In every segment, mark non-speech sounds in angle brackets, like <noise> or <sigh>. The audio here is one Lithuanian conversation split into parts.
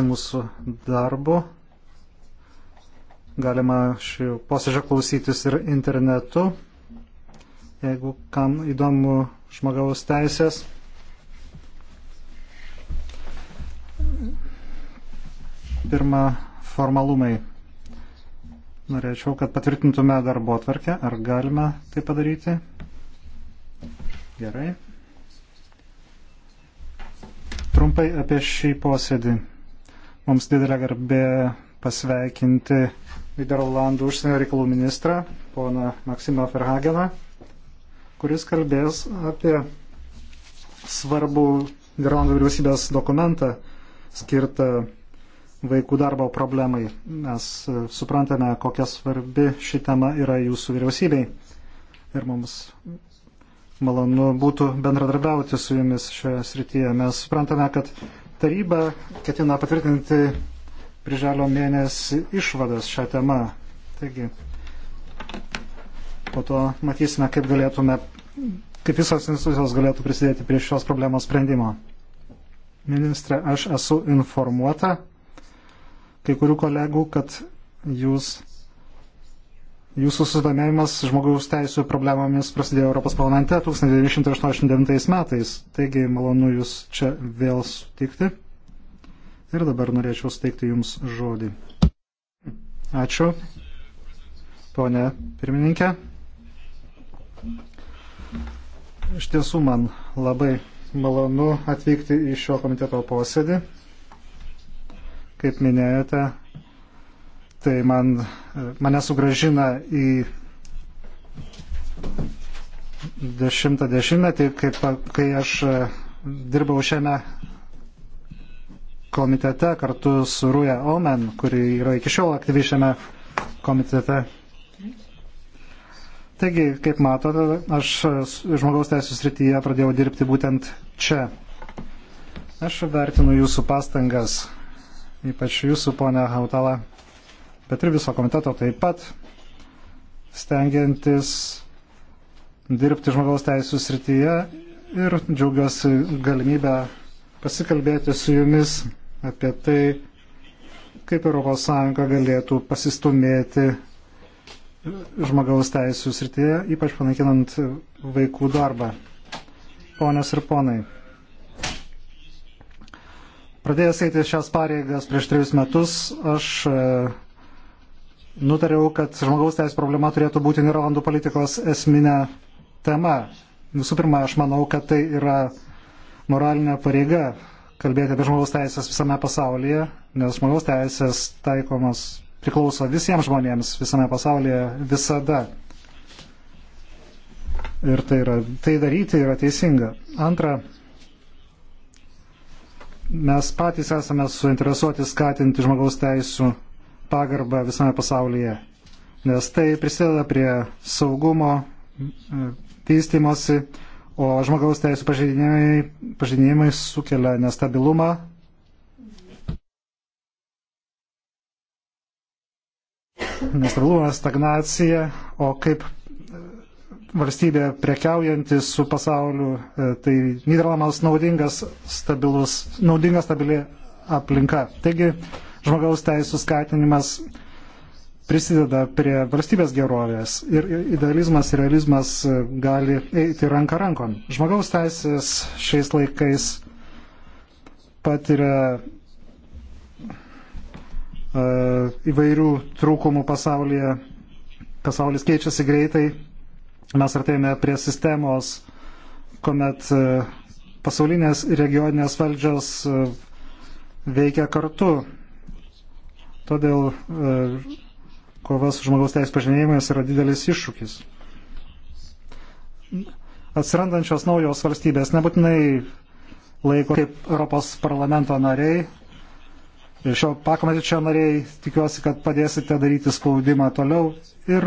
tęsti mūsų darbu. Galima šį posėdžio klausytis ir internetu, jeigu kam įdomu žmogaus teisės. Pirma, formalumai. Norėčiau, kad patvirtintume darbo atvarkę. Ar galime tai padaryti? Gerai. Trumpai apie šį posėdį. Mums didelė garbė pasveikinti Niderlandų užsienio reikalų ministrą, poną Maksimą Ferhageną, kuris kalbės apie svarbų Niderlandų vyriausybės dokumentą skirtą vaikų darbo problemai. Mes suprantame, kokia svarbi ši tema yra jūsų vyriausybei. Ir mums malonu būtų bendradarbiauti su jumis šioje srityje. Mes suprantame, kad Taryba ketina patvirtinti prižalio mėnesį išvadas šią temą. Taigi, po to matysime, kaip galėtume, kaip visos institucijos galėtų prisidėti prie šios problemos sprendimo. Ministrė, aš esu informuota kai kurių kolegų, kad jūs Jūsų susidomėjimas žmogaus teisų problemomis prasidėjo Europos parlamente 1989 metais, taigi malonu Jūs čia vėl sutikti. Ir dabar norėčiau steikti Jums žodį. Ačiū, ponė pirmininkė. Iš tiesų man labai malonu atvykti į šio komiteto posėdį. Kaip minėjote, tai man, e, mane sugražina į dešimtą dešimtmetį, kai, kai aš e, dirbau šiame komitete kartu su Rūja Omen, kuri yra iki šiol aktyvi šiame komitete. Taigi, kaip matote, aš e, žmogaus teisų srityje pradėjau dirbti būtent čia. Aš vertinu jūsų pastangas, ypač jūsų, ponia Hautala, bet ir viso komiteto taip pat, stengiantis dirbti žmogaus teisų srityje ir džiaugiuosi galimybę pasikalbėti su jumis apie tai, kaip ES galėtų pasistumėti žmogaus teisų srityje, ypač panaikinant vaikų darbą. Ponios ir ponai, pradėjęs eiti šias pareigas prieš trejus metus, aš nutariau, kad žmogaus teisų problema turėtų būti Niderlandų politikos esminė tema. Visų pirma, aš manau, kad tai yra moralinė pareiga kalbėti apie žmogaus teisės visame pasaulyje, nes žmogaus teisės taikomas priklauso visiems žmonėms visame pasaulyje visada. Ir tai, yra, tai daryti yra teisinga. Antra, mes patys esame suinteresuoti skatinti žmogaus teisų pagarbą visame pasaulyje, nes tai prisideda prie saugumo, e, vystimosi, o žmogaus teisų pažeidinėjimai sukelia nestabilumą. Nestabilumas, stagnacija, o kaip e, valstybė prekiaujanti su pasauliu, e, tai Niderlandams naudingas, stabilus, naudinga stabili aplinka. Taigi žmogaus teisų skatinimas prisideda prie valstybės gerovės ir idealizmas ir realizmas gali eiti ranka rankon. Žmogaus teisės šiais laikais patiria uh, įvairių trūkumų pasaulyje, pasaulis keičiasi greitai, mes artėjame prie sistemos, kuomet uh, pasaulinės ir regioninės valdžios uh, veikia kartu Todėl e, kova su žmogaus teisų pažinėjimais yra didelis iššūkis. Atsirandančios naujos valstybės nebūtinai laiko kaip Europos parlamento nariai. Ir šio pakomitečio nariai tikiuosi, kad padėsite daryti spaudimą toliau ir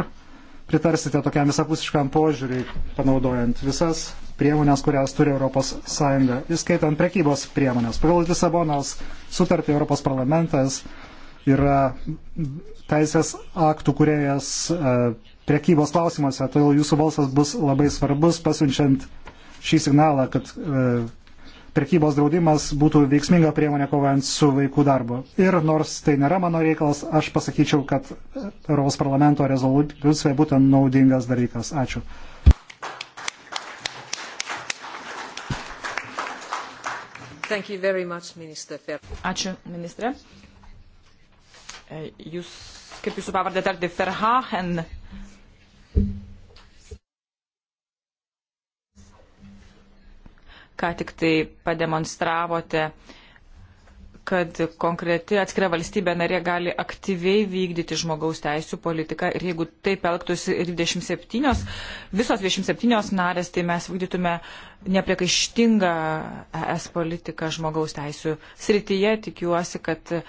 pritarsite tokiam visapusiškam požiūriui, panaudojant visas priemonės, kurias turi Europos Sąjunga, įskaitant prekybos priemonės. Pagal Lisabonos sutartį Europos parlamentas yra teisės aktų kuriejas e, priekybos klausimuose, todėl jūsų balsas bus labai svarbus, pasiunčiant šį signalą, kad e, prekybos draudimas būtų veiksminga priemonė kovojant su vaikų darbu. Ir nors tai nėra mano reikalas, aš pasakyčiau, kad Europos parlamento rezoliucija būtent naudingas dalykas. Ačiū. Much, Ačiū, ministrė. E, jūs, kaip jūsų pavardė tarti, Ferhahen. Ką tik tai pademonstravote, kad konkreti atskira valstybė narė gali aktyviai vykdyti žmogaus teisų politiką ir jeigu taip elgtųsi 27, visos 27 narės, tai mes vykdytume nepriekaištingą ES politiką žmogaus teisų srityje. Tikiuosi, kad uh,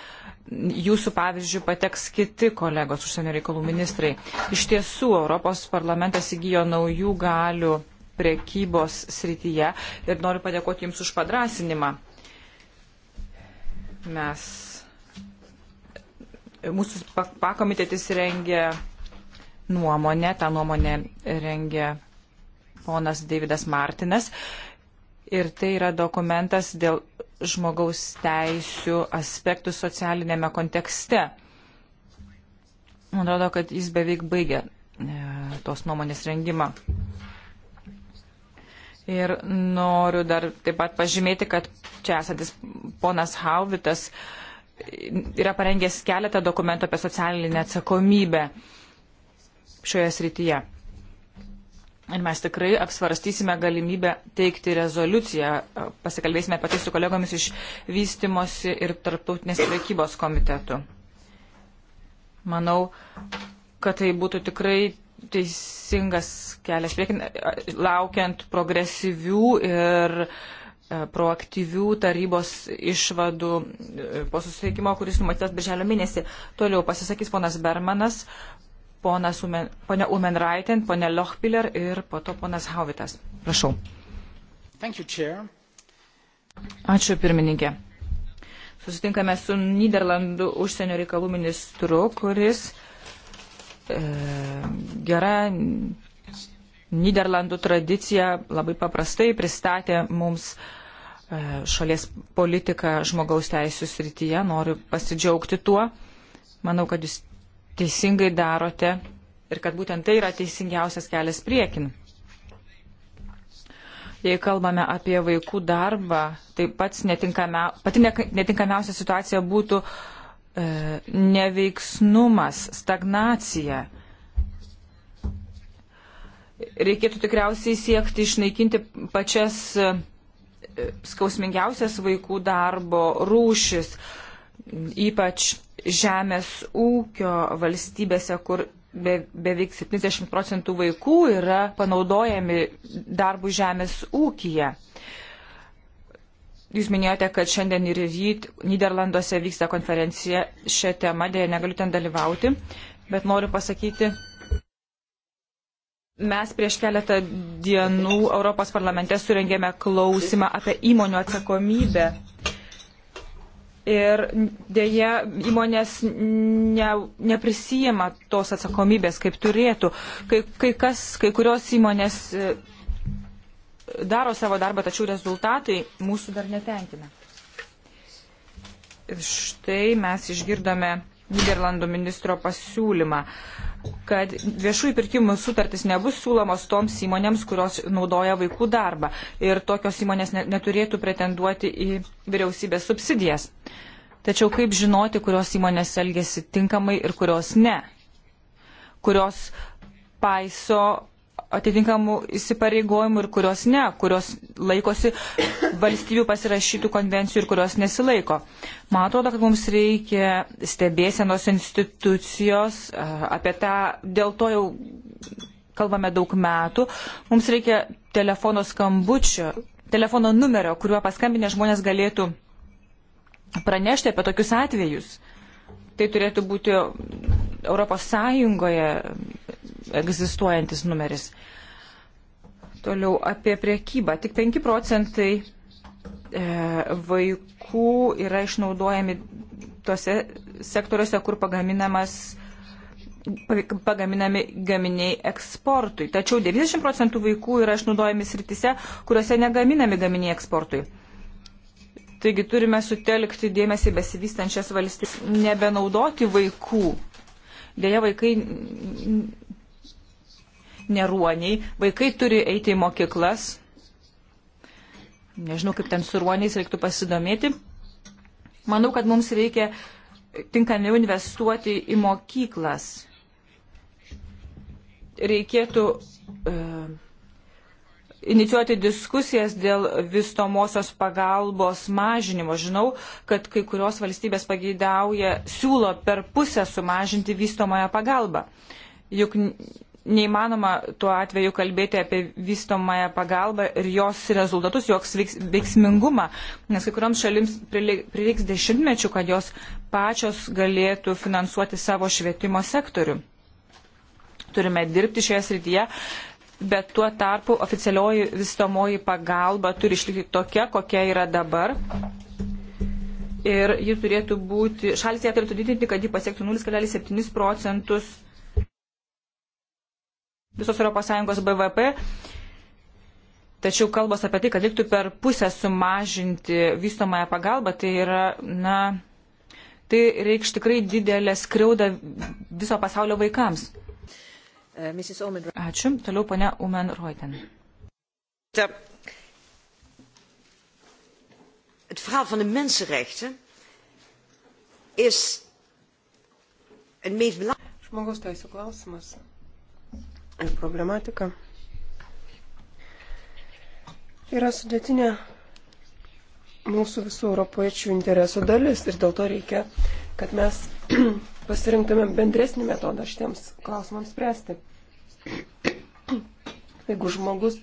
jūsų pavyzdžių pateks kiti kolegos užsienio reikalų ministrai. Iš tiesų, Europos parlamentas įgyjo naujų galių prekybos srityje ir noriu padėkoti Jums už padrasinimą. Mes, mūsų pakomitetis rengia nuomonę, tą nuomonę rengia ponas Davidas Martinas ir tai yra dokumentas dėl žmogaus teisų aspektų socialinėme kontekste. Man atrodo, kad jis beveik baigė e, tos nuomonės rengimą. Ir noriu dar taip pat pažymėti, kad čia esantis ponas Hauvitas yra parengęs keletą dokumentų apie socialinę atsakomybę šioje srityje. Ir mes tikrai apsvarstysime galimybę teikti rezoliuciją. Pasikalbėsime apie tai su kolegomis iš vystimosi ir tarptautinės prekybos komitetų. Manau, kad tai būtų tikrai teisingas kelias priekin, laukiant progresyvių ir e, proaktyvių tarybos išvadų e, po susitikimo, kuris numatytas birželio mėnesį. Toliau pasisakys ponas Bermanas, ponas Umen, ponia Umenraiten, ponia Lochpiller ir po to ponas Hauvitas. Prašau. Thank you, chair. Ačiū pirmininkė. Susitinkame su Niderlandų užsienio reikalų ministru, kuris e, gera Niderlandų tradicija labai paprastai pristatė mums e, šalies politiką žmogaus teisų srityje. Noriu pasidžiaugti tuo. Manau, kad jūs teisingai darote ir kad būtent tai yra teisingiausias kelias priekin. Jei kalbame apie vaikų darbą, tai netinkame, pati netinkamiausia situacija būtų e, neveiksnumas, stagnacija. Reikėtų tikriausiai siekti išnaikinti pačias e, skausmingiausias vaikų darbo rūšis, ypač žemės ūkio valstybėse, kur be, beveik 70 procentų vaikų yra panaudojami darbų žemės ūkija. Jūs minėjote, kad šiandien ir ryt Niderlanduose vyksta konferencija šią temą, dėja negaliu ten dalyvauti, bet noriu pasakyti, mes prieš keletą dienų Europos parlamente surengėme klausimą apie įmonių atsakomybę Ir dėja, įmonės ne, neprisijama tos atsakomybės, kaip turėtų. Kai, kai, kas, kai kurios įmonės e, daro savo darbą, tačiau rezultatai mūsų dar netenkina. Ir štai mes išgirdome Niderlandų ministro pasiūlymą, kad viešųjų pirkimų sutartis nebus siūlomos toms įmonėms, kurios naudoja vaikų darbą ir tokios įmonės neturėtų pretenduoti į vyriausybės subsidijas. Tačiau kaip žinoti, kurios įmonės elgesi tinkamai ir kurios ne? Kurios paiso atitinkamų įsipareigojimų ir kurios ne, kurios laikosi valstybių pasirašytų konvencijų ir kurios nesilaiko. Man atrodo, kad mums reikia stebėsenos institucijos, apie tą dėl to jau kalbame daug metų, mums reikia telefono skambučio, telefono numerio, kuriuo paskambinę žmonės galėtų pranešti apie tokius atvejus tai turėtų būti Europos Sąjungoje egzistuojantis numeris. Toliau apie priekybą. Tik 5 procentai e, vaikų yra išnaudojami tose sektoriuose, kur pagaminamas pagaminami gaminiai eksportui. Tačiau 90 procentų vaikų yra išnaudojami sritise, kuriuose negaminami gaminiai eksportui. Taigi turime sutelkti dėmesį besivystančias valstybės, nebenaudoti vaikų. Dėja, vaikai neruoniai, vaikai turi eiti į mokyklas. Nežinau, kaip ten su ruoniais reiktų pasidomėti. Manau, kad mums reikia tinkamiau investuoti į mokyklas. Reikėtų. Uh, inicijuoti diskusijas dėl vystomosios pagalbos mažinimo. Žinau, kad kai kurios valstybės pageidauja, siūlo per pusę sumažinti vystomąją pagalbą. Juk neįmanoma tuo atveju kalbėti apie vystomąją pagalbą ir jos rezultatus, jos veiks, veiksmingumą, nes kai kurioms šalims prireiks dešimtmečių, kad jos pačios galėtų finansuoti savo švietimo sektorių. Turime dirbti šioje srityje bet tuo tarpu oficialioji vystomoji pagalba turi išlikti tokia, kokia yra dabar. Ir ji turėtų būti, šalis ją turėtų didinti, kad ji pasiektų 0,7 procentus visos ES BVP. Tačiau kalbos apie tai, kad reiktų per pusę sumažinti vystomąją pagalbą, tai yra, na, tai reikš tikrai didelę skriaudą viso pasaulio vaikams. Uh, Ačiū. Toliau ponia Umen Reuten. Het verhaal van de mensenrechten is het meest belangrijke. Žmogaus teisų klausimas ir problematika yra sudėtinė mūsų visų europiečių interesų dalis ir dėl to reikia, kad mes <clears throat> pasirinktumėm bendresnį metodą šitiems klausimams spręsti. Jeigu žmogus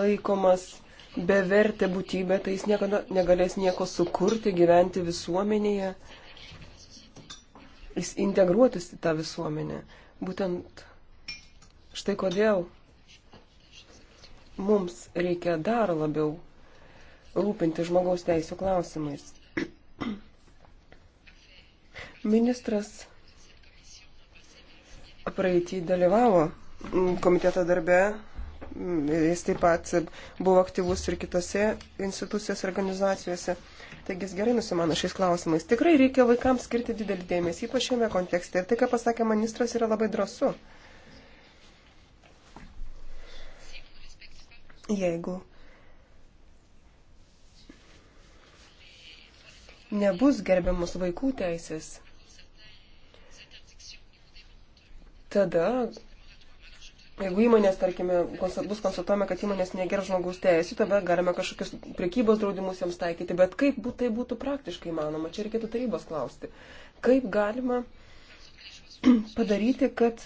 laikomas bevertė būtybė, tai jis niekada negalės nieko sukurti, gyventi visuomenėje, jis integruotis į tą visuomenę. Būtent štai kodėl mums reikia dar labiau rūpinti žmogaus teisų klausimais. Ministras praeitį dalyvavo komiteto darbe. Jis taip pat buvo aktyvus ir kitose institucijose, organizacijose. Taigi jis gerai nusimano šiais klausimais. Tikrai reikia vaikams skirti didelį dėmesį, ypač šiame kontekste. Ir tai, ką pasakė ministras, yra labai drąsu. Jeigu nebus gerbiamus vaikų teisės, tada, jeigu įmonės, tarkime, bus konstatuojama, kad įmonės neger žmogaus teisų, tada galime kažkokius prekybos draudimus joms taikyti. Bet kaip būt, tai būtų praktiškai manoma, čia reikėtų tarybos klausti. Kaip galima <clears throat> padaryti, kad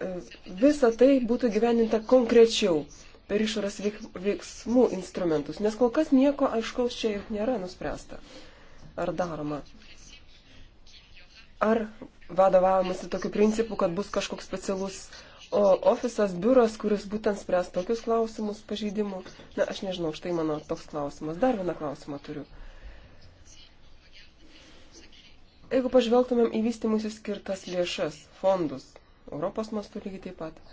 e, visa tai būtų gyveninta konkrečiau per išorės veiksmų instrumentus, nes kol kas nieko aiškaus čia juk nėra nuspręsta ar daroma. Ar vadovavimasi tokiu principu, kad bus kažkoks specialus o, ofisas, biuras, kuris būtent spręs tokius klausimus pažeidimų. Na, aš nežinau, štai mano toks klausimas. Dar vieną klausimą turiu. Jeigu pažvelgtumėm į vystimusi skirtas lėšas, fondus, Europos mastu lygiai taip pat.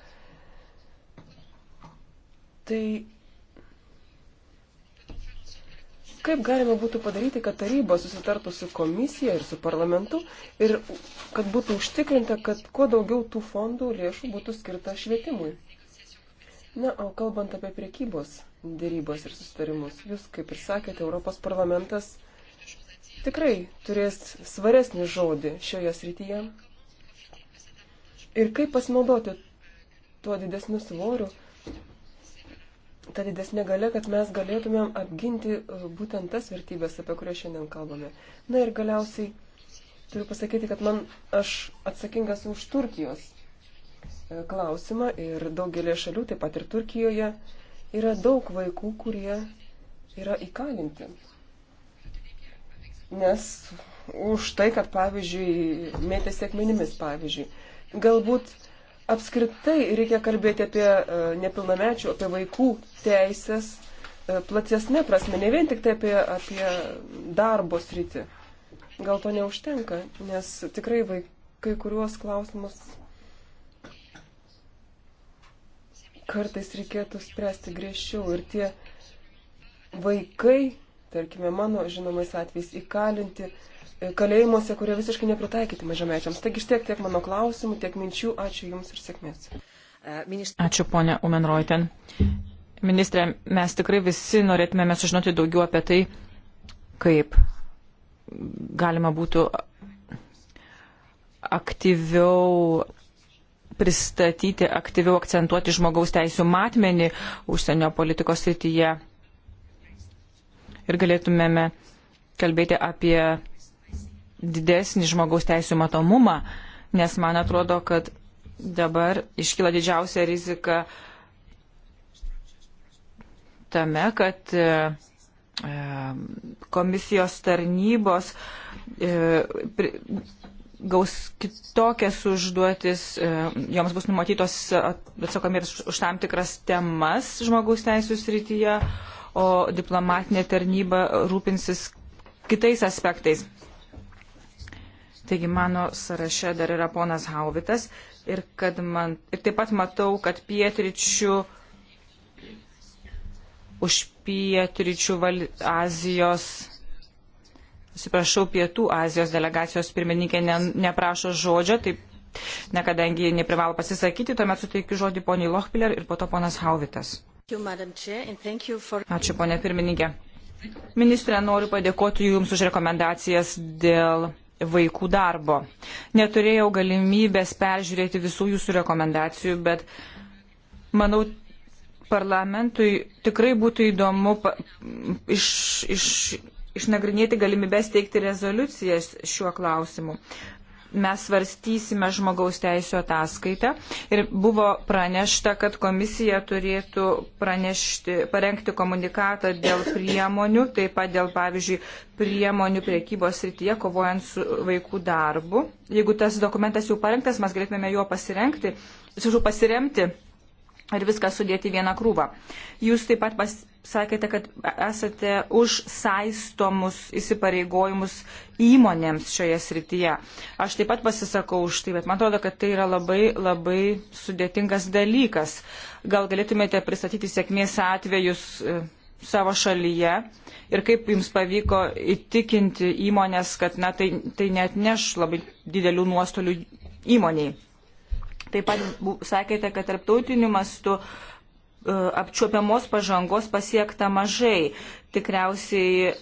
Tai kaip galima būtų padaryti, kad taryba susitartų su komisija ir su parlamentu ir kad būtų užtikrinta, kad kuo daugiau tų fondų lėšų būtų skirta švietimui. Na, o kalbant apie priekybos dėrybos ir susitarimus, jūs, kaip ir sakėte, Europos parlamentas tikrai turės svaresnį žodį šioje srityje. Ir kaip pasinaudoti tuo didesniu svoriu, ta didesnė gale, kad mes galėtumėm apginti uh, būtent tas vertybės, apie kurias šiandien kalbame. Na ir galiausiai turiu pasakyti, kad man aš atsakingas už Turkijos uh, klausimą ir daugelį šalių, taip pat ir Turkijoje, yra daug vaikų, kurie yra įkalinti. Nes už tai, kad, pavyzdžiui, mėtėsi akmenimis, pavyzdžiui. Galbūt apskritai reikia kalbėti apie e, nepilnamečių, apie vaikų teisės e, platesnė prasme, ne vien tik tai apie, apie darbo sritį. Gal to neužtenka, nes tikrai vaikai kuriuos klausimus kartais reikėtų spręsti griežčiau ir tie vaikai, tarkime mano žinomais atvejais, įkalinti kalėjimuose, kurie visiškai nepritaikyti mažamečiams. Taigi tiek tiek mano klausimų, tiek minčių. Ačiū Jums ir sėkmės. Ačiū ponia Umenroiten. Ministrė, mes tikrai visi norėtumėme sužinoti daugiau apie tai, kaip galima būtų aktyviau pristatyti, aktyviau akcentuoti žmogaus teisų matmenį užsienio politikos srityje. Ir galėtumėme kalbėti apie didesnį žmogaus teisų matomumą, nes man atrodo, kad dabar iškyla didžiausia rizika tame, kad e, e, komisijos tarnybos e, gaus kitokias užduotis, joms bus numatytos atsakomybės už tam tikras temas žmogaus teisų srityje, o diplomatinė tarnyba rūpinsis kitais aspektais. Taigi mano sąraše dar yra ponas Hauvitas ir, man, ir taip pat matau, kad pietričių už pietričių val, Azijos, atsiprašau, pietų Azijos delegacijos pirmininkė ne, neprašo žodžio, taip ne kadangi neprivalo pasisakyti, tuomet suteikiu žodį poniai Lochpiller ir po to ponas Hauvitas. Ačiū, ponė pirmininkė. Ministrė, noriu padėkoti Jums už rekomendacijas dėl vaikų darbo. Neturėjau galimybės peržiūrėti visų jūsų rekomendacijų, bet manau, parlamentui tikrai būtų įdomu pa, iš, iš, išnagrinėti galimybės teikti rezoliucijas šiuo klausimu mes svarstysime žmogaus teisų ataskaitą ir buvo pranešta, kad komisija turėtų pranešti, parengti komunikatą dėl priemonių, taip pat dėl, pavyzdžiui, priemonių priekybos srityje, kovojant su vaikų darbu. Jeigu tas dokumentas jau parengtas, mes galėtume juo pasirengti, pasižiūrėjau, pasiremti ir viską sudėti vieną krūvą. Jūs taip pat pasakėte, kad esate už saistomus įsipareigojimus įmonėms šioje srityje. Aš taip pat pasisakau už tai, bet man atrodo, kad tai yra labai, labai sudėtingas dalykas. Gal galėtumėte pristatyti sėkmės atvejus e, savo šalyje ir kaip jums pavyko įtikinti įmonės, kad na, tai, tai net neš labai didelių nuostolių įmoniai. Taip pat sakėte, kad tarptautiniu mastu e, apčiuopiamos pažangos pasiekta mažai. Tikriausiai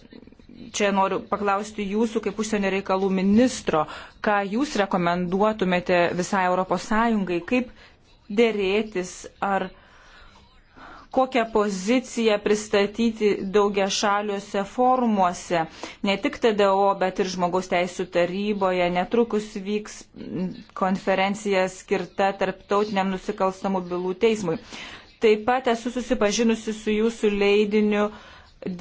čia noriu paklausti jūsų kaip užsienio reikalų ministro, ką jūs rekomenduotumėte visai ES, kaip dėrėtis ar kokią poziciją pristatyti daugia šaliuose formuose, ne tik TDO, bet ir žmogaus teisų taryboje. Netrukus vyks konferencija skirta tarptautiniam nusikalstamų bylų teismui. Taip pat esu susipažinusi su jūsų leidiniu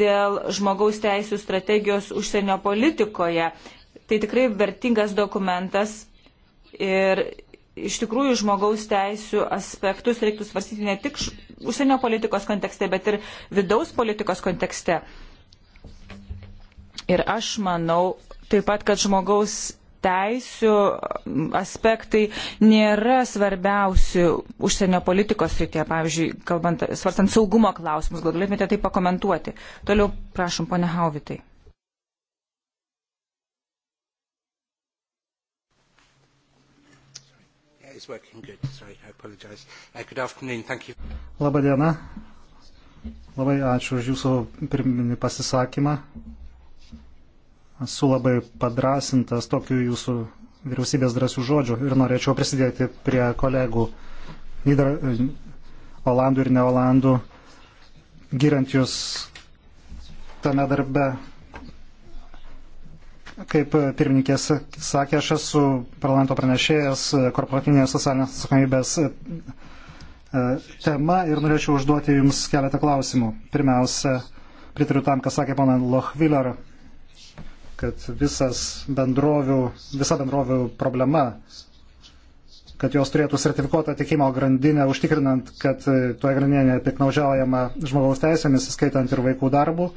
dėl žmogaus teisų strategijos užsienio politikoje. Tai tikrai vertingas dokumentas ir iš tikrųjų žmogaus teisų aspektus reiktų svarstyti ne tik užsienio politikos kontekste, bet ir vidaus politikos kontekste. Ir aš manau taip pat, kad žmogaus teisų aspektai nėra svarbiausi užsienio politikos srityje, pavyzdžiui, kalbant, svarstant saugumo klausimus, gal galėtumėte tai pakomentuoti. Toliau prašom, pone Hauvitai. is working good. Sorry, I apologize. Uh, good afternoon. Thank you. Labą dieną. Labai ačiū už jūsų pirminį pasisakymą. Esu labai padrasintas tokiu jūsų vyriausybės drąsių žodžių ir norėčiau prisidėti prie kolegų Nidra, Olandų ir Neolandų, giriant jūs tame darbe, Kaip e, pirmininkė sakė, aš esu parlamento pranešėjas e, korporatinės socialinės atsakomybės e, tema ir norėčiau užduoti Jums keletą klausimų. Pirmiausia, pritariu tam, ką sakė pana Lochviller, kad visas bendrovių, visa bendrovių problema, kad jos turėtų sertifikuotą tikimo grandinę, užtikrinant, kad toje grandinėje nepiknaudžiaujama žmogaus teisėmis, įskaitant ir vaikų darbų.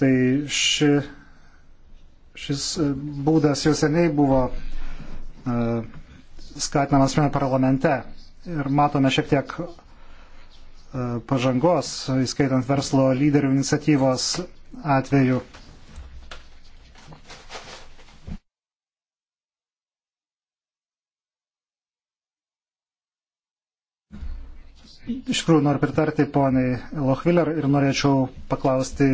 Tai ši Šis e, būdas jau seniai buvo e, skatinamas šiame parlamente ir matome šiek tiek e, pažangos, įskaitant verslo lyderių iniciatyvos atveju. Iš tikrųjų noriu pritarti poniai Lochviller ir norėčiau paklausti,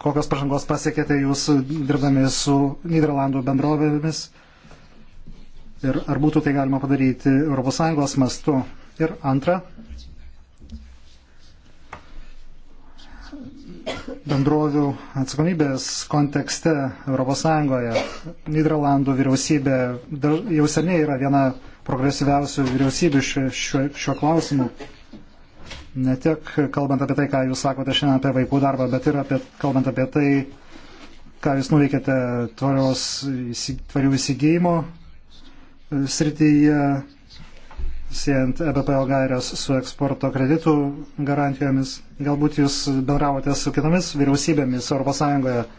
kokios pažangos pasiekėte jūs dirbdami su Niderlandų bendrovėmis ir ar būtų tai galima padaryti ES mastu. Ir antra, bendrovių atsakomybės kontekste ES. Niderlandų vyriausybė jau seniai yra viena progresyviausių vyriausybių šiuo, šiuo klausimu ne tiek kalbant apie tai, ką jūs sakote šiandien apie vaikų darbą, bet ir apie, kalbant apie tai, ką jūs nuveikėte tvarios, tvarių įsigijimo e, srityje, siejant EBPO gairias su eksporto kreditų garantijomis. Galbūt jūs bendravote su kitomis vyriausybėmis ES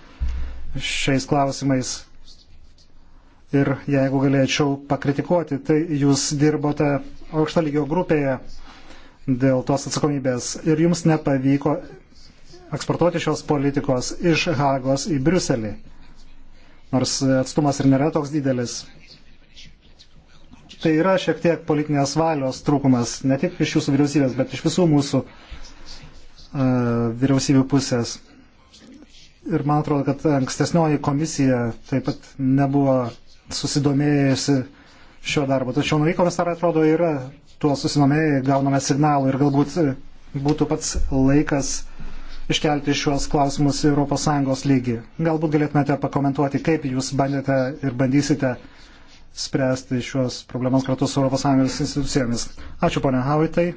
šiais klausimais. Ir jeigu galėčiau pakritikuoti, tai jūs dirbote aukšto lygio grupėje dėl tos atsakomybės ir jums nepavyko eksportuoti šios politikos iš Hagos į Briuselį, nors atstumas ir nėra toks didelis. Tai yra šiek tiek politinės valios trūkumas, ne tik iš jūsų vyriausybės, bet iš visų mūsų uh, vyriausybių pusės. Ir man atrodo, kad ankstesnioji komisija taip pat nebuvo susidomėjusi šio darbo. Tačiau nauji komisarai atrodo yra tuo susinomėjai gauname signalų ir galbūt būtų pats laikas iškelti šiuos klausimus ES lygį. Galbūt galėtumėte pakomentuoti, kaip jūs bandėte ir bandysite spręsti šiuos problemas kartu su ES institucijomis. Ačiū, ponia Havitai.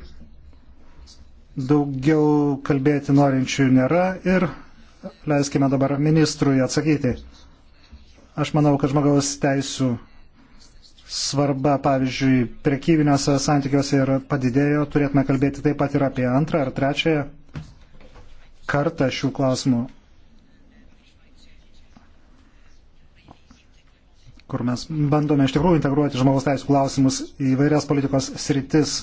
Daugiau kalbėti norinčių nėra ir leiskime dabar ministrui atsakyti. Aš manau, kad žmogaus teisų svarba, pavyzdžiui, prekybiniuose santykiuose ir padidėjo, turėtume kalbėti taip pat ir apie antrą ar trečiąją kartą šių klausimų, kur mes bandome iš tikrųjų integruoti žmogaus teisų klausimus į vairias politikos sritis,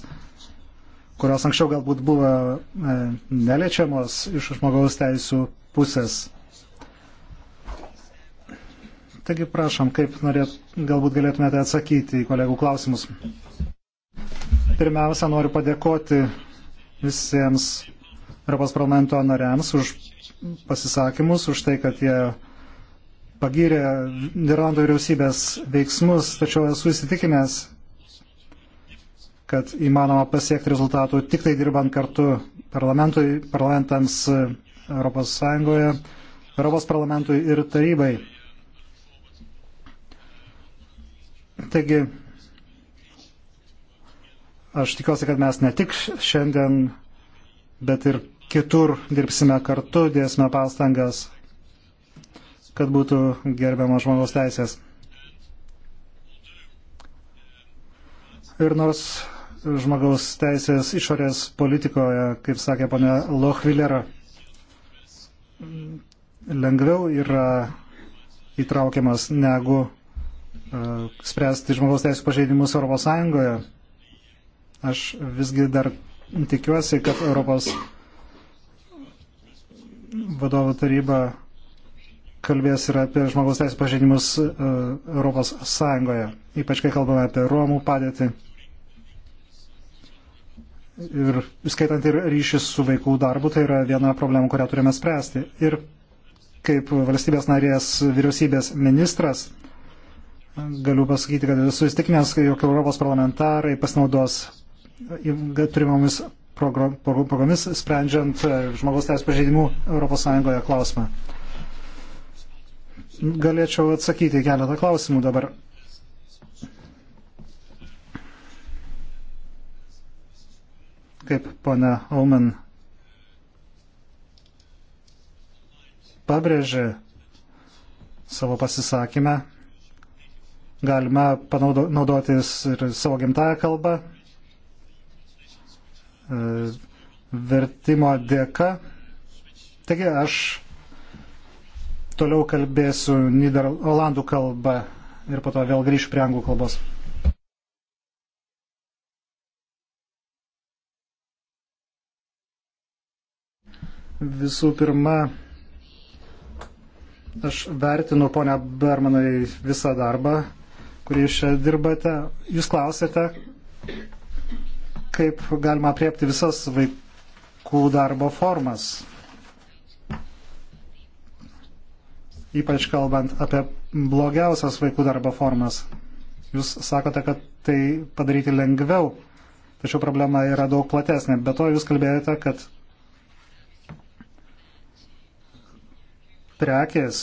kurios anksčiau galbūt buvo e, neliečiamos iš žmogaus teisų pusės. Taigi prašom, kaip norėt, galbūt galėtumėte atsakyti į kolegų klausimus. Pirmiausia, noriu padėkoti visiems Europos parlamento nariams už pasisakymus, už tai, kad jie pagyrė Nirlando vyriausybės veiksmus, tačiau esu įsitikinęs, kad įmanoma pasiekti rezultatų tik tai dirbant kartu parlamentui, parlamentams Europos Sąjungoje, Europos parlamentui ir tarybai. Taigi, aš tikiuosi, kad mes ne tik šiandien, bet ir kitur dirbsime kartu, dėsime pastangas, kad būtų gerbiamas žmogaus teisės. Ir nors žmogaus teisės išorės politikoje, kaip sakė ponia Lochvilera, lengviau yra įtraukiamas negu E, spręsti žmogaus teisų pažeidimus ES. Aš visgi dar tikiuosi, kad Europos vadovų taryba kalbės ir apie žmogaus teisų pažeidimus ES, ypač kai kalbame apie Romų padėtį ir skaitant ir ryšis su vaikų darbu, tai yra viena problema, kurią turime spręsti. Ir kaip valstybės narės vyriausybės ministras, galiu pasakyti, kad esu įstikinęs, jog Europos parlamentarai pasinaudos turimomis progomis sprendžiant e, žmogaus teisų pažeidimų ES klausimą. Galėčiau atsakyti keletą klausimų dabar. Kaip pana Aumen pabrėžė savo pasisakymę, galime panaudotis ir savo gimtają kalbą. E, vertimo dėka. Taigi aš toliau kalbėsiu Niderlandų kalbą ir po to vėl grįšiu prie anglų kalbos. Visų pirma, aš vertinu ponia Bermanai visą darbą, kurį čia dirbate. Jūs klausėte, kaip galima priepti visas vaikų darbo formas. Ypač kalbant apie blogiausias vaikų darbo formas. Jūs sakote, kad tai padaryti lengviau, tačiau problema yra daug platesnė. Be to jūs kalbėjote, kad prekės,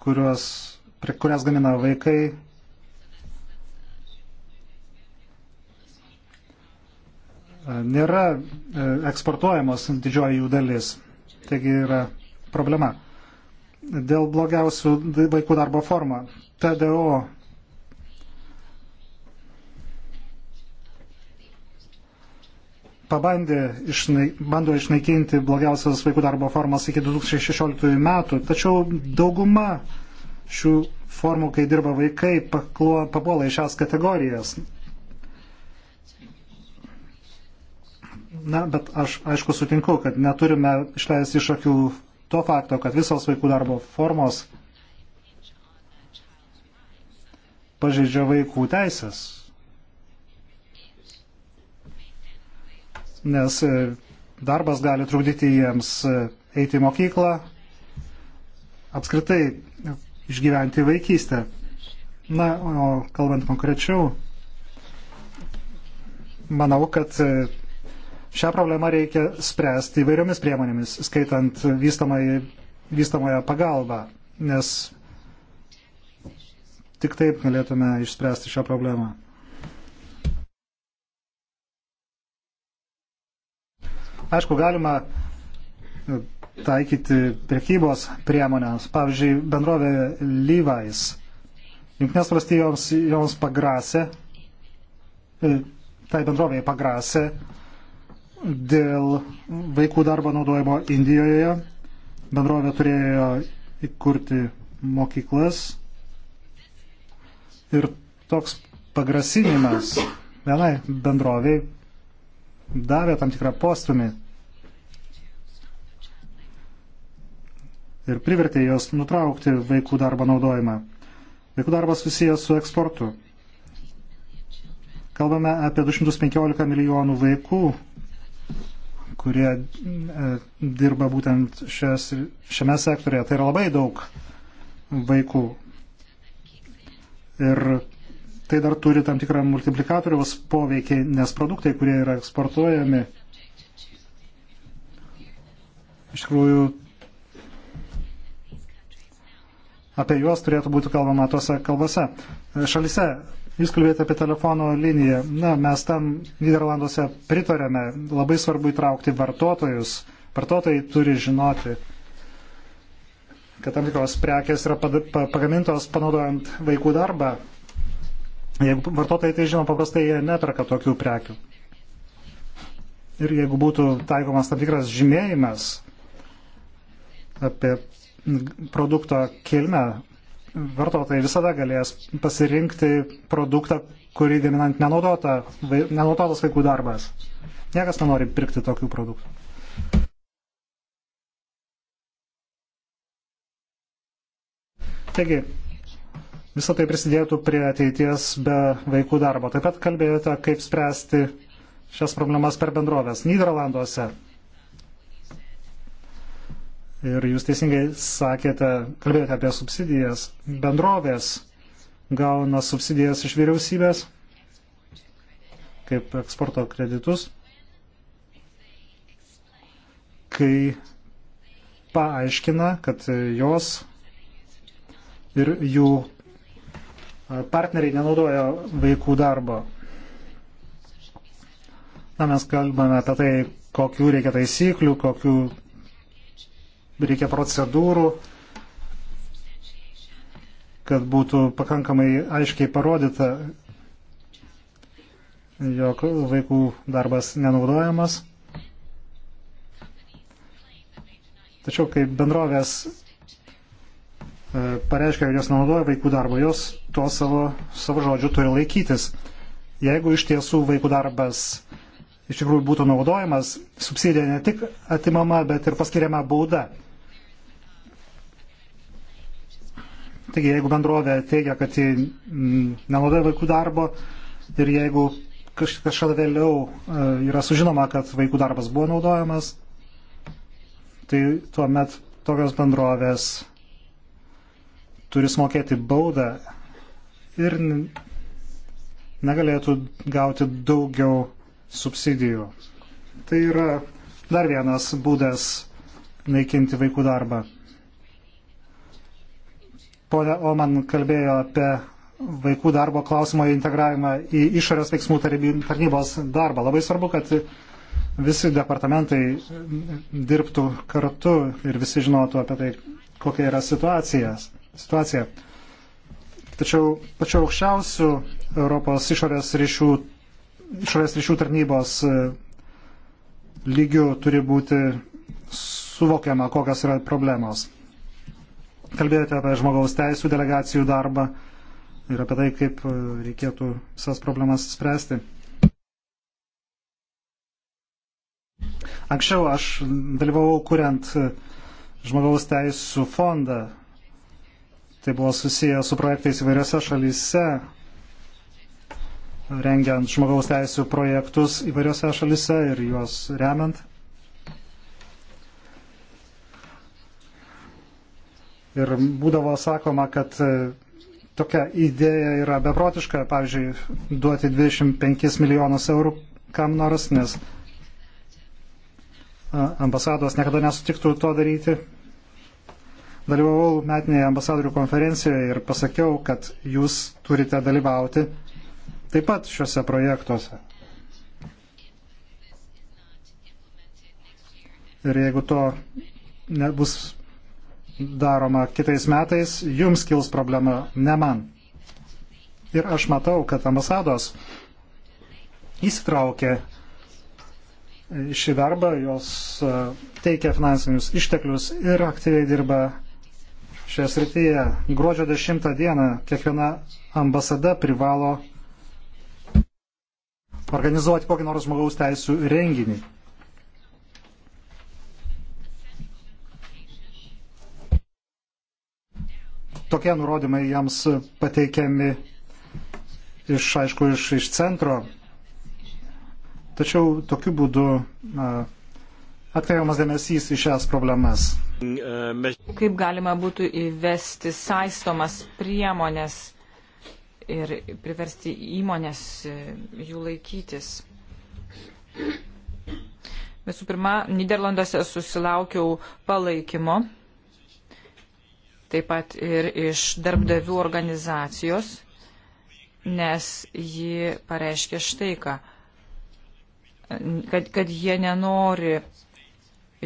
kurios, prie, kurias gamina vaikai, nėra e, eksportuojamos didžioji jų dalis. Taigi yra problema. Dėl blogiausių vaikų darbo formą. TDO pabandė, išnai, bando išnaikinti blogiausias vaikų darbo formas iki 2016 metų, tačiau dauguma šių formų, kai dirba vaikai, paklo, papuola į šias kategorijas. Na, bet aš aišku sutinku, kad neturime išleisti iš akių to fakto, kad visos vaikų darbo formos pažeidžia vaikų teisės. Nes e, darbas gali trukdyti jiems e, eiti į mokyklą, apskritai e, išgyventi vaikystę. Na, o kalbant konkrečiau, manau, kad Šią problemą reikia spręsti įvairiomis priemonėmis, skaitant vystamoją pagalbą, nes tik taip galėtume išspręsti šią problemą. Aišku, galima taikyti prekybos priemonės. Pavyzdžiui, bendrovė Levi's. Junktinės valstijoms joms pagrasė, e, tai bendrovėje pagrasė dėl vaikų darbo naudojimo Indijoje. Bendrovė turėjo įkurti mokyklas ir toks pagrasinimas vienai bendroviai davė tam tikrą postumį ir privertė jos nutraukti vaikų darbo naudojimą. Vaikų darbas susijęs su eksportu. Kalbame apie 215 milijonų vaikų, kurie e, dirba būtent šias, šiame sektorėje. Tai yra labai daug vaikų. Ir tai dar turi tam tikrą multiplikatoriaus poveikį, nes produktai, kurie yra eksportuojami, iš tikrųjų apie juos turėtų būti kalbama tose kalbose. E, Šalise Jūs kalbėjote apie telefono liniją. Na, mes tam Niderlanduose pritarėme. Labai svarbu įtraukti vartotojus. Vartotojai turi žinoti, kad tam tikros prekės yra pagamintos panaudojant vaikų darbą. Jeigu vartotojai tai žino, paprastai jie neperka tokių prekių. Ir jeigu būtų taikomas tam tikras žymėjimas apie produkto kilmę, vartotojai visada galės pasirinkti produktą, kurį gaminant nenaudota, nenaudotas vaikų darbas. Niekas nenori pirkti tokių produktų. Taigi, visą tai prisidėtų prie ateities be vaikų darbo. Taip pat kalbėjote, kaip spręsti šias problemas per bendrovės. Niderlanduose Ir jūs teisingai sakėte, kalbėjote apie subsidijas. Bendrovės gauna subsidijas iš vyriausybės kaip eksporto kreditus, kai paaiškina, kad jos ir jų partneriai nenaudoja vaikų darbo. Na, mes kalbame apie tai, kokių reikia taisyklių, kokių reikia procedūrų, kad būtų pakankamai aiškiai parodyta, jog vaikų darbas nenaudojamas. Tačiau kai bendrovės e, pareiškia, kad jos naudoja vaikų darbo, jos tuo savo, savo žodžiu turi laikytis. Jeigu iš tiesų vaikų darbas iš tikrųjų būtų naudojamas, subsidija ne tik atimama, bet ir paskiriama bauda. Taigi, jeigu bendrovė teigia, kad ji mm, nenaudoja vaikų darbo ir jeigu kažkada vėliau e, yra sužinoma, kad vaikų darbas buvo naudojamas, tai tuomet tokios bendrovės turi smokėti baudą ir negalėtų gauti daugiau subsidijų. Tai yra dar vienas būdas naikinti vaikų darbą. Pone Oman kalbėjo apie vaikų darbo klausimo integravimą į išorės veiksmų tarnybos darbą. Labai svarbu, kad visi departamentai dirbtų kartu ir visi žinotų apie tai, kokia yra situacija. situacija. Tačiau pačiu aukščiausiu Europos išorės ryšių, išorės ryšių tarnybos e, lygių turi būti suvokiama, kokios yra problemos. Kalbėjote apie žmogaus teisų delegacijų darbą ir apie tai, kaip e, reikėtų visas problemas spręsti. Anksčiau aš dalyvavau kuriant e, žmogaus teisų fondą. Tai buvo susiję su projektais įvairiose šalyse, rengiant žmogaus teisų projektus įvairiose šalyse ir juos remiant. Ir būdavo sakoma, kad e, tokia idėja yra beprotiška, pavyzdžiui, duoti 25 milijonus eurų kam nors, nes ambasados niekada nesutiktų to daryti. Dalyvavau metinėje ambasadorių konferencijoje ir pasakiau, kad jūs turite dalyvauti taip pat šiuose projektuose. Ir jeigu to nebus daroma kitais metais, jums kils problema, ne man. Ir aš matau, kad ambasados įsitraukė šį darbą, jos e, teikia finansinius išteklius ir aktyviai dirba šioje srityje. Gruodžio 10 dieną kiekviena ambasada privalo organizuoti kokį nors žmogaus teisų renginį. tokie nurodymai jiems pateikiami iš, aišku, iš, iš centro. Tačiau tokiu būdu atkreipiamas dėmesys į šias problemas. Kaip galima būtų įvesti saistomas priemonės ir priversti įmonės e, jų laikytis? Visų pirma, Niderlanduose susilaukiau palaikymo taip pat ir iš darbdavių organizacijos, nes ji pareiškė štai ką, kad, kad jie nenori,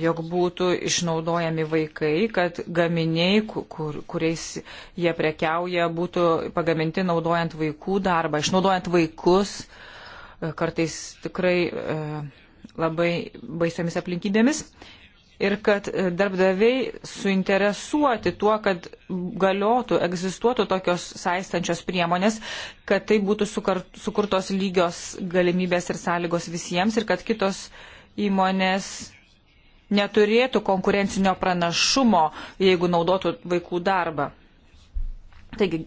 jog būtų išnaudojami vaikai, kad gaminiai, kur, kuriais jie prekiauja, būtų pagaminti naudojant vaikų darbą, išnaudojant vaikus, e, kartais tikrai e, labai baisiamis aplinkybėmis. E, ir kad e, darbdaviai suinteresuoti tuo, kad galiotų, egzistuotų tokios saistančios priemonės, kad tai būtų sukurtos lygios galimybės ir sąlygos visiems ir kad kitos įmonės neturėtų konkurencinio pranašumo, jeigu naudotų vaikų darbą. Taigi,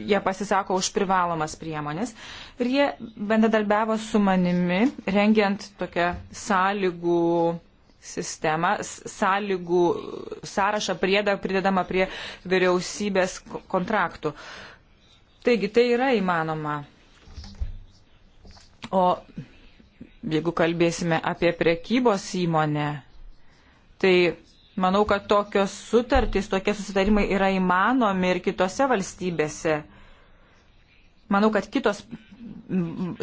jie pasisako už privalomas priemonės ir jie bendradarbiavo su manimi, rengiant tokią sąlygų sistemą, sąlygų sąrašą priedą pridedama prie vyriausybės kontraktų. Taigi tai yra įmanoma. O jeigu kalbėsime apie prekybos įmonę, tai manau, kad tokios sutartys, tokie susitarimai yra įmanomi ir kitose valstybėse. Manau, kad kitos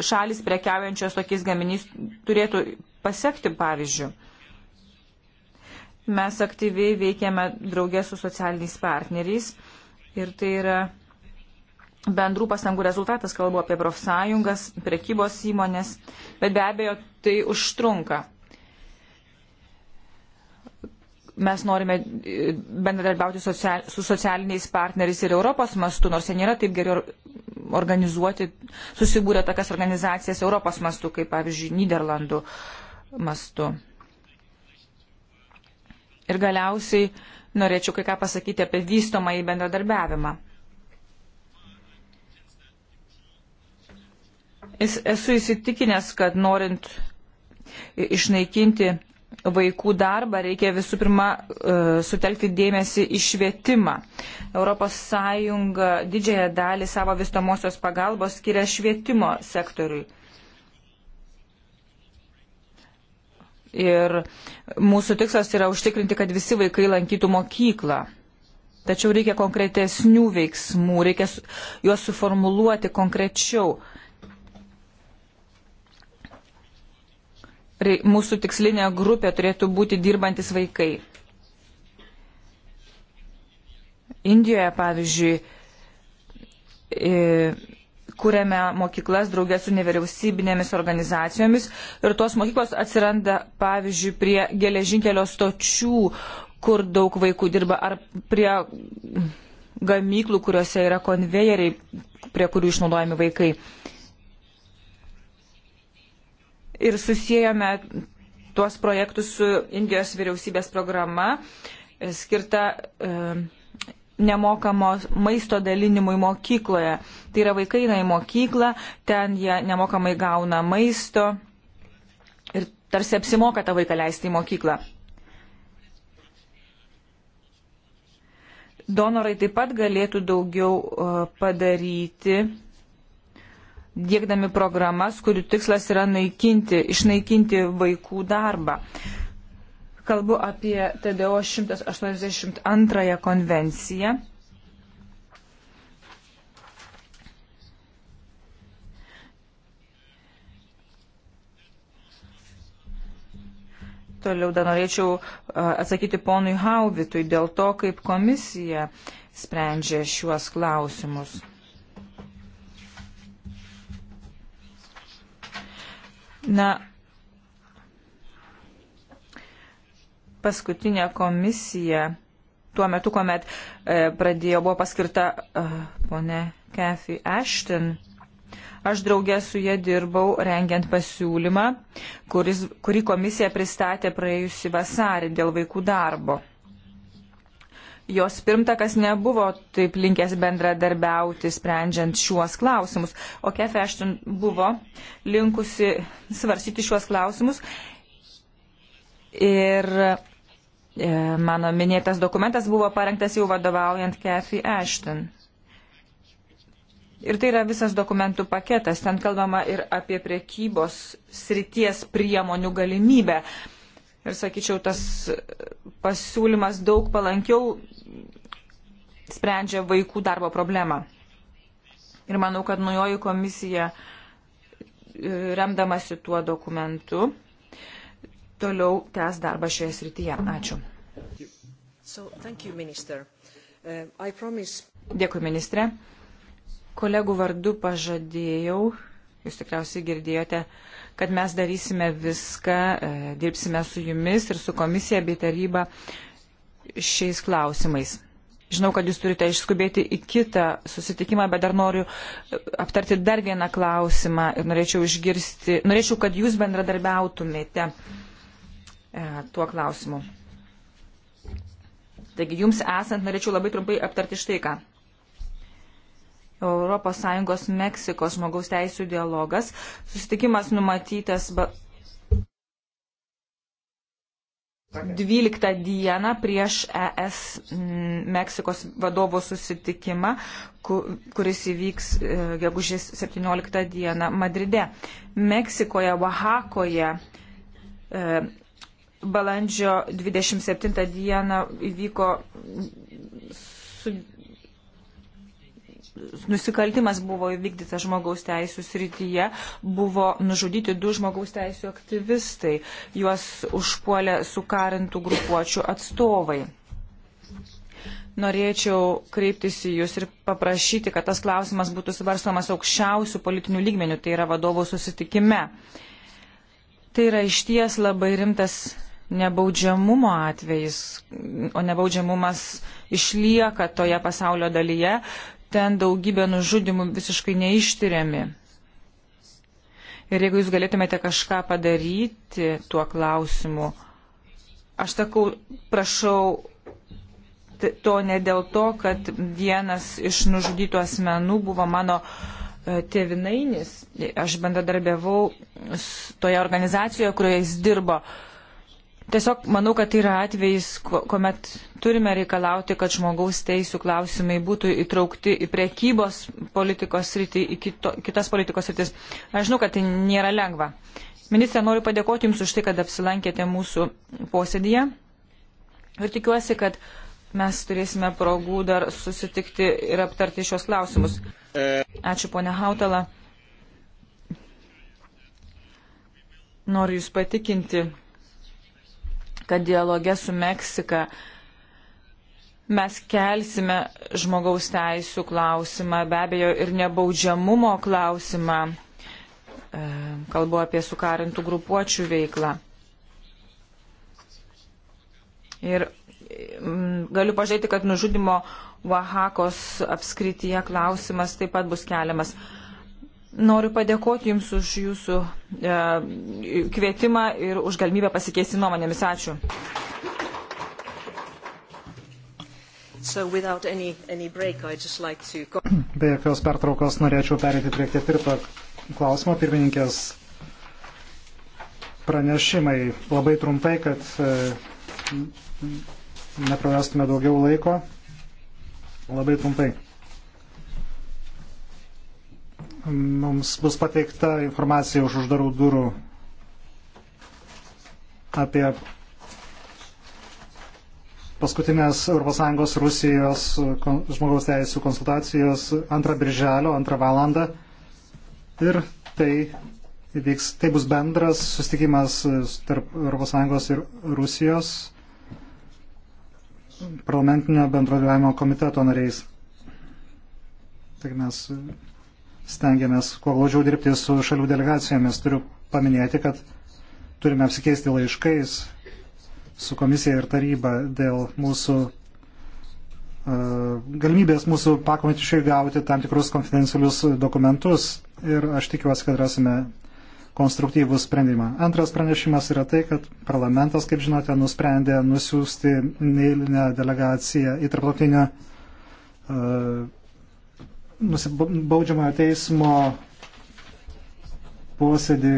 šalis prekiaujančios tokiais gaminiais turėtų pasiekti pavyzdžių. Mes aktyviai veikiame draugė su socialiniais partneriais ir tai yra bendrų pastangų rezultatas, kalbu apie profsąjungas, prekybos įmonės, bet be abejo tai užtrunka. Mes norime e, bendradarbiauti social, su socialiniais partneriais ir Europos mastu, nors jie nėra taip gerai organizuoti, susibūrė tokias organizacijas Europos mastu, kaip pavyzdžiui Niderlandų mastu. Ir galiausiai norėčiau kai ką pasakyti apie vystomą į bendradarbiavimą. Esu įsitikinęs, kad norint išnaikinti vaikų darbą, reikia visų pirma e, sutelkti dėmesį į švietimą. ES didžiąją dalį savo vystomosios pagalbos skiria švietimo sektoriui. ir mūsų tikslas yra užtikrinti, kad visi vaikai lankytų mokyklą. Tačiau reikia konkretesnių veiksmų, reikia juos suformuluoti konkrečiau. Mūsų tikslinė grupė turėtų būti dirbantis vaikai. Indijoje, pavyzdžiui, kūrėme mokyklas draugę su nevyriausybinėmis organizacijomis ir tos mokyklos atsiranda, pavyzdžiui, prie geležinkelio stočių, kur daug vaikų dirba, ar prie gamyklų, kuriuose yra konvejeriai, prie kurių išnaudojami vaikai. Ir susijęjome tuos projektus su Indijos vyriausybės programa skirta. E, nemokamo maisto dalinimui mokykloje. Tai yra vaikai eina į mokyklą, ten jie nemokamai gauna maisto ir tarsi apsimoka tą vaiką leisti į mokyklą. Donorai taip pat galėtų daugiau e, padaryti, dėkdami programas, kurių tikslas yra naikinti, išnaikinti vaikų darbą. Kalbu apie TDO 182 konvenciją. Toliau dar norėčiau atsakyti ponui Hauvitui dėl to, kaip komisija sprendžia šiuos klausimus. Na, paskutinė komisija, tuo metu, kuomet e, pradėjo, buvo paskirta e, ponė Kathy Ashton, aš draugė su jie dirbau rengiant pasiūlymą, kuris, kurį komisija pristatė praėjusį vasarį dėl vaikų darbo. Jos pirmtakas nebuvo taip linkęs bendradarbiauti, sprendžiant šiuos klausimus, o Kathy Ashton buvo linkusi svarsyti šiuos klausimus Ir e, mano minėtas dokumentas buvo parengtas jau vadovaujant Kathy Ashton. Ir tai yra visas dokumentų paketas. Ten kalbama ir apie priekybos srities priemonių galimybę. Ir sakyčiau, tas pasiūlymas daug palankiau sprendžia vaikų darbo problemą. Ir manau, kad nujoji komisija e, remdamasi tuo dokumentu toliau tęs darbą šioje srityje. Ačiū. So, you, minister. uh, promise... Dėkui, ministrė. Kolegų vardu pažadėjau, jūs tikriausiai girdėjote, kad mes darysime viską, e, dirbsime su jumis ir su komisija bei taryba šiais klausimais. Žinau, kad jūs turite išskubėti į kitą susitikimą, bet dar noriu aptarti dar vieną klausimą ir norėčiau išgirsti, norėčiau, kad jūs bendradarbiautumėte. Mm E, tuo klausimu. Taigi jums esant norėčiau labai trumpai aptarti štai ką. ES Meksikos žmogaus teisų dialogas. Susitikimas numatytas 12 dieną prieš ES Meksikos vadovo susitikimą, kuris įvyks e, gegužės 17 dieną Madride. Meksikoje, Oaxakoje e, balandžio 27 dieną įvyko su, nusikaltimas buvo įvykdytas žmogaus teisų srityje, buvo nužudyti du žmogaus teisų aktyvistai, juos užpuolė sukarintų grupuočių atstovai. Norėčiau kreiptis į Jūs ir paprašyti, kad tas klausimas būtų svarstomas aukščiausių politinių lygmenių, tai yra vadovų susitikime. Tai yra išties labai rimtas nebaudžiamumo atvejais, o nebaudžiamumas išlieka toje pasaulio dalyje, ten daugybė nužudimų visiškai neištyriami. Ir jeigu jūs galėtumėte kažką padaryti tuo klausimu, aš sakau, prašau to ne dėl to, kad vienas iš nužudytų asmenų buvo mano e, tėvinainis. Aš bendradarbiavau toje organizacijoje, kurioje jis dirbo. Uh, Tiesiog manau, kad tai yra atvejis, kuomet turime reikalauti, kad žmogaus teisų klausimai būtų įtraukti į prekybos politikos rytį, į kito, kitas politikos rytis. Aš žinau, kad tai nėra lengva. Ministrė, noriu padėkoti Jums už tai, kad apsilankėte mūsų posėdėje ir tikiuosi, kad mes turėsime progų dar susitikti ir aptarti šios klausimus. Ačiū, ponia Hautala. Noriu Jūs patikinti kad dialoge su Meksika mes kelsime žmogaus teisų klausimą, be abejo, ir nebaudžiamumo klausimą. E, kalbu apie sukarintų grupuočių veiklą. Ir galiu pažiūrėti, kad nužudimo Oaxakos apskrityje klausimas taip pat bus keliamas. Noriu padėkoti Jums už Jūsų e, kvietimą ir už galimybę pasikeisti nuomonėmis. Ačiū. So any, any break, like to... Be jokios pertraukos norėčiau perėti prie ketvirto klausimo. Pirmininkės pranešimai labai trumpai, kad e, neprarastume daugiau laiko. Labai trumpai mums bus pateikta informacija už uždarų durų apie paskutinės ES Rusijos žmogaus teisų konsultacijos 2 birželio 2 valandą. Ir tai, įvyks, tai bus bendras sustikimas tarp ES ir Rusijos parlamentinio bendradarbiavimo komiteto nariais. Taigi mes stengiamės kuo glaudžiau dirbti su šalių delegacijomis. Turiu paminėti, kad turime apsikeisti laiškais su komisija ir taryba dėl mūsų uh, galimybės mūsų pakomitišiai gauti tam tikrus konfidencialius dokumentus ir aš tikiuosi, kad rasime konstruktyvų sprendimą. Antras pranešimas yra tai, kad parlamentas, kaip žinote, nusprendė nusiųsti neįlinę delegaciją į tarptautinę uh, baudžiamojo teismo posėdį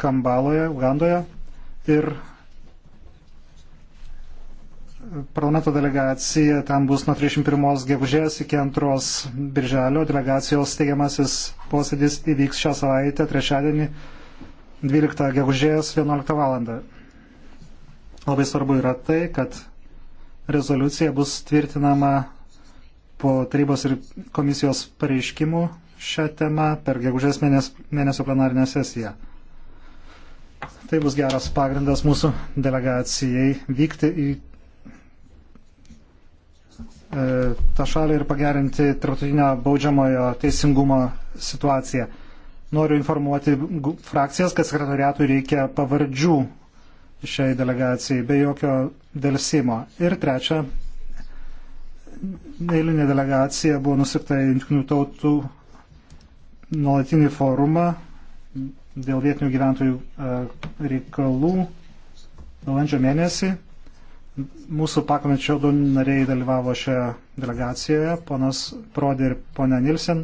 Kambaloje, Ugandoje ir parlamento delegacija ten bus nuo 31 gegužės iki 2 birželio. Delegacijos teigiamasis posėdis įvyks šią savaitę, trečiadienį, 12 gegužės 11 val. Labai svarbu yra tai, kad rezoliucija bus tvirtinama po tarybos ir komisijos pareiškimų šią temą per gegužės mėnes, mėnesio plenarinę sesiją. Tai bus geras pagrindas mūsų delegacijai vykti į e, tą šalį ir pagerinti tarptautinio baudžiamojo teisingumo situaciją. Noriu informuoti frakcijas, kad sekretariatui reikia pavardžių šiai delegacijai be jokio dėlsimo. Ir trečia, neįlinė delegacija buvo nusipta į Junktinių tautų nuolatinį forumą dėl vietinių gyventojų e, reikalų balandžio mėnesį. Mūsų pakomečio du nariai dalyvavo šioje delegacijoje, ponas Prodi ir ponia Nilsen,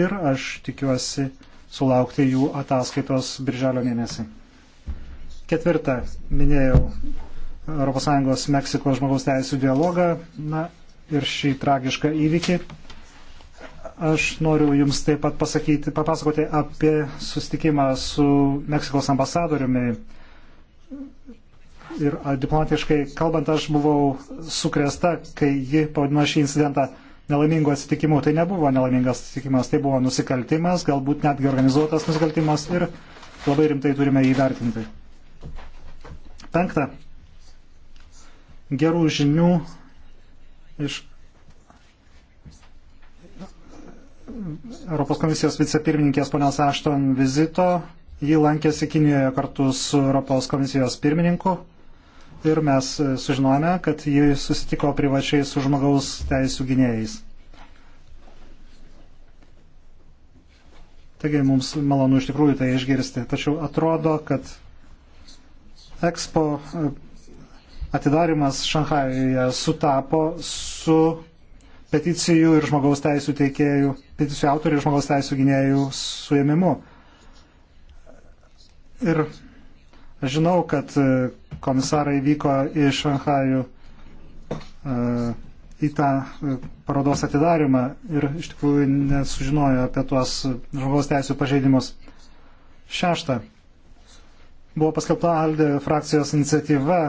ir aš tikiuosi sulaukti jų ataskaitos birželio mėnesį. Ketvirta, minėjau ES Meksikos žmogaus teisų dialogą. Na, ir šį tragišką įvykį. Aš noriu Jums taip pat pasakyti, papasakoti apie sustikimą su Meksikos ambasadoriumi. Ir diplomatiškai kalbant, aš buvau sukresta, kai ji pavadino šį incidentą nelaimingu atsitikimu. Tai nebuvo nelaimingas atsitikimas, tai buvo nusikaltimas, galbūt netgi organizuotas nusikaltimas ir labai rimtai turime jį vertinti. Penkta. Gerų žinių iš Europos komisijos vicepirmininkės ponios Ašton vizito. Ji lankėsi Kinijoje kartu su Europos komisijos pirmininku ir mes sužinojame, kad ji susitiko privačiai su žmogaus teisų gynėjais. Taigi mums malonu iš tikrųjų tai išgirsti. Tačiau atrodo, kad Expo atidarimas Šanhajuje sutapo su peticijų ir žmogaus teisų teikėjų, peticijų autorių ir žmogaus teisų gynėjų suėmimu. Ir aš žinau, kad e, komisarai vyko į Šanhajų e, į tą e, parodos atidarimą ir iš tikrųjų nesužinojo apie tuos žmogaus teisų pažeidimus. Šešta. Buvo paskelbta Alde frakcijos iniciatyva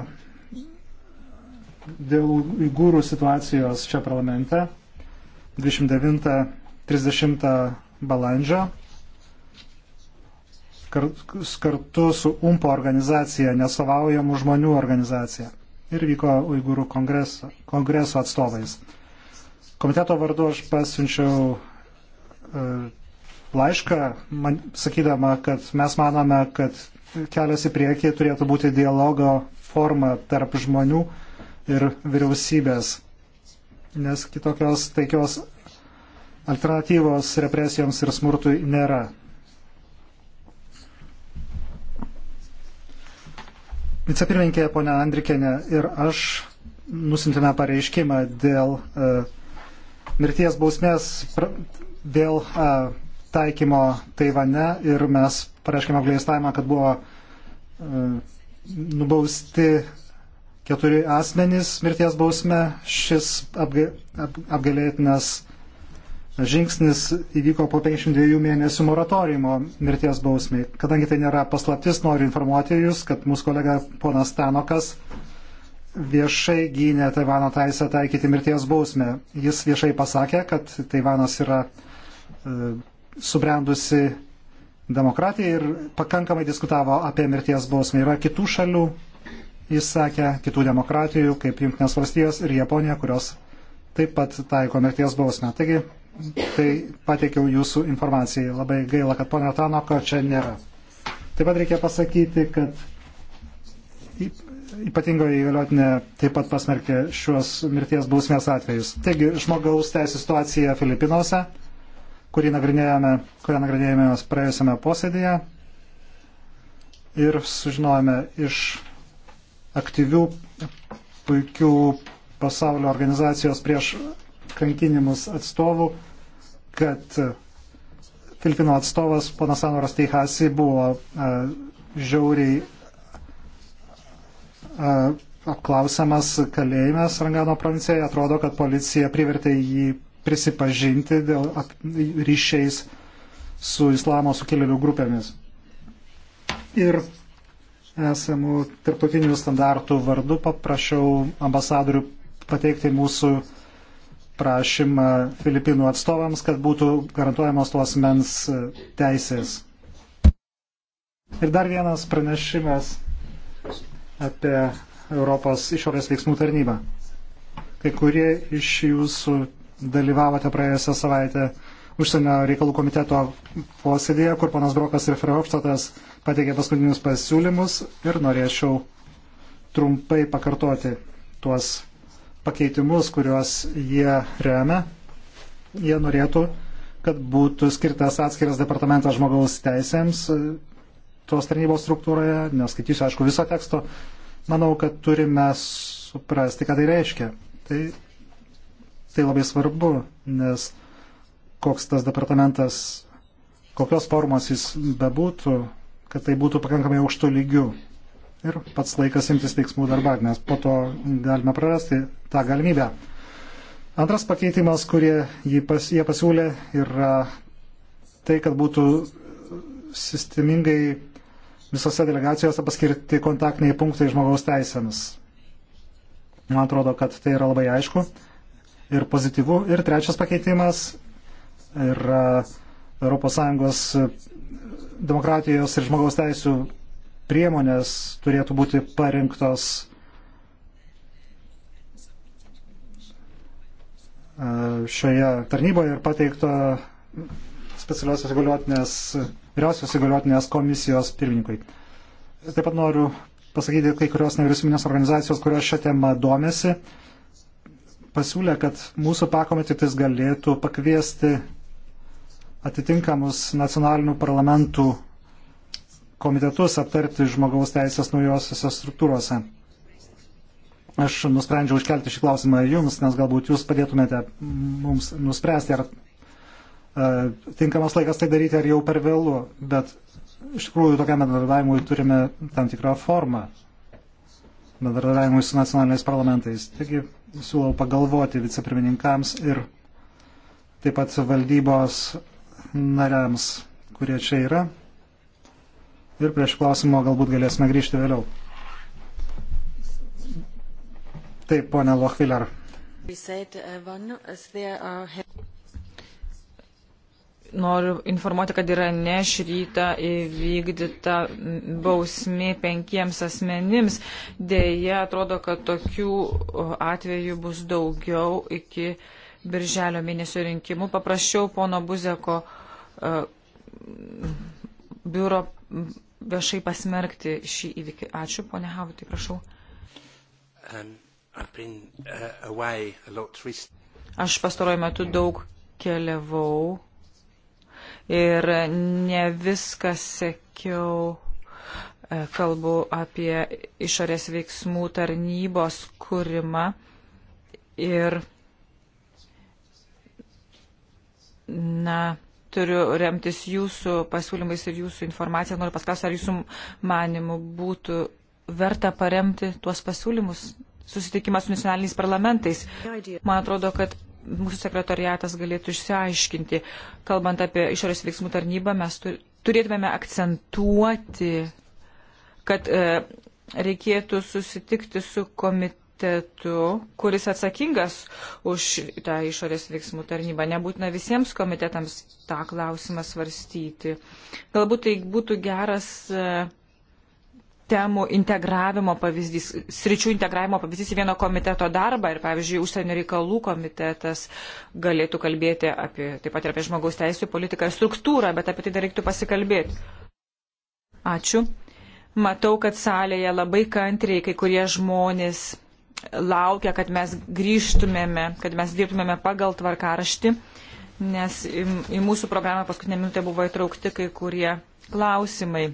dėl uigūrų situacijos čia parlamente 29-30 balandžio kartu su UMPO organizacija, nesavaujamų žmonių organizacija. Ir vyko uigūrų kongreso, kongreso atstovais. Komiteto vardu aš pasiunčiau e, laišką, man, sakydama, kad mes manome, kad kelias į priekį turėtų būti dialogo forma tarp žmonių, ir vyriausybės, nes kitokios taikios alternatyvos represijoms ir smurtui nėra. Vicepirmininkė ponia Andrikėne ir aš nusintėme pareiškimą dėl e, mirties bausmės, pra, dėl e, taikymo Taivane ir mes pareiškėme apgailestavimą, kad buvo e, nubausti keturi asmenys mirties bausme. Šis apga, ap, apgalėtinas žingsnis įvyko po 52 mėnesių moratoriumo mirties bausmiai. Kadangi tai nėra paslaptis, noriu informuoti Jūs, kad mūsų kolega ponas Tanokas viešai gynė Taivano teisę taikyti mirties bausmę. Jis viešai pasakė, kad Taivanas yra e, subrendusi demokratija ir pakankamai diskutavo apie mirties bausmę. Yra kitų šalių, jis sakė, kitų demokratijų, kaip Junktinės valstijos ir Japonija, kurios taip pat taiko mirties bausmę. Taigi, tai pateikiau jūsų informacijai. Labai gaila, kad pono Tanoko čia nėra. Taip pat reikia pasakyti, kad ypatingoji įgaliotinė taip pat pasmerkė šiuos mirties bausmės atvejus. Taigi, žmogaus teisų situacija Filipinuose, kurį nagrinėjome, kurią nagrinėjome praėjusiame posėdėje ir sužinojome iš aktyvių, puikių pasaulio organizacijos prieš kankinimus atstovų, kad Filipino atstovas ponas Anoras Teihasi buvo a, žiauriai a, apklausiamas kalėjime Rangano provincijoje. Atrodo, kad policija privertė jį prisipažinti dėl ap, ryšiais su islamo sukilėlių grupėmis. Ir esamų tarptautinių standartų vardu paprašiau ambasadorių pateikti mūsų prašymą Filipinų atstovams, kad būtų garantuojamos tuos mens e, teisės. Ir dar vienas pranešimas apie Europos išorės veiksmų tarnybą. Kai kurie iš jūsų dalyvavote praėjusią savaitę užsienio reikalų komiteto posėdėje, kur panas Brokas ir Frehofštatas pateikė paskutinius pasiūlymus ir norėčiau trumpai pakartoti tuos pakeitimus, kuriuos jie remia. Jie norėtų, kad būtų skirtas atskiras departamentas žmogaus teisėms e, tos tarnybos struktūroje, neskaitysiu, aišku, viso teksto. Manau, kad turime suprasti, ką tai reiškia. Tai, tai labai svarbu, nes koks tas departamentas, kokios formos jis bebūtų, kad tai būtų pakankamai aukštų lygių. Ir pats laikas imtis veiksmų darbą, nes po to galime prarasti tą galimybę. Antras pakeitimas, kurie pas, jie pasiūlė, yra tai, kad būtų sistemingai visose delegacijose paskirti kontaktiniai punktai žmogaus teisėmis. Man atrodo, kad tai yra labai aišku ir pozityvu. Ir trečias pakeitimas yra ES e, demokratijos ir žmogaus teisų priemonės turėtų būti parinktos e, šioje tarnyboje ir pateikto specialiosios įgaliotinės, vyriausios įgaliotinės komisijos pirmininkui. Taip pat noriu pasakyti, kai kurios nevyriausybinės organizacijos, kurios šią temą domėsi, pasiūlė, kad mūsų pakomitetis galėtų pakviesti atitinkamus nacionalinių parlamentų komitetus aptarti žmogaus teisės naujosiuose struktūrose. Aš nusprendžiau iškelti šį klausimą jums, nes galbūt jūs padėtumėte mums nuspręsti, ar uh, tinkamas laikas tai daryti, ar jau per vėlų. Bet iš tikrųjų tokiam bendradarbiavimui turime tam tikrą formą bendradarbiavimui su nacionaliniais parlamentais. Taigi siūlau pagalvoti vicepirmininkams ir taip pat valdybos nariams, kurie čia yra. Ir prieš klausimo galbūt galėsime grįžti vėliau. Taip, ponė Lochviller. Noriu informuoti, kad yra ne šį rytą įvykdyta bausmė penkiems asmenims. Deja, atrodo, kad tokių atvejų bus daugiau iki birželio mėnesio rinkimų. Paprašiau pono Buzeko uh, E, biuro viešai pasmerkti šį įvykį. Ačiū, ponia Havutai, prašau. Um, been, uh, Aš pastaruoju metu daug keliavau ir ne viską sekiau. E, kalbu apie išorės veiksmų tarnybos kūrimą ir, na, sektorių, remtis jūsų pasiūlymais ir jūsų informacija. Noriu pasklausti, ar jūsų manimų būtų verta paremti tuos pasiūlymus susitikimas su nacionaliniais parlamentais. Man atrodo, kad mūsų sekretariatas galėtų išsiaiškinti. Kalbant apie išorės veiksmų tarnybą, mes turėtume akcentuoti, kad e, reikėtų susitikti su komitetu komitetu, kuris atsakingas už tą išorės veiksmų tarnybą. Nebūtina visiems komitetams tą klausimą svarstyti. Galbūt tai būtų geras e, temų integravimo pavyzdys, sričių integravimo pavyzdys į vieno komiteto darbą ir, pavyzdžiui, užsienio reikalų komitetas galėtų kalbėti apie, taip pat ir apie žmogaus teisų politiką ir struktūrą, bet apie tai dar reiktų pasikalbėti. Ačiū. Matau, kad salėje labai kantriai kai kurie žmonės laukia, kad mes grįžtumėme, kad mes dirbtumėme pagal tvarkaraštį, nes į, į mūsų programą paskutinė minutė buvo įtraukti kai kurie klausimai.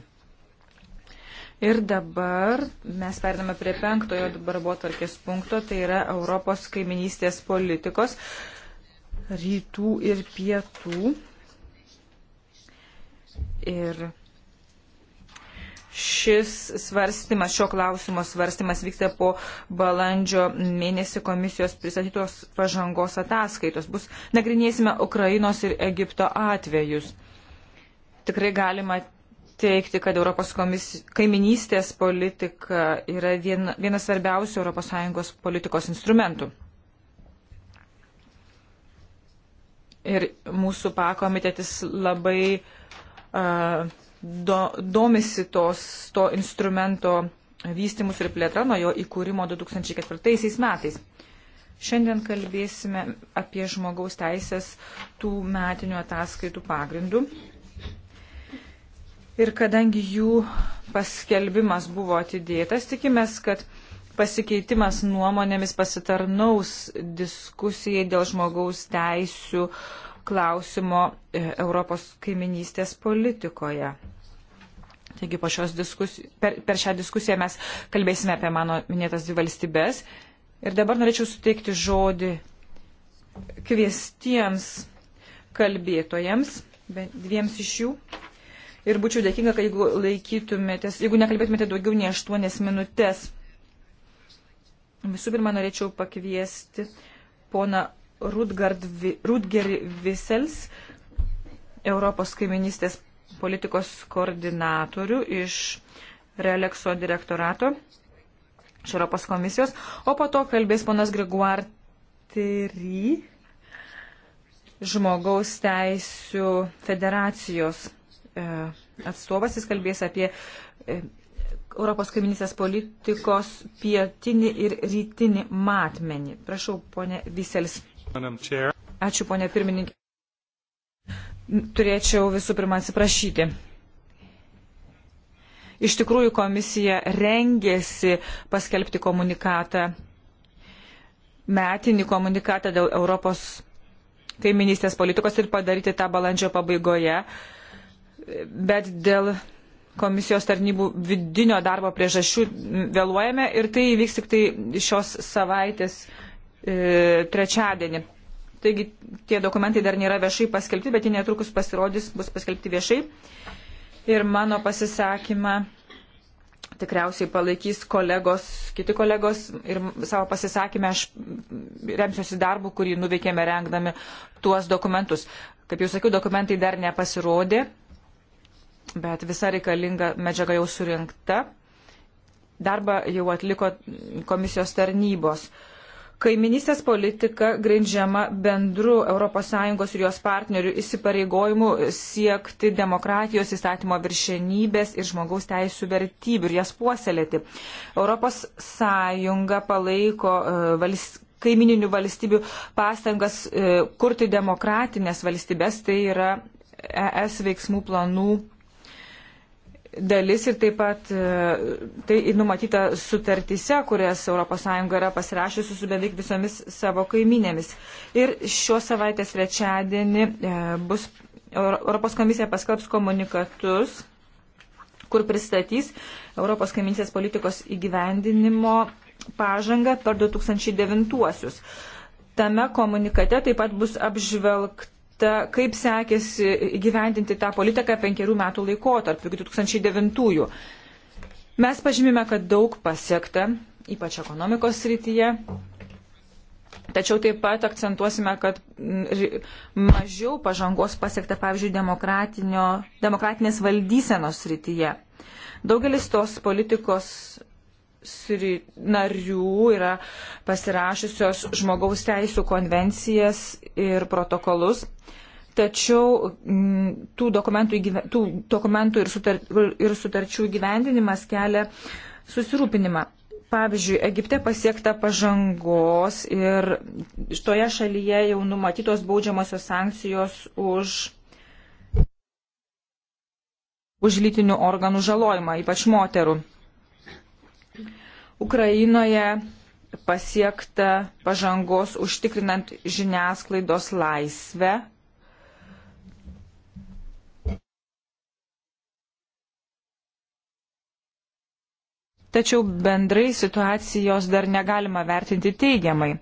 Ir dabar mes perdame prie penktojo darbo tvarkės punkto, tai yra Europos kaiminystės politikos rytų ir pietų. Ir šis svarstymas, šio klausimo svarstymas vyksta po balandžio mėnesį komisijos pristatytos pažangos ataskaitos. Bus nagrinėsime Ukrainos ir Egipto atvejus. Tikrai galima teikti, kad Europos komis, kaiminystės politika yra viena, vienas svarbiausių ES politikos instrumentų. Ir mūsų pakomitetis labai uh, do, domisi tos, to instrumento vystimus ir plėtra nuo jo įkūrimo 2004 metais. Šiandien kalbėsime apie žmogaus teisės tų metinių ataskaitų pagrindų. Ir kadangi jų paskelbimas buvo atidėtas, tikimės, kad pasikeitimas nuomonėmis pasitarnaus diskusijai dėl žmogaus teisų uh, klausimo e, Europos kaiminystės politikoje. Taigi po per, per šią diskusiją mes kalbėsime apie mano minėtas dvi valstybės. Ir dabar norėčiau suteikti žodį kviestiems kalbėtojams, dviems iš jų. Ir būčiau dėkinga, kad jeigu laikytumėtės, jeigu nekalbėtumėte daugiau nei 8 minutės. Visų pirma, norėčiau pakviesti pona Rutgard, Rutger Visels, Europos kaiminystės politikos koordinatorių iš Relexo direktorato iš Europos komisijos, o po to kalbės ponas Greguar Terry, žmogaus teisų federacijos e, atstovas, jis kalbės apie e, Europos kaiminysės politikos pietinį ir rytinį matmenį. Prašau, ponė Viselis. Ačiū, ponė pirmininkė. Turėčiau visų pirma atsiprašyti. Iš tikrųjų, komisija rengėsi paskelbti komunikatą, metinį komunikatą dėl Europos kaiminystės politikos ir padaryti tą balandžio pabaigoje, bet dėl komisijos tarnybų vidinio darbo priežasčių vėluojame ir tai įvyks tik tai šios savaitės E, trečiadienį. Taigi tie dokumentai dar nėra viešai paskelbti, bet jie netrukus pasirodys, bus paskelbti viešai. Ir mano pasisakymą tikriausiai palaikys kolegos, kiti kolegos ir savo pasisakymę aš remsiuosi darbu, kurį nuveikėme rengdami tuos dokumentus. Kaip jau sakiau, dokumentai dar nepasirodė, bet visa reikalinga medžiaga jau surinkta. Darbą jau atliko komisijos tarnybos. Uh, Kaiminystės politika grindžiama bendru ES ir jos partnerių įsipareigojimu siekti demokratijos įstatymo viršenybės ir žmogaus teisų vertybių ir jas puoselėti. ES palaiko e, vals, kaimininių valstybių pastangas e, kurti demokratinės valstybės, tai yra ES veiksmų planų dalis ir taip pat e, tai numatyta sutartise, kurias ES yra pasirašysi su beveik visomis savo kaiminėmis. Ir šios savaitės trečiadienį e, bus Europos komisija paskelbs komunikatus kur pristatys Europos kaiminės politikos įgyvendinimo pažangą per 2009-uosius. Tame komunikate taip pat bus apžvelgta paklausta, kaip sekėsi gyvendinti tą politiką penkerių metų laikotarpį iki 2009-ųjų. Mes pažymime, kad daug pasiekta, ypač ekonomikos srityje. Tačiau taip pat akcentuosime, kad mažiau pažangos pasiekta, pavyzdžiui, demokratinės valdysenos srityje. Daugelis tos politikos narių yra pasirašusios žmogaus teisų konvencijas ir protokolus. Tačiau mm, tų dokumentų, tų dokumentų ir, sutar, ir sutarčių gyvendinimas kelia susirūpinimą. Pavyzdžiui, Egipte pasiekta pažangos ir šitoje šalyje jau numatytos baudžiamosios sankcijos už, už lytinių organų žalojimą, ypač moterų. Ukrainoje pasiekta pažangos užtikrinant žiniasklaidos laisvę. Tačiau bendrai situacijos dar negalima vertinti teigiamai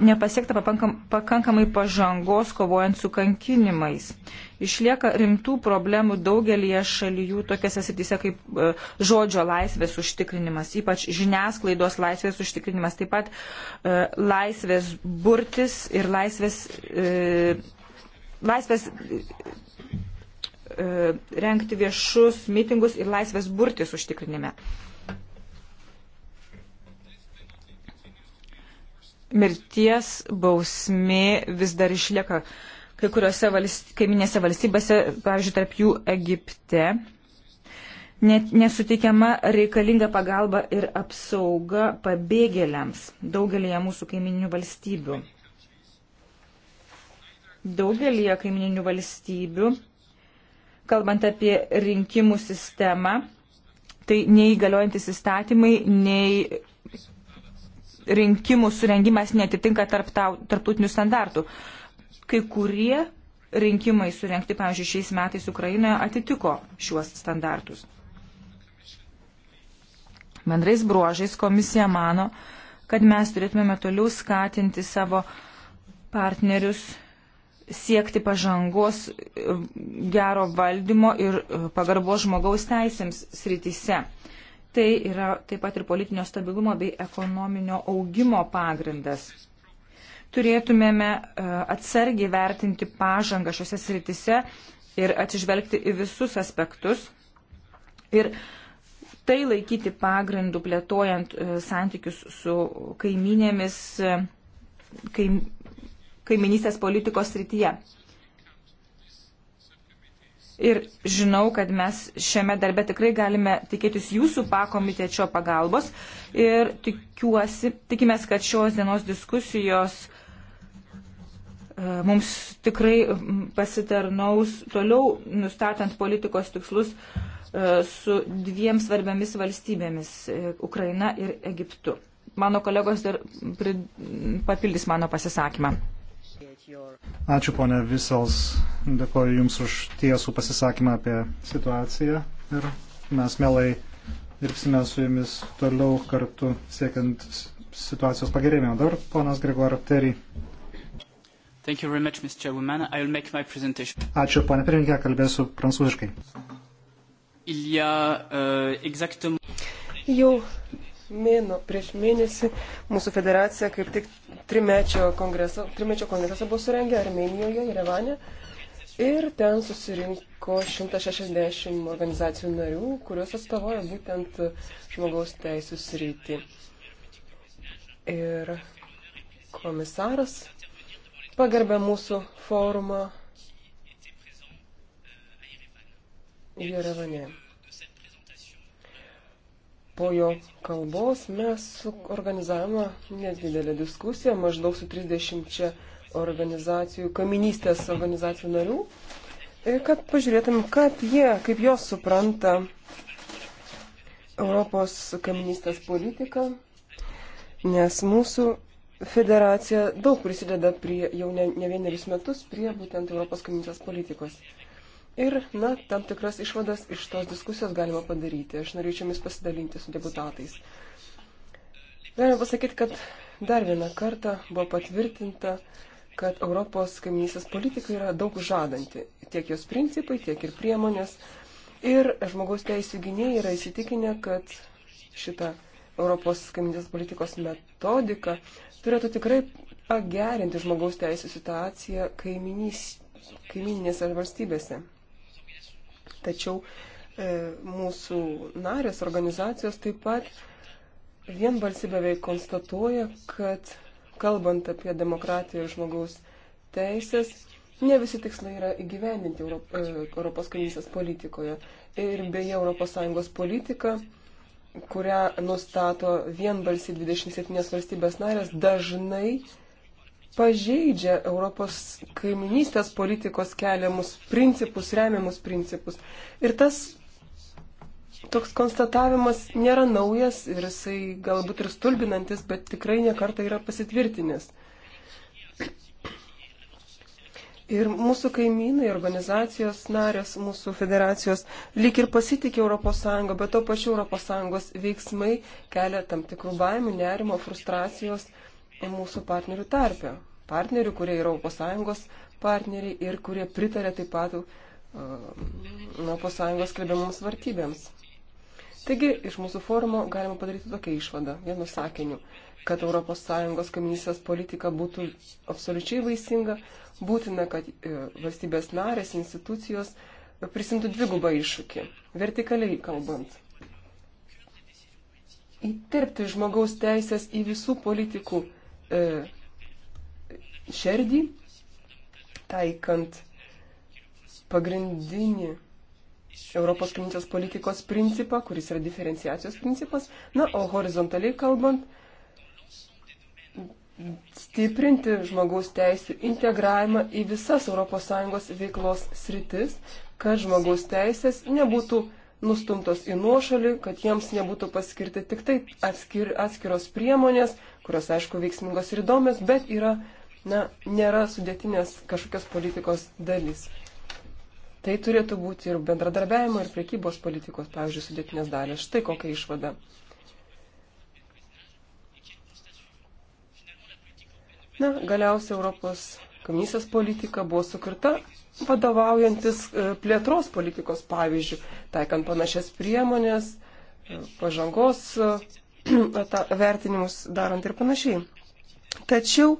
nepasiekta pakankamai pažangos kovojant su kankinimais. Išlieka rimtų problemų daugelie šalyjų tokiose sityse kaip e, žodžio laisvės užtikrinimas, ypač žiniasklaidos laisvės užtikrinimas, taip pat e, laisvės burtis ir laisvės, e, laisvės renkti viešus mitingus ir laisvės burtis užtikrinime. mirties bausmė vis dar išlieka kai kuriuose valst, kaiminėse valstybėse, pavyzdžiui, tarp jų Egipte, net nesuteikiama reikalinga pagalba ir apsauga pabėgėliams daugelėje mūsų kaimininių valstybių. Daugelėje kaimininių valstybių, kalbant apie rinkimų sistemą, tai nei galiojantis įstatymai, nei rinkimų surengimas netitinka tarptautinių standartų kai kurie rinkimai surenkti, pavyzdžiui, šiais metais Ukrainoje atitiko šiuos standartus. Bendrais bruožais komisija mano, kad mes turėtumėme toliau skatinti savo partnerius siekti pažangos, e, gero valdymo ir e, pagarbos žmogaus teisėms srityse. Tai yra taip pat ir politinio stabilumo bei ekonominio augimo pagrindas turėtumėme e, atsargiai vertinti pažangą šiuose sritise ir atsižvelgti į visus aspektus ir tai laikyti pagrindų plėtojant e, santykius su kaiminėmis e, kaim, kaiminystės politikos srityje. Ir žinau, kad mes šiame darbe tikrai galime tikėtis jūsų pakomitečio pagalbos ir tikiuosi, tikimės, kad šios dienos diskusijos uh, E, mums tikrai pasitarnaus toliau nustatant politikos tikslus e, su dviem svarbiamis valstybėmis - e, Ukraina ir Egiptu. Mano kolegos dar papildys mano pasisakymą. Ačiū ponė Visals, dėkoju Jums už tiesų pasisakymą apie situaciją ir mes mielai dirbsime su Jumis toliau kartu siekiant situacijos pagerėjimo. Dabar ponas Grigor Terry. Thank you very much, Mr. Chairwoman. I will make my presentation. Ačiū, pane pirmininkė, kalbėsiu prancūziškai. Il y a euh, exactement... Jau mėno, prieš mėnesį mūsų federacija kaip tik trimečio kongreso, trimečio kongreso buvo surengę Armenijoje, Irevane. Ir ten susirinko 160 organizacijų narių, kurios atstovauja būtent žmogaus teisų sritį. Ir komisaras pagarbę mūsų forumą Jerevane. Po jo kalbos mes organizavome nedidelę diskusiją maždaug su 30 organizacijų, kaminystės organizacijų narių, kad pažiūrėtum, kaip jie, kaip jos supranta Europos kaminystės politiką, nes mūsų federacija daug prisideda prie jau ne, ne vienerius metus prie būtent Europos komisijos politikos. Ir, na, tam tikras išvadas iš tos diskusijos galima padaryti. Aš norėčiau jomis pasidalinti su deputatais. Galima pasakyti, kad dar vieną kartą buvo patvirtinta, kad Europos kaiminysės politika yra daug žadanti. Tiek jos principai, tiek ir priemonės. Ir žmogaus teisų gynėjai yra įsitikinę, kad šita Europos kaiminės politikos metodika turėtų tikrai pagerinti žmogaus teisų situaciją kaimininėse valstybėse. Tačiau e, mūsų narės organizacijos taip pat vienbalsi beveik konstatuoja, kad kalbant apie demokratiją ir žmogaus teisės, ne visi tikslai yra įgyvendinti e, Europos komisijos politikoje. Ir beje, ES politika kurią nustato vienbalsiai 27 valstybės narės, dažnai pažeidžia Europos kaiminystės politikos keliamus principus, remiamus principus. Ir tas toks konstatavimas nėra naujas ir jisai galbūt ir stulbinantis, bet tikrai nekarta yra pasitvirtinęs. Ir mūsų kaimynai, organizacijos narės, mūsų federacijos lyg ir pasitikė ES, bet to pačiu ES veiksmai kelia tam tikrų baimių, nerimo, frustracijos mūsų partnerių tarpio. Partnerių, kurie yra ES partneriai ir kurie pritarė taip pat uh, ES skelbiamoms vartybėms. Taigi iš mūsų forumo galima padaryti tokią išvadą, vienu sakiniu, kad ES kaiminystės politika būtų absoliučiai vaisinga, būtina, kad e, valstybės narės, institucijos prisimtų dvigubą iššūkį, vertikaliai kalbant. Įterpti žmogaus teisės į visų politikų e, šerdį, taikant pagrindinį Europos komisijos politikos principą, kuris yra diferenciacijos principas. Na, o horizontaliai kalbant, stiprinti žmogaus teisų integravimą į visas ES veiklos sritis, kad žmogaus teisės nebūtų nustumtos į nuošalį, kad jiems nebūtų paskirti tik tai atskir, atskiros priemonės, kurios, aišku, veiksmingos ir įdomios, bet yra, na, nėra sudėtinės kažkokios politikos dalis. Tai turėtų būti ir bendradarbiavimo, ir prekybos politikos, pavyzdžiui, sudėtinės dalės. Štai kokia išvada. Na, galiausiai Europos komisijos politika buvo sukurta vadovaujantis e, plėtros politikos pavyzdžių, taikant panašias priemonės, e, pažangos e, <clears throat> vertinimus darant ir panašiai. Tačiau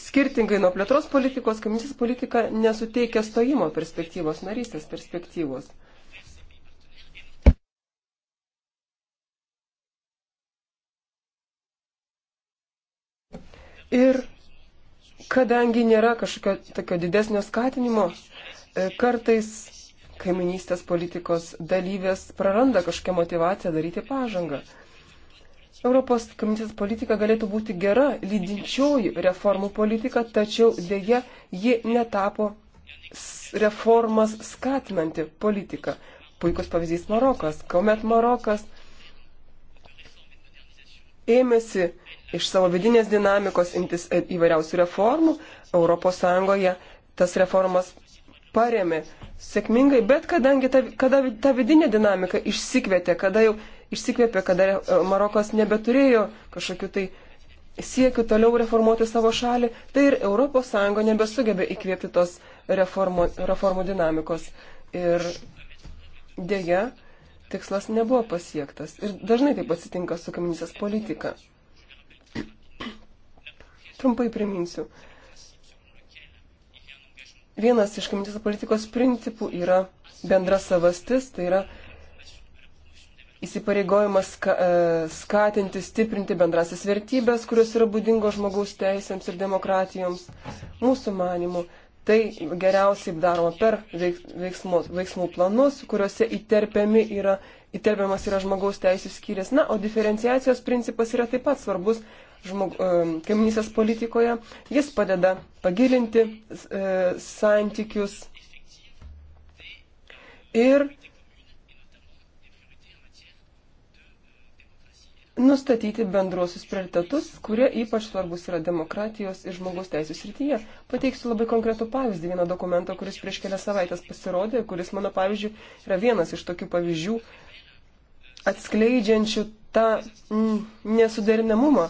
skirtingai nuo plėtros politikos, kaimynystės politika nesuteikia stojimo perspektyvos, narystės perspektyvos. Ir kadangi nėra kažkokio tokio didesnio skatinimo, e, kartais kaiminystės politikos dalyvės praranda kažkokią motivaciją daryti pažangą. Europos komisijos politika galėtų būti gera lydinčioji reformų politika, tačiau dėja ji netapo reformas skatinanti politika. Puikus pavyzdys Marokas, kuomet Marokas ėmėsi iš savo vidinės dinamikos imtis įvairiausių reformų, ES tas reformas paremė sėkmingai, bet kadangi ta, kada ta vidinė dinamika išsikvietė, kada jau išsikvėpė, kada e, Marokas nebeturėjo kažkokių tai siekių toliau reformuoti savo šalį, tai ir ES nebesugebė įkvėpti tos reformų, reformų dinamikos. Ir dėja, tikslas nebuvo pasiektas. Ir dažnai taip atsitinka su kaminisės politika. <clears throat> Trumpai priminsiu. Vienas iš kaminisės politikos principų yra bendra savastis, tai yra įsipareigojimas ska, e, skatinti, stiprinti bendrasis vertybės, kurios yra būdingos žmogaus teisėms ir demokratijoms. Mūsų manimu, tai geriausiai daroma per veiksmų, veiksmų planus, kuriuose įterpiami yra, įterpiamas yra žmogaus teisų skyris. Na, o diferenciacijos principas yra taip pat svarbus žmog, e, kaiminysės politikoje. Jis padeda pagilinti e, santykius ir nustatyti bendruosius prioritetus, kurie ypač svarbus yra demokratijos ir žmogaus teisų srityje. Pateiksiu labai konkretų pavyzdį vieno dokumento, kuris prieš kelias savaitės pasirodė, kuris, mano pavyzdžiui, yra vienas iš tokių pavyzdžių atskleidžiančių tą mm, nesuderinamumą,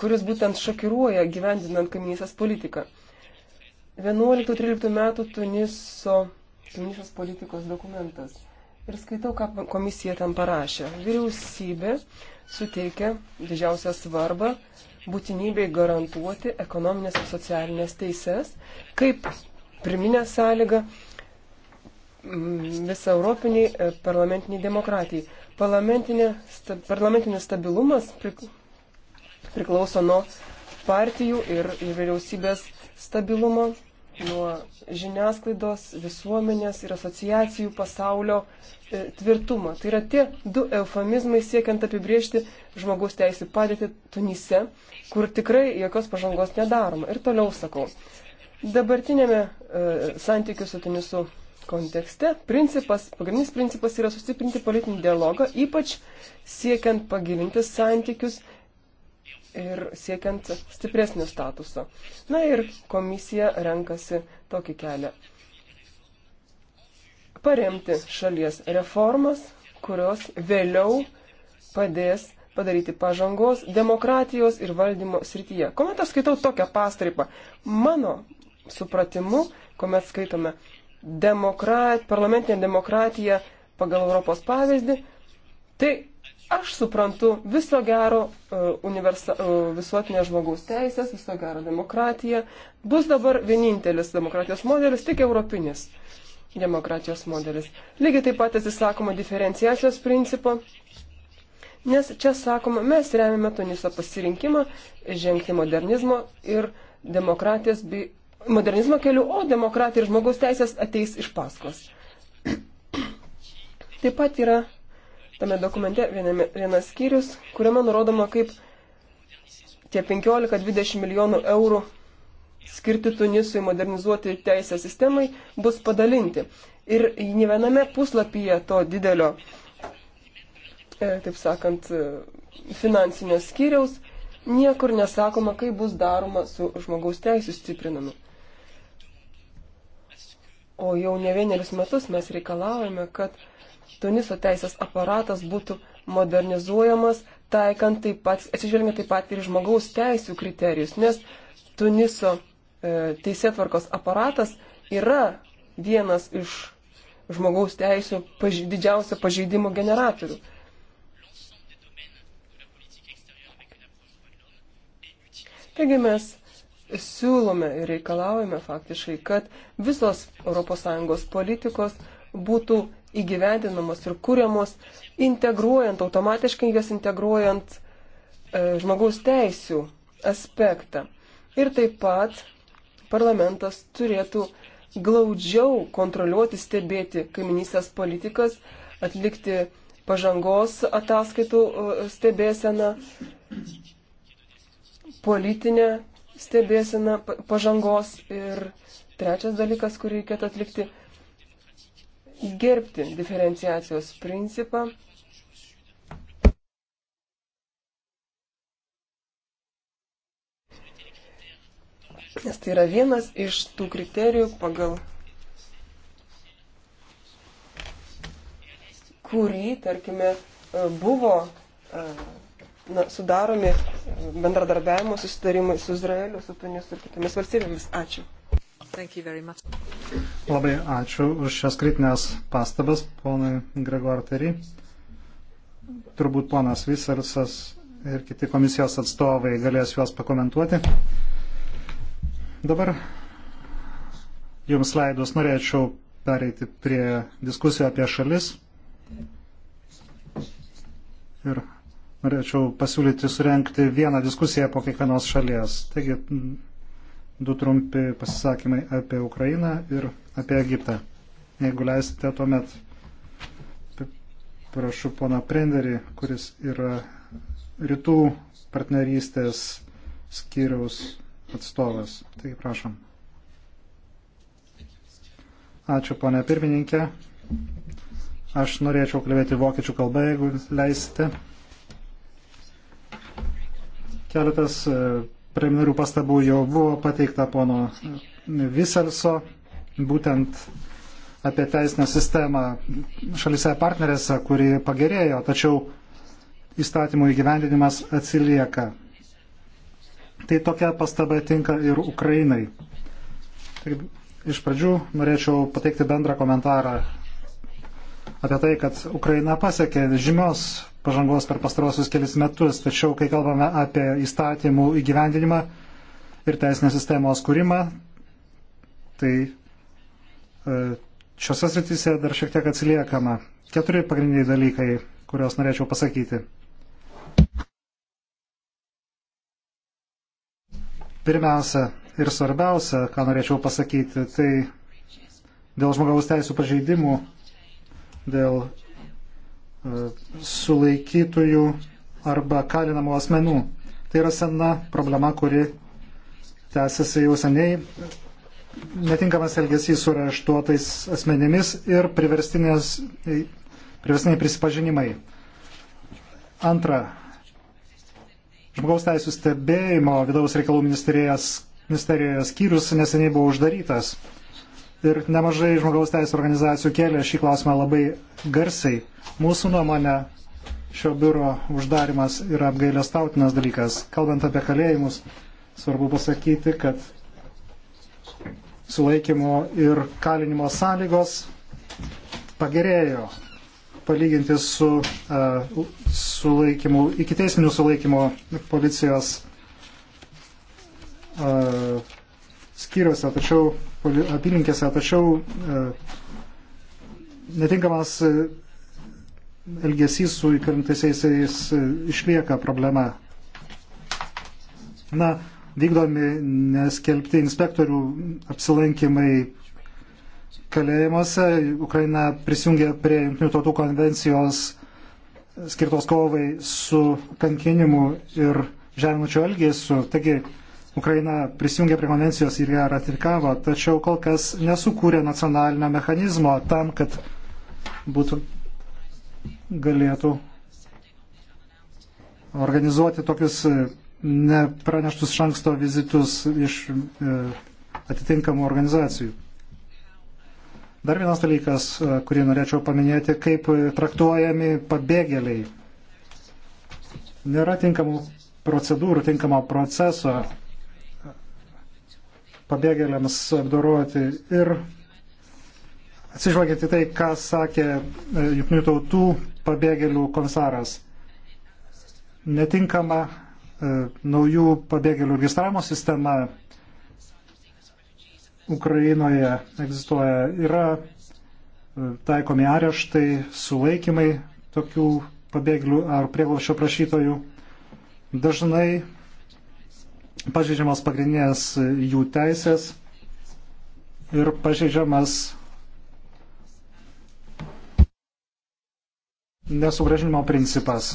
kuris būtent šokiruoja gyvendinant kaimynysės politiką. 11-13 metų Tuniso, Tunisijos politikos dokumentas ir skaitau, ką komisija ten parašė. Vyriausybė suteikia didžiausią svarbą būtinybei garantuoti ekonominės ir socialinės teises, kaip pirminę sąlygą mm, visą europiniai e, parlamentiniai demokratijai. Sta, parlamentinis stabilumas priklauso nuo partijų ir vyriausybės stabilumo nuo žiniasklaidos, visuomenės ir asociacijų pasaulio e, tvirtumo. Tai yra tie du eufemizmai siekiant apibriežti žmogaus teisų padėtį Tunise, kur tikrai jokios pažangos nedaroma. Ir toliau sakau, dabartinėme e, santykių su Tunisu kontekste principas, pagrindinis principas yra sustiprinti politinį dialogą, ypač siekiant pagilinti santykius ir siekiant stipresnio statuso. Na ir komisija renkasi tokį kelią. Paremti šalies reformas, kurios vėliau padės padaryti pažangos demokratijos ir valdymo srityje. Komet aš skaitau tokią pastraipą, mano supratimu, kuomet skaitome demokrat, parlamentinę demokratiją pagal Europos pavyzdį, tai aš suprantu viso gero e, universa, e, visuotinės žmogaus teisės, viso gero demokratija. Bus dabar vienintelis demokratijos modelis, tik europinis demokratijos modelis. Lygiai taip pat atsisakoma diferenciacijos principo. Nes čia sakoma, mes remiame Tuniso pasirinkimą žengti modernizmo ir demokratijos bei modernizmo keliu, o demokratija ir žmogaus teisės ateis iš paskos. Taip pat yra tame dokumente viename, vienas skyrius, kuriame nurodoma, kaip tie 15-20 milijonų eurų skirti Tunisui modernizuoti teisę sistemai bus padalinti. Ir ne viename puslapyje to didelio, e, taip sakant, e, finansinio skyriaus niekur nesakoma, kaip bus daroma su žmogaus teisų stiprinamu. O jau ne vienerius metus mes reikalavome, kad Tuniso teisės aparatas būtų modernizuojamas, taikant taip pat, atsižvelgiant taip pat ir žmogaus teisų kriterijus, nes Tuniso e, teisėtvarkos aparatas yra vienas iš žmogaus teisų paž didžiausio pažeidimo generatorių. Taigi mes siūlome ir reikalaujame faktiškai, kad visos ES politikos būtų įgyvendinamos ir kūriamos, integruojant, automatiškai jas integruojant e, žmogaus teisų aspektą. Ir taip pat parlamentas turėtų glaudžiau kontroliuoti, stebėti kaiminystės politikas, atlikti pažangos ataskaitų e, stebėseną, politinę stebėseną pažangos ir trečias dalykas, kurį reikėtų atlikti gerbti diferenciacijos principą. Nes tai yra vienas iš tų kriterijų, pagal kurį, tarkime, buvo na, sudaromi bendradarbiavimo susitarimai su Izraeliu, su Tunisu ir kitomis valstybėmis. Ačiū. Labai ačiū už šias kritinės pastabas, ponai Gregorterį. Turbūt ponas Visersas ir kiti komisijos atstovai galės juos pakomentuoti. Dabar jums leidus norėčiau pereiti prie diskusijų apie šalis. Ir norėčiau pasiūlyti surenkti vieną diskusiją po kiekvienos šalies. Taigi, du trumpi pasisakymai apie Ukrainą ir apie Egiptą. Jeigu leisite, tuomet prašau pona Prenderį, kuris yra rytų partnerystės skyriaus atstovas. Taigi prašom. Ačiū, ponė pirmininkė. Aš norėčiau kalbėti vokiečių kalbą, jeigu leisite. Keletas e, preliminarių pastabų jau buvo pateikta pono Viselso, būtent apie teisinę sistemą šalise partnerėse, kuri pagerėjo, tačiau įstatymų įgyvendinimas atsilieka. Tai tokia pastaba tinka ir Ukrainai. Taip, iš pradžių norėčiau pateikti bendrą komentarą apie tai, kad Ukraina pasiekė žymios pažangos per pastarosius kelis metus, tačiau kai kalbame apie įstatymų įgyvendinimą ir teisinės sistemos kūrimą, tai e, šiuose srityse dar šiek tiek atsiliekama. Keturi pagrindiniai dalykai, kuriuos norėčiau pasakyti. Pirmiausia ir svarbiausia, ką norėčiau pasakyti, tai dėl žmogaus teisų pažeidimų, dėl E, sulaikytųjų arba kalinamų asmenų. Tai yra sena problema, kuri tęsiasi jau seniai. Netinkamas elgesys su raštuotais asmenimis ir e, priverstiniai prisipažinimai. Antra, žmogaus teisų stebėjimo vidaus reikalų ministerijoje skyrius neseniai buvo uždarytas. Ir nemažai žmogaus teisų organizacijų kėlė šį klausimą labai garsiai. Mūsų nuomonė šio biuro uždarimas yra apgailestautinas dalykas. Kalbant apie kalėjimus, svarbu pasakyti, kad sulaikymo ir kalinimo sąlygos pagerėjo palyginti su uh, sulaikymu, iki teisminių sulaikymo policijos uh, skyriuose. Tačiau apylinkėse, tačiau e, netinkamas e, elgesys su įkarintaisiais e, išlieka problema. Na, vykdomi neskelbti inspektorių apsilankimai kalėjimuose. Ukraina prisijungė prie Junktinių tautų konvencijos skirtos kovai su kankinimu ir žeminančiu elgesiu. Taigi, Ukraina prisijungė prie konvencijos ir ją ratifikavo, tačiau kol kas nesukūrė nacionalinio mechanizmo tam, kad būtų galėtų organizuoti tokius e, nepraneštus šanksto vizitus iš e, atitinkamų organizacijų. Dar vienas dalykas, e, kurį norėčiau paminėti, kaip traktuojami pabėgėliai. Nėra tinkamų procedūrų, tinkamo proceso pabėgėliams apdoroti ir atsižvelgiant į tai, ką sakė e, Junktinių tautų pabėgėlių komisaras. Netinkama e, naujų pabėgėlių registravimo sistema Ukrainoje egzistuoja. Yra e, taikomi areštai, sulaikymai tokių pabėgėlių ar prieglaušio prašytojų. Dažnai pažeidžiamas pagrindinės jų teisės ir pažeidžiamas nesugražinimo principas.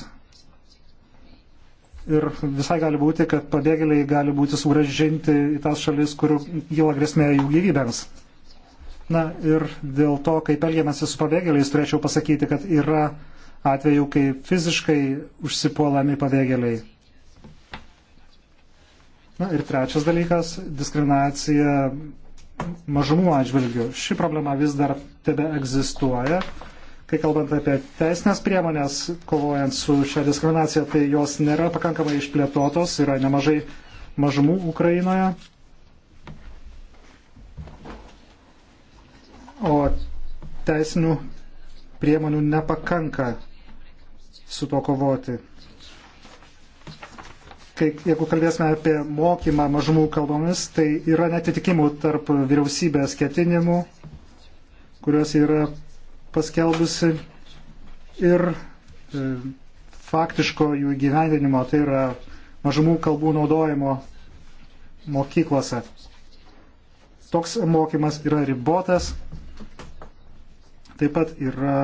Ir visai gali būti, kad pabėgėliai gali būti sugražinti į tas šalis, kur gila grėsmė jų gyvybėms. Na ir dėl to, kaip elgiamasi su pabėgėliais, turėčiau pasakyti, kad yra atvejų, kai fiziškai užsipuolami pabėgėliai Na ir trečias dalykas - diskriminacija mažumų atžvilgių. Ši problema vis dar tebe egzistuoja. Kai kalbant apie teisinės priemonės, kovojant su šią diskriminaciją, tai jos nėra pakankamai išplėtotos, yra nemažai mažumų Ukrainoje. O teisinių priemonių nepakanka su to kovoti kai, jeigu kalbėsime apie mokymą mažumų kalbomis, tai yra netitikimų tarp vyriausybės ketinimų, kurios yra paskelbusi ir e, faktiško jų įgyvendinimo, tai yra mažumų kalbų naudojimo mokyklose. Toks mokymas yra ribotas, taip pat yra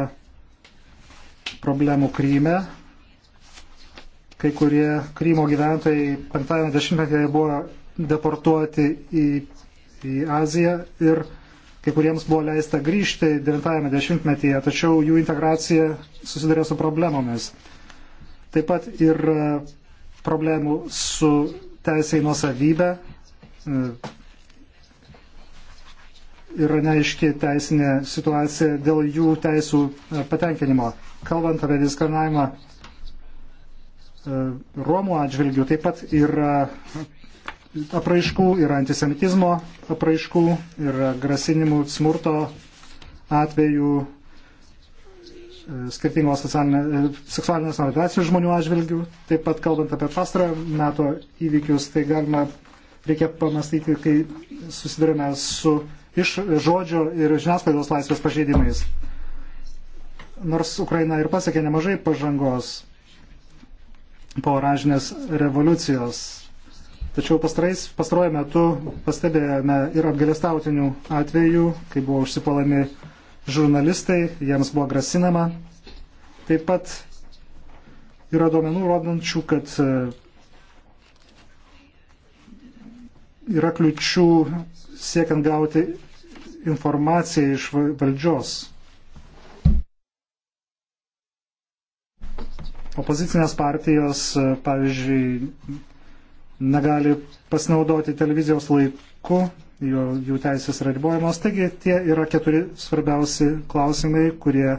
problemų Kryme, Kai kurie Krymo gyventojai penktame dešimtmetyje buvo deportuoti į, į Aziją ir kai kuriems buvo leista grįžti 90-metyje, tačiau jų integracija susidarė su problemomis. Taip pat ir e, problemų su teisėjai nuosavybė. E, yra neaiški teisinė situacija dėl jų teisų e, patenkinimo. Kalbant apie diskriminavimą E, Romų atžvilgių taip pat yra apraiškų, yra antisemitizmo apraiškų, yra grasinimų smurto atvejų e, skirtingos e, seksualinės orientacijos žmonių atžvilgių. Taip pat kalbant apie pastarą meto įvykius, tai galima reikia pamastyti, kai susidurime su iš žodžio ir žiniasklaidos laisvės pažeidimais. Nors Ukraina ir pasiekė nemažai pažangos po oranžinės revoliucijos. Tačiau pastaruoju metu pastebėjome ir apgalėstautinių atvejų, kai buvo užsipalami žurnalistai, jiems buvo grasinama. Taip pat yra duomenų rodančių, kad e, yra kliučių siekiant gauti informaciją iš valdžios. Opozicinės partijos, e, pavyzdžiui, negali pasinaudoti televizijos laiku, jų, jų teisės yra ribojamos. Taigi tie yra keturi svarbiausi klausimai, kurie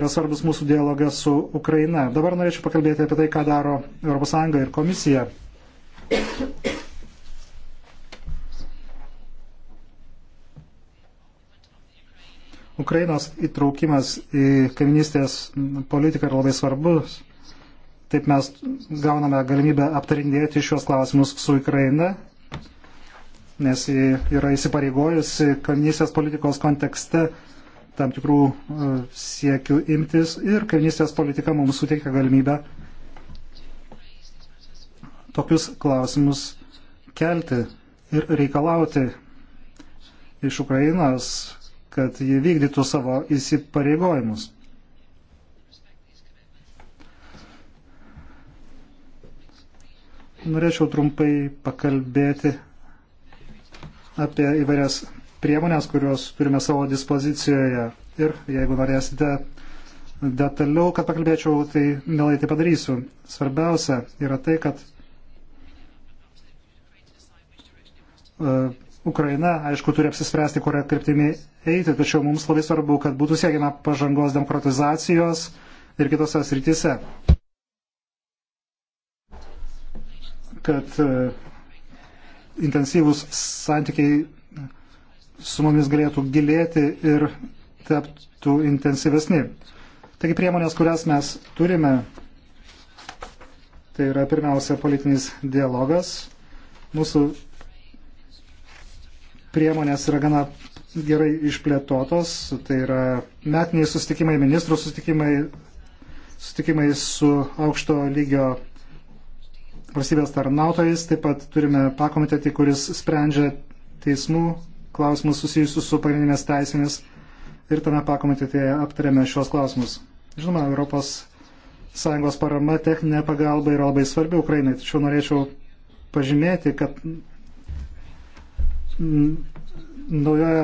yra svarbus mūsų dialogą su Ukraina. Dabar norėčiau pakalbėti apie tai, ką daro ES ir komisija. Ukrainos įtraukimas į kaiminystės politiką yra labai svarbus. Taip mes gauname galimybę aptarindėti šios klausimus su Ukraina, nes ji yra įsipareigojusi kaiminystės politikos kontekste tam tikrų e, siekių imtis ir kaiminystės politika mums suteikia galimybę tokius klausimus kelti ir reikalauti iš Ukrainos kad ji vykdytų savo įsipareigojimus. Norėčiau trumpai pakalbėti apie įvairias priemonės, kurios turime savo dispozicijoje. Ir jeigu norėsite detaliau, kad pakalbėčiau, tai mielai tai padarysiu. Svarbiausia yra tai, kad Ukraina, aišku, turi apsispręsti, kuria kryptimi eiti, tačiau mums labai svarbu, kad būtų siekiama pažangos demokratizacijos ir kitose srityse. Kad e, intensyvūs santykiai su mumis galėtų gilėti ir taptų intensyvesni. Taigi priemonės, kurias mes turime, tai yra pirmiausia politinis dialogas. Mūsų priemonės yra gana gerai išplėtotos. Tai yra metiniai sustikimai, ministrų sustikimai, sustikimai su aukšto lygio valstybės tarnautojais. Taip pat turime pakomitetį, kuris sprendžia teismų klausimus susijusius su pagrindinės teisėmis. Ir tame pakomitetėje aptarėme šios klausimus. Žinoma, Europos Sąjungos parama, techninė pagalba yra labai svarbi Ukrainai, tačiau norėčiau pažymėti, kad Mm, naujoje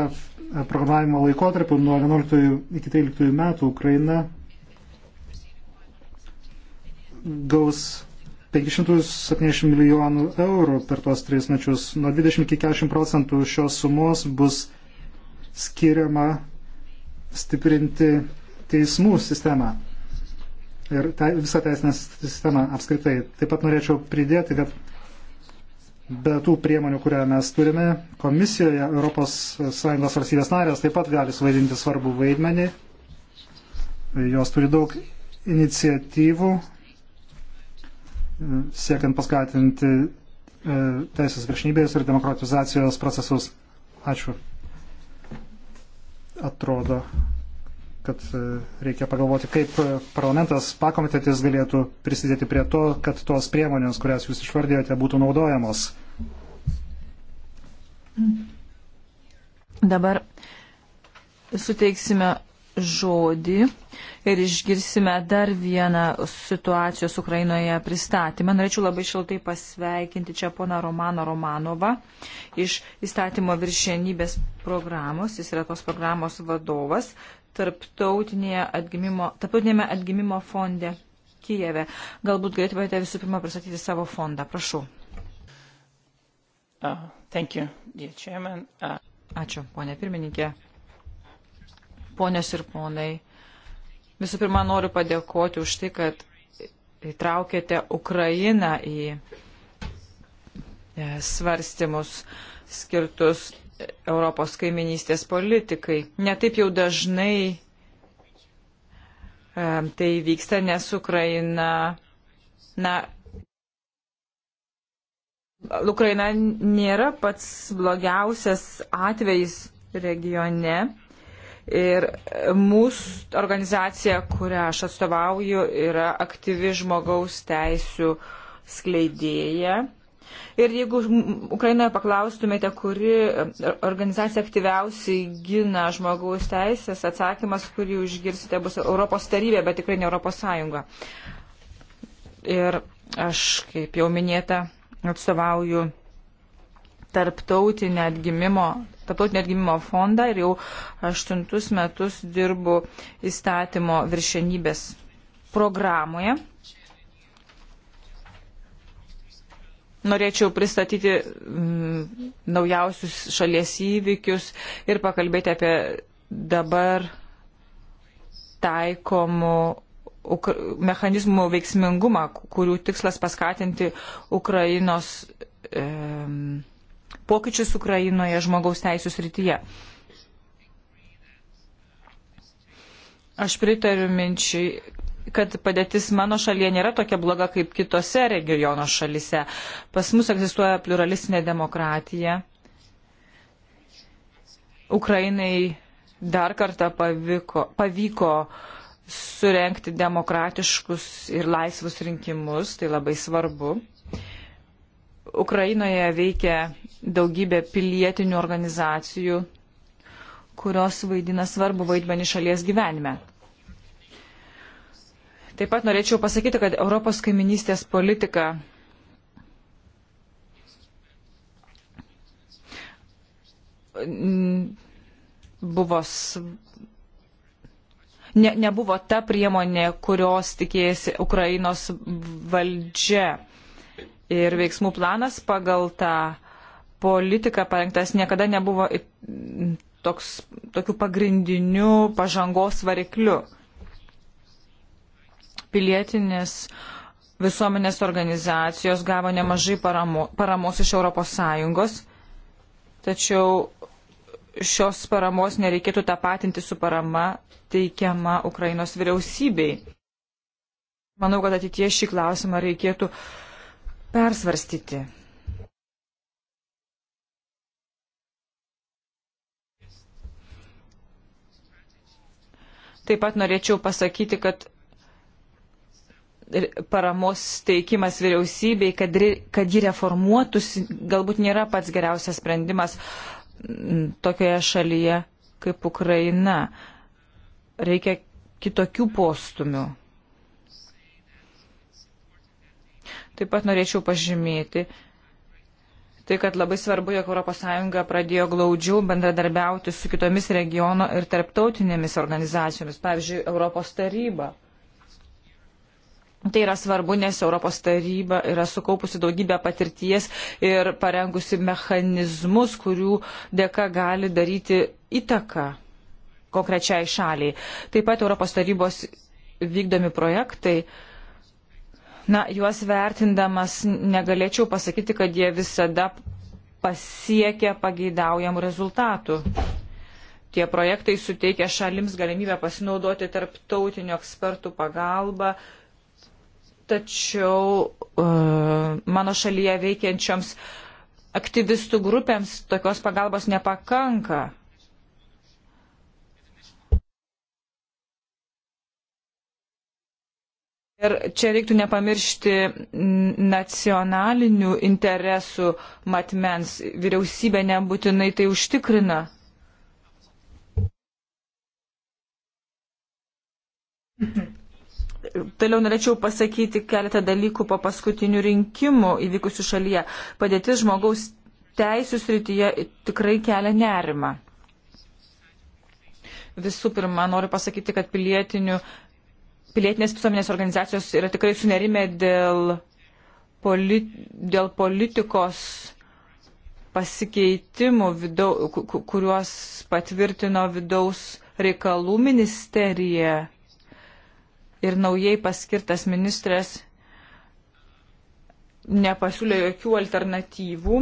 e, programavimo laikotarpiu nuo 11 iki 13 metų Ukraina gaus 570 milijonų eurų per tuos tris mečius. Nuo 20 iki 40 procentų šios sumos bus skiriama stiprinti teismų sistemą ir te, visą teisinę sistemą apskritai. Taip pat norėčiau pridėti, kad be tų priemonių, kurią mes turime, komisijoje ES valstybės narės taip pat gali suvaidinti svarbų vaidmenį. Jos turi daug iniciatyvų e, siekiant paskatinti e, teisės viršnybės ir demokratizacijos procesus. Ačiū. Atrodo, kad e, reikia pagalvoti, kaip e, parlamentas, pakomitetis galėtų prisidėti prie to, kad tos priemonės, kurias jūs išvardėjote, būtų naudojamos. Dabar suteiksime žodį ir išgirsime dar vieną situacijos Ukrainoje pristatymą. Norėčiau labai šiltai pasveikinti čia pona Romano Romanovą iš įstatymo viršienybės programos. Jis yra tos programos vadovas tarptautinėje atgimimo, tarptautinėme atgimimo fonde Kijeve. Galbūt galėtumėte visų pirma pristatyti savo fondą. Prašau. Uh, thank you, dear chairman. Uh. Ačiū, ponė pirmininkė. Ponios ir ponai, visų pirma noriu padėkoti už tai, kad įtraukėte Ukrainą į e, svarstymus skirtus Europos kaiminystės politikai. Netaip jau dažnai e, tai vyksta, nes Ukraina, na, Ukraina nėra pats blogiausias atvejis regione. Ir mūsų organizacija, kurią aš atstovauju, yra aktyvi žmogaus teisų skleidėja. Ir jeigu Ukrainoje paklaustumėte, kuri organizacija aktyviausiai gina žmogaus teisės, atsakymas, kurį išgirsite, bus Europos tarybė, bet tikrai ne Europos Sąjunga. Ir aš, kaip jau minėta, atstovauju tarptautinę atgimimo, tarptautinę atgimimo fondą ir jau aštuntus metus dirbu įstatymo viršenybės programoje. Norėčiau pristatyti mm, naujausius šalies įvykius ir pakalbėti apie dabar taikomų mechanizmų veiksmingumą, kurių tikslas paskatinti Ukrainos e, pokyčius Ukrainoje žmogaus teisų srityje. Aš pritariu minčiai, kad padėtis mano šalyje nėra tokia bloga kaip kitose regiono šalise. Pas mus egzistuoja pluralistinė demokratija. Ukrainai dar kartą pavyko, pavyko surenkti demokratiškus ir laisvus rinkimus, tai labai svarbu. Ukrainoje veikia daugybė pilietinių organizacijų, kurios vaidina svarbu vaidmenį šalies gyvenime. Taip pat norėčiau pasakyti, kad Europos kaiminystės politika buvo ne, nebuvo ta priemonė, kurios tikėjasi Ukrainos valdžia. Ir veiksmų planas pagal tą politiką parengtas niekada nebuvo toks, tokiu pagrindiniu pažangos varikliu pilietinės visuomenės organizacijos gavo nemažai paramo, paramos iš ES, tačiau šios paramos nereikėtų tapatinti su parama teikiama Ukrainos vyriausybei. Manau, kad ateitie šį klausimą reikėtų persvarstyti. Taip pat norėčiau pasakyti, kad paramos teikimas vyriausybei, kad, re, kad ji reformuotųsi, galbūt nėra pats geriausias sprendimas mm, tokioje šalyje kaip Ukraina. Reikia kitokių postumių. Taip pat norėčiau pažymėti, tai kad labai svarbu, jog ES pradėjo glaudžiau bendradarbiauti su kitomis regiono ir tarptautinėmis organizacijomis, pavyzdžiui, Europos taryba. Tai yra svarbu, nes Europos taryba yra sukaupusi daugybę patirties ir parengusi mechanizmus, kurių dėka gali daryti įtaką konkrečiai šaliai. Taip pat Europos tarybos vykdomi projektai, na, juos vertindamas negalėčiau pasakyti, kad jie visada pasiekia pageidaujamų rezultatų. Tie projektai suteikia šalims galimybę pasinaudoti tarptautinių ekspertų pagalbą tačiau e, mano šalyje veikiančioms aktyvistų grupėms tokios pagalbos nepakanka. Ir čia reiktų nepamiršti nacionalinių interesų matmens. Vyriausybė nebūtinai tai užtikrina. Mhm. Toliau norėčiau pasakyti keletą dalykų po paskutinių rinkimų įvykusių šalyje. Padėtis žmogaus teisų srityje tikrai kelia nerimą. Visų pirma, noriu pasakyti, kad pilietinės visuomenės organizacijos yra tikrai sunerime dėl, poli, dėl politikos pasikeitimų, vidau, kuriuos patvirtino vidaus reikalų ministerija ir naujai paskirtas ministras nepasiūlė jokių alternatyvų.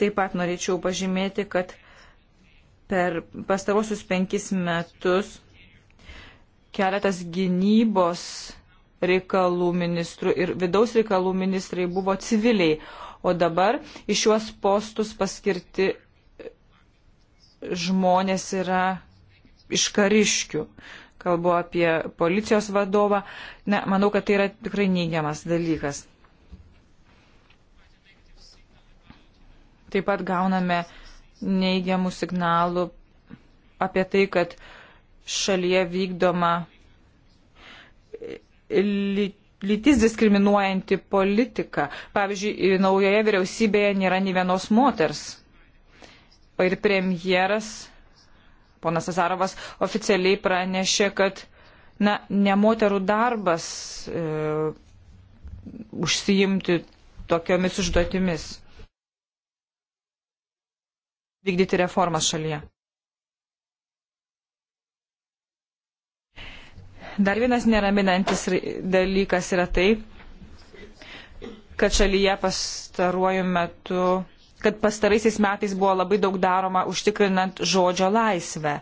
Taip pat norėčiau pažymėti, kad per pastarosius penkis metus keletas gynybos reikalų ministrų ir vidaus reikalų ministrai buvo civiliai, o dabar iš juos postus paskirti žmonės yra iš kariškių kalbu apie policijos vadovą. Ne, manau, kad tai yra tikrai neigiamas dalykas. Taip pat gauname neigiamų signalų apie tai, kad šalyje vykdoma lytis diskriminuojanti politika. Pavyzdžiui, naujoje vyriausybėje nėra nei vienos moters. Ir premjeras ponas Azarovas oficialiai pranešė, kad na, ne moterų darbas e, užsiimti tokiomis užduotimis, vykdyti reformas šalyje. Dar vienas neraminantis dalykas yra tai, kad šalyje pastaruoju metu kad pastaraisiais metais buvo labai daug daroma užtikrinant žodžio laisvę.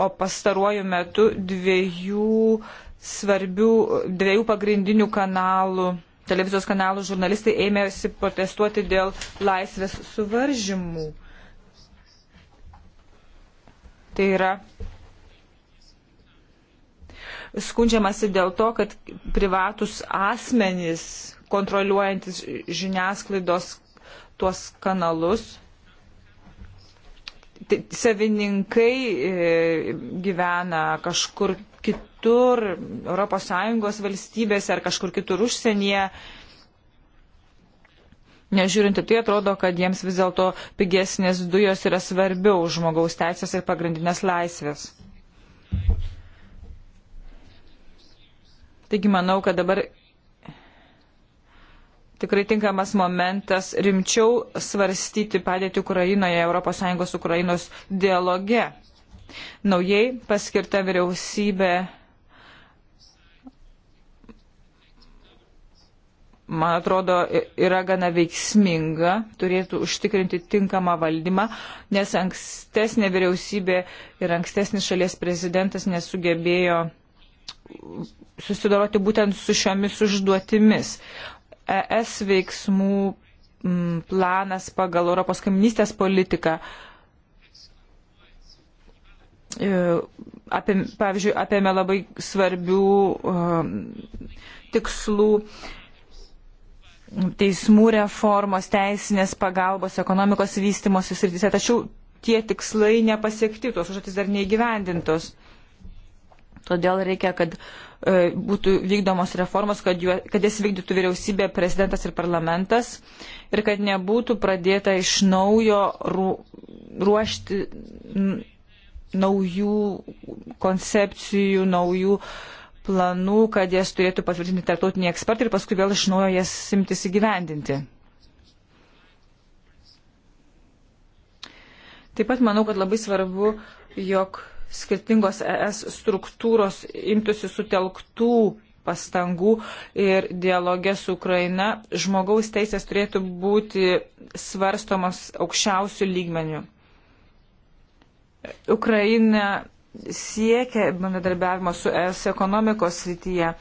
O pastaruoju metu dviejų svarbių, dviejų pagrindinių kanalų, televizijos kanalų žurnalistai ėmėsi protestuoti dėl laisvės suvaržymų. Tai yra skundžiamasi dėl to, kad privatus asmenys kontroliuojantis žiniasklaidos tuos kanalus. Savininkai e, gyvena kažkur kitur, ES valstybėse ar kažkur kitur užsienyje. Nežiūrint į tai, atrodo, kad jiems vis dėlto pigesnės dujos yra svarbiau už žmogaus teisės ir pagrindinės laisvės. Taigi manau, kad dabar tikrai tinkamas momentas rimčiau svarstyti padėti Ukrainoje ES Ukrainos dialoge. Naujai paskirta vyriausybė, man atrodo, yra gana veiksminga, turėtų užtikrinti tinkamą valdymą, nes ankstesnė vyriausybė ir ankstesnis šalies prezidentas nesugebėjo susidoroti būtent su šiomis užduotimis. ES veiksmų mm, planas pagal Europos kaiminystės politiką. E, Apie, pavyzdžiui, apėmė labai svarbių um, tikslų teismų reformos, teisinės pagalbos, ekonomikos vystimos įsirdyse. Tačiau tie tikslai nepasiekti, tos užduotis dar neįgyvendintos. Todėl reikia, kad uh, E, būtų vykdomos reformos, kad, juo, kad jas vykdytų vyriausybė, prezidentas ir parlamentas ir kad nebūtų pradėta iš naujo ru, ruošti naujų koncepcijų, naujų planų, kad jas turėtų patvirtinti tarptautiniai ekspertai ir paskui vėl iš naujo jas simtis įgyvendinti. Taip pat manau, kad labai svarbu, jog skirtingos ES struktūros imtųsi sutelktų pastangų ir dialogė su Ukraina žmogaus teisės turėtų būti svarstomos aukščiausių lygmenių. Ukraina siekia bendradarbiavimo su ES ekonomikos srityje.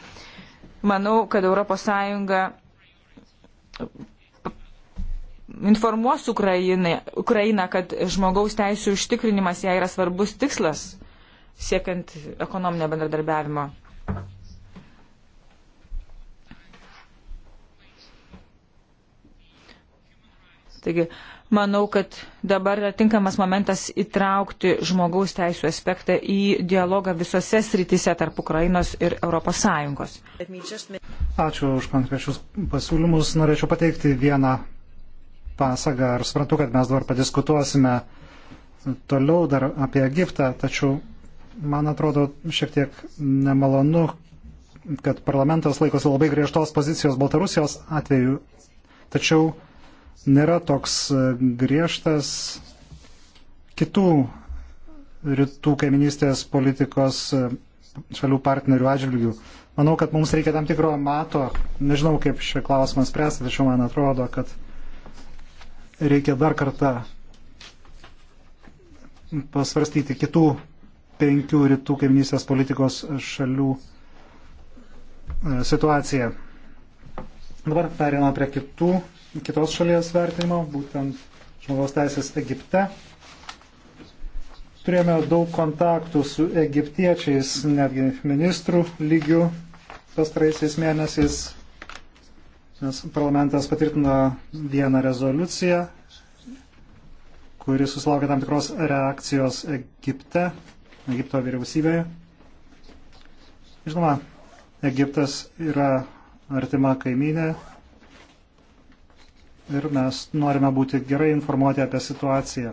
Manau, kad ES informuos Ukrainą, Ukrainą, kad žmogaus teisų užtikrinimas jai yra svarbus tikslas siekiant ekonominio bendradarbiavimo. Taigi, manau, kad dabar yra tinkamas momentas įtraukti žmogaus teisų aspektą į dialogą visose srityse tarp Ukrainos ir ES. Ačiū už konkrečius pasiūlymus. Norėčiau pateikti vieną pasagą ir suprantu, kad mes dabar padiskutuosime toliau dar apie Egiptą, tačiau man atrodo šiek tiek nemalonu, kad parlamentas laikosi labai griežtos pozicijos Baltarusijos atveju, tačiau nėra toks griežtas kitų rytų kaiminystės politikos šalių partnerių atžvilgių. Manau, kad mums reikia tam tikro mato, nežinau kaip šį klausimą spręsti, tačiau man atrodo, kad reikia dar kartą pasvarstyti kitų penkių rytų kaiminystės politikos šalių e, situaciją. Dabar perėmame prie kitų, kitos šalies vertinimo, būtent žmogaus teisės Egipte. Turėjome daug kontaktų su egiptiečiais, netgi ministrų lygių pastaraisiais mėnesiais nes parlamentas patvirtino vieną rezoliuciją, kuri susilaukė tam tikros reakcijos Egipte, Egipto vyriausybėje. Žinoma, Egiptas yra artima kaiminė ir mes norime būti gerai informuoti apie situaciją.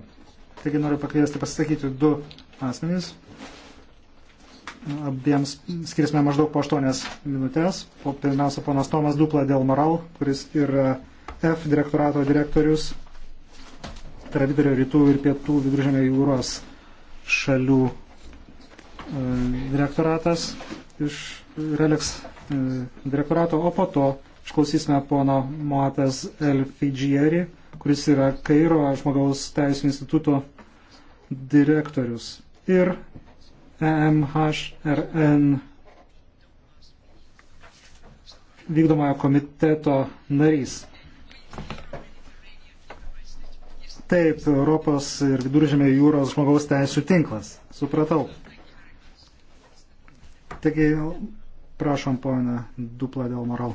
Taigi noriu pakviesti pasisakyti du asmenys abiems skirsime maždaug po 8 minutės. Po, pirmiausia, ponas Tomas Dupla dėl Moral, kuris yra F direktorato direktorius, tai yra vidurio rytų ir pietų viduržėmio jūros šalių e, direktoratas iš Relex e, direktorato, o po to išklausysime pono Moatas El Fidžieri, kuris yra Kairo žmogaus teisų instituto direktorius. Ir EMHRN vykdomojo komiteto narys. Taip, Europos ir Viduržėmė jūros žmogaus teisų tinklas. Supratau. Taigi, prašom, poną Duplą dėl moral.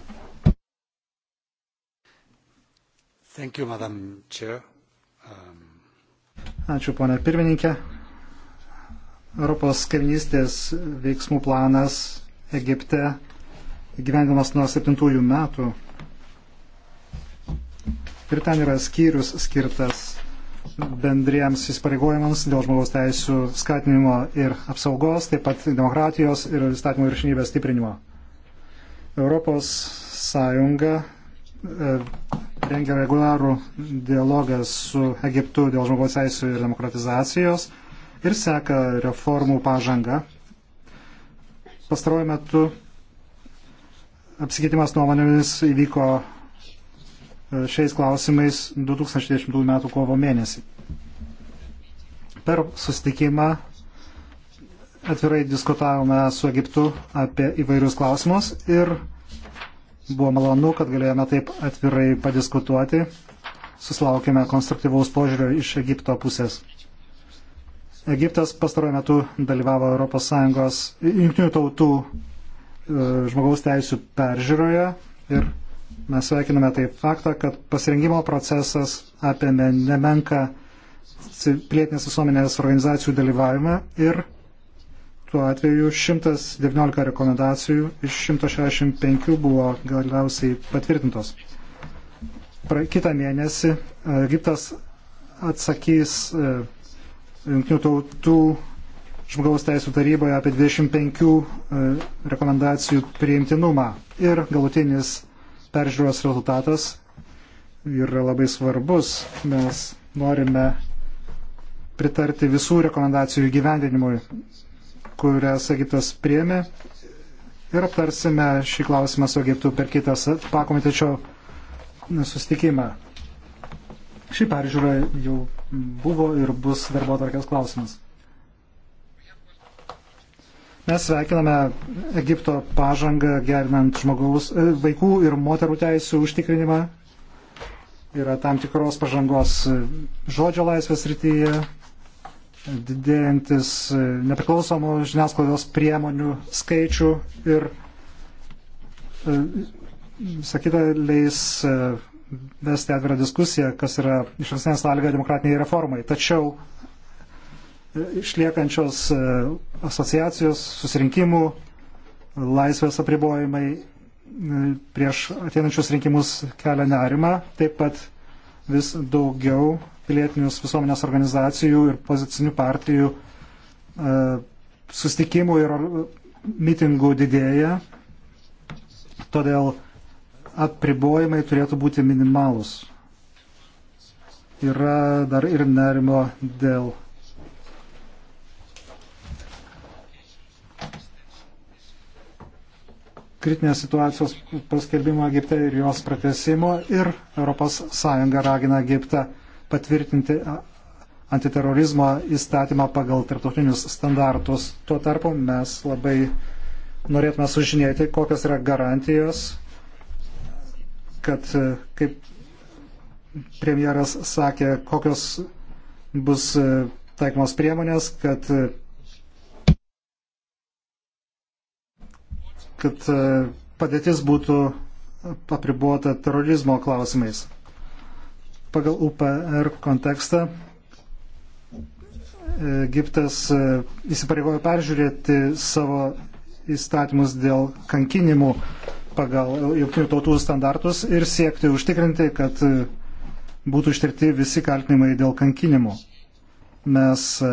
Thank you, Madam Chair. Um... Ačiū, ponė pirmininkė. Europos kaiminystės veiksmų planas Egipte gyvenimas nuo 7 metų. Ir ten yra skyrius skirtas bendriems įsipareigojimams dėl žmogaus teisų skatinimo ir apsaugos, taip pat demokratijos ir įstatymų viršinybės stiprinimo. Europos Sąjunga e, rengia reguliarų dialogą su Egiptu dėl žmogaus teisų ir demokratizacijos ir seka reformų pažanga. Pastaruoju metu apsikeitimas nuomonėmis įvyko e, šiais klausimais 2010 m. kovo mėnesį. Per susitikimą atvirai diskutavome su Egiptu apie įvairius klausimus ir buvo malonu, kad galėjome taip atvirai padiskutuoti. Susilaukėme konstruktyvaus požiūrio iš Egipto pusės. Egiptas pastaruoju metu dalyvavo ES jungtinių tautų e, žmogaus teisų peržiūroje ir mes sveikiname tai faktą, kad pasirengimo procesas apėmė nemenka pilietinės visuomenės organizacijų dalyvavimą ir tuo atveju 119 rekomendacijų iš 165 buvo galiausiai patvirtintos. Pra, kitą mėnesį Egiptas atsakys e, Junktinių tautų žmogaus teisų taryboje apie 25 e, rekomendacijų priimtinumą. Ir galutinis peržiūros rezultatas yra labai svarbus. Mes norime pritarti visų rekomendacijų gyvendinimui, kurias Egiptas priemė. Ir aptarsime šį klausimą su Egiptu per kitą pakomitečio susitikimą. Šį peržiūrą jau buvo ir bus darbo tarkės klausimas. Mes sveikiname Egipto pažangą gerinant žmogaus, e, vaikų ir moterų teisų užtikrinimą. Yra tam tikros pažangos e, žodžio laisvės rytyje, didėjantis e, nepriklausomų žiniasklaidos priemonių skaičių ir sakyta leis vesti atvirą diskusiją, kas yra iš ankstinė sąlyga demokratiniai reformai. Tačiau e, išliekančios e, asociacijos, susirinkimų, laisvės apribojimai e, prieš ateinančius rinkimus kelia nerimą. Taip pat vis daugiau pilietinius visuomenės organizacijų ir pozicinių partijų sustikimų ir mitingų didėja. Todėl apribojimai turėtų būti minimalus. Yra dar ir nerimo dėl kritinės situacijos paskelbimo Egipte ir jos pratesimo ir ES ragina Egiptą patvirtinti antiterorizmo įstatymą pagal tarptautinius standartus. Tuo tarpu mes labai norėtume sužinėti, kokios yra garantijos kad, e, kaip premjeras sakė, kokios bus e, taikomos priemonės, kad, e, kad padėtis būtų apribuota terorizmo klausimais. Pagal UPR kontekstą Egiptas įsipareigojo peržiūrėti savo įstatymus dėl kankinimų pagal jungtinių tautų standartus ir siekti užtikrinti, kad e, būtų ištirti visi kaltinimai dėl kankinimų. Mes e,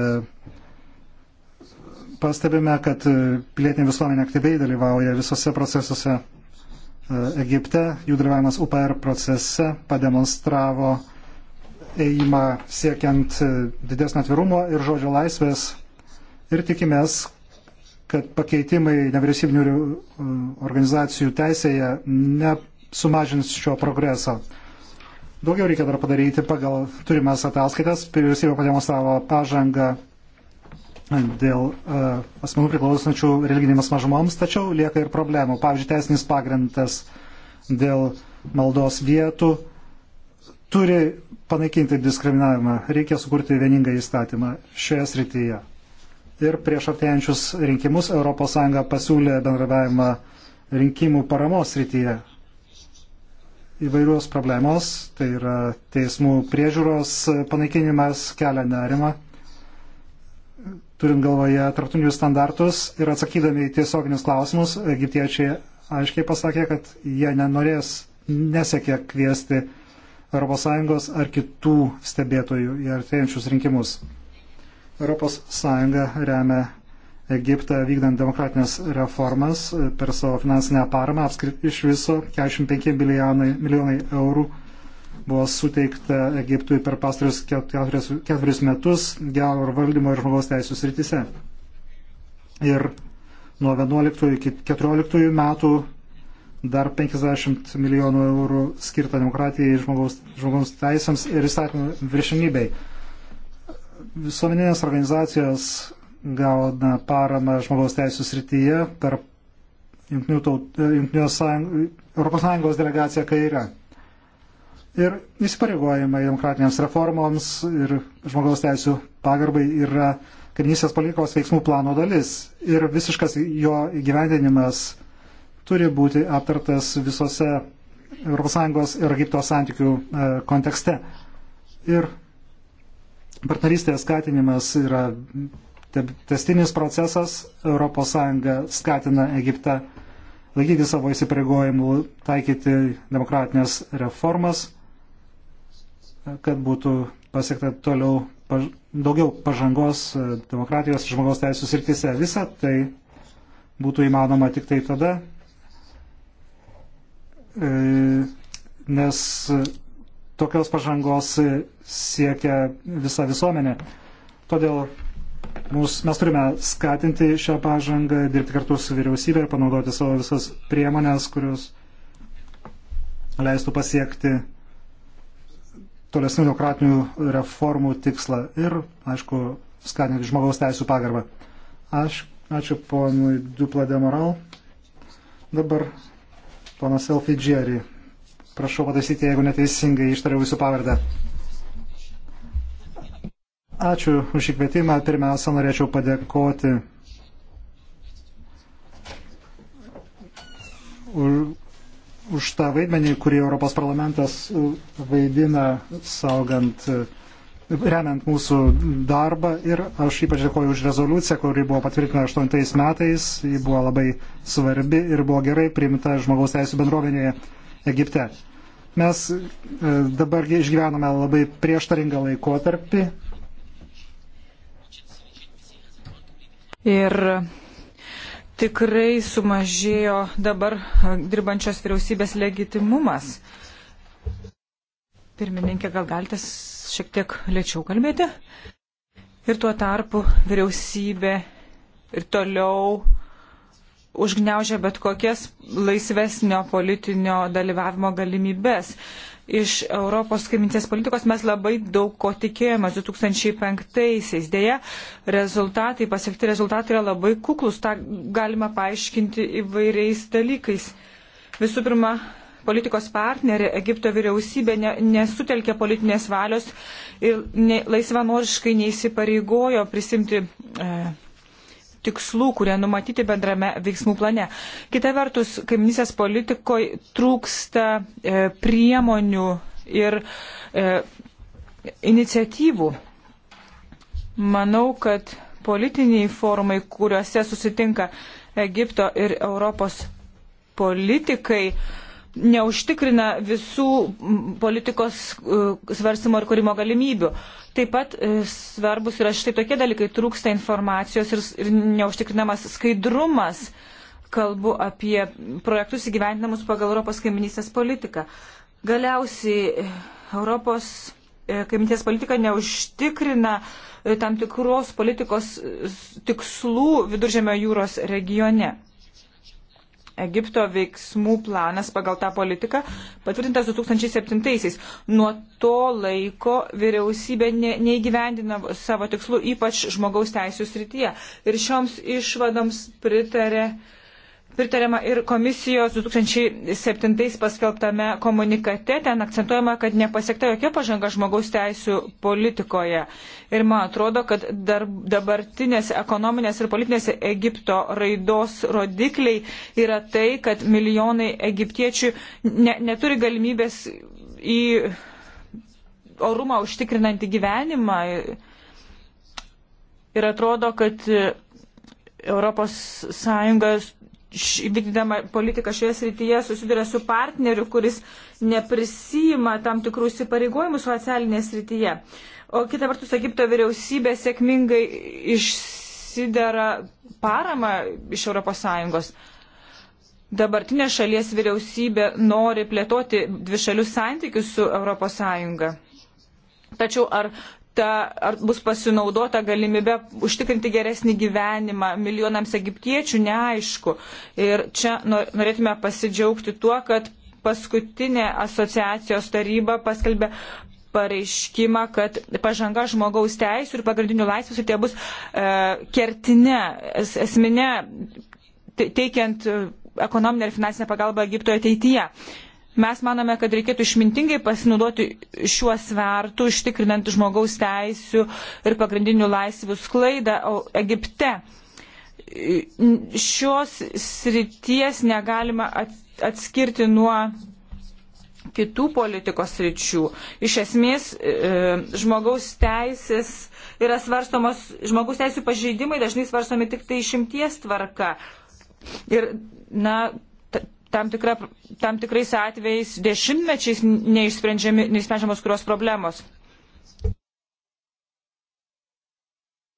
pastebime, kad e, pilietinė visuomenė aktyviai dalyvauja visose procesuose Egipte. Jų dalyvavimas UPR procese pademonstravo ėjimą siekiant didesnio atvirumo ir žodžio laisvės. Ir tikimės, kad pakeitimai nevyriausybinių organizacijų teisėje nesumažins šio progreso. Daugiau reikia dar padaryti pagal turimas ataskaitas. Vyriausybė pademonstravo pažangą dėl uh, asmenų priklausančių religinėms mažumoms, tačiau lieka ir problemų. Pavyzdžiui, teisinis pagrindas dėl maldos vietų turi panaikinti diskriminavimą. Reikia sukurti vieningą įstatymą šioje srityje ir prieš artėjančius rinkimus ES pasiūlė bendravimą rinkimų paramos rytyje. Įvairios problemos, tai yra teismų priežiūros panaikinimas kelia nerima, turint galvoje tarptautinius standartus ir atsakydami į tiesioginius klausimus, egiptiečiai aiškiai pasakė, kad jie nenorės, nesiekė kviesti ES ar kitų stebėtojų į artėjančius rinkimus. ES remia Egiptą vykdant demokratinės reformas e, per savo finansinę paramą. Apskrit, iš viso 45 milijonai, milijonai eurų buvo suteikta Egiptui per pastarius ketverius metus gero valdymo ir žmogaus teisų srityse. Ir nuo 11 iki 14 metų dar 50 milijonų eurų skirta demokratijai, žmogaus, žmogaus teisėms ir įstatymų viršinybei visuomeninės organizacijos gauna paramą žmogaus teisų srityje per e, Europos Sąjungos delegaciją kairę. Ir įsipareigojimai demokratinėms reformoms ir žmogaus teisų pagarbai yra karinysės politikos veiksmų plano dalis. Ir visiškas jo įgyvendinimas turi būti aptartas visose ES ir Egipto santykių e, kontekste. Ir Partnerystės skatinimas yra testinis procesas. ES skatina Egiptą laikyti savo įsipareigojimų, taikyti demokratinės reformas, kad būtų pasiekta toliau paž daugiau pažangos e, demokratijos ir žmogaus teisų srityse. Visa tai būtų įmanoma tik tai tada, e, nes tokios pažangos siekia visa visuomenė. Todėl mūs, mes turime skatinti šią pažangą, dirbti kartu su vyriausybė ir panaudoti savo visas priemonės, kurios leistų pasiekti tolesnių demokratinių reformų tikslą ir, aišku, skatinti žmogaus teisų pagarbą. Aš ačiū ponui Dupla de Moral. Dabar ponas Elfidžieri. Prašau pataisyti, jeigu neteisingai ištariau jūsų pavardę. Ačiū už įkvietimą. Pirmiausia, norėčiau padėkoti už, už tą vaidmenį, kurį Europos parlamentas vaidina saugant, remiant mūsų darbą. Ir aš ypač dėkoju už rezoliuciją, kuri buvo patvirtinta 8 metais. Ji buvo labai svarbi ir buvo gerai priimta žmogaus teisų bendruomenėje Egipte. Mes e, dabar išgyvename labai prieštaringą laikotarpį Ir tikrai sumažėjo dabar dirbančios vyriausybės legitimumas. Pirmininkė, gal galite šiek tiek lėčiau kalbėti? Ir tuo tarpu vyriausybė ir toliau užgneužia bet kokias laisvesnio politinio dalyvavimo galimybės iš Europos kaiminties politikos mes labai daug ko tikėjomės 2005-aisiais. Deja, rezultatai, pasiekti rezultatai yra labai kuklus, tą galima paaiškinti įvairiais dalykais. Visų pirma, politikos partnerė Egipto vyriausybė ne, nesutelkė politinės valios ir ne, laisvanoriškai neįsipareigojo prisimti. E, tikslų, kurie numatyti bendrame veiksmų plane. Kita vertus, kaiminysės politikoje trūksta e, priemonių ir e, iniciatyvų. Manau, kad politiniai formai, kuriuose susitinka Egipto ir Europos politikai, neužtikrina visų politikos e, svarstymo ir kūrimo galimybių. E, Taip pat e, svarbus yra štai tokie dalykai, trūksta informacijos ir, ir neužtikrinamas skaidrumas. Kalbu apie projektus įgyvendinamus pagal Europos kaiminystės politiką. Galiausiai e, Europos e, kaiminties politika neužtikrina tam tikros politikos tikslų viduržėmio jūros regione. Egipto veiksmų planas pagal tą politiką patvirtintas 2007-aisiais. Nuo to laiko vyriausybė ne, neįgyvendina savo tikslų, ypač žmogaus teisų srityje. Ir šioms išvadoms pritarė uh, pritariama ir komisijos 2007 paskelbtame komunikate. Ten akcentuojama, kad nepasiekta jokia pažanga žmogaus teisų politikoje. Ir man atrodo, kad dar, dabartinės ekonominės ir politinės Egipto raidos rodikliai yra tai, kad milijonai egiptiečių ne, neturi galimybės į orumą užtikrinantį gyvenimą. Ir atrodo, kad Europos Sąjungas vykdydama politiką šioje srityje susiduria su partneriu, kuris neprisima tam tikrų įsipareigojimų socialinėje srityje. O kita vertus, Egipto vyriausybė sėkmingai išsidera paramą iš ES. Dabartinė šalies vyriausybė nori plėtoti dvišalius santykius su ES. Tačiau ar ta, ar bus pasinaudota galimybė užtikrinti geresnį gyvenimą milijonams egiptiečių, neaišku. Ir čia norėtume pasidžiaugti tuo, kad paskutinė asociacijos taryba paskelbė pareiškimą, kad pažanga žmogaus teisų ir pagrindinių laisvės ir tie bus e, kertinė, es, esminė, teikiant e, ekonominę ir finansinę pagalbą Egipto ateityje. E, Mes manome, kad reikėtų išmintingai pasinaudoti šiuo svertu, užtikrinant žmogaus teisų ir pagrindinių laisvių sklaidą Egipte. Šios srities negalima atskirti nuo kitų politikos ryčių. Iš esmės, e, žmogaus teisės yra svarstomos, žmogaus teisų pažeidimai dažnai svarstomi tik tai išimties tvarka. Ir, na, tam, tikra, tam tikrais atvejais dešimtmečiais neišsprendžiamos kurios problemos.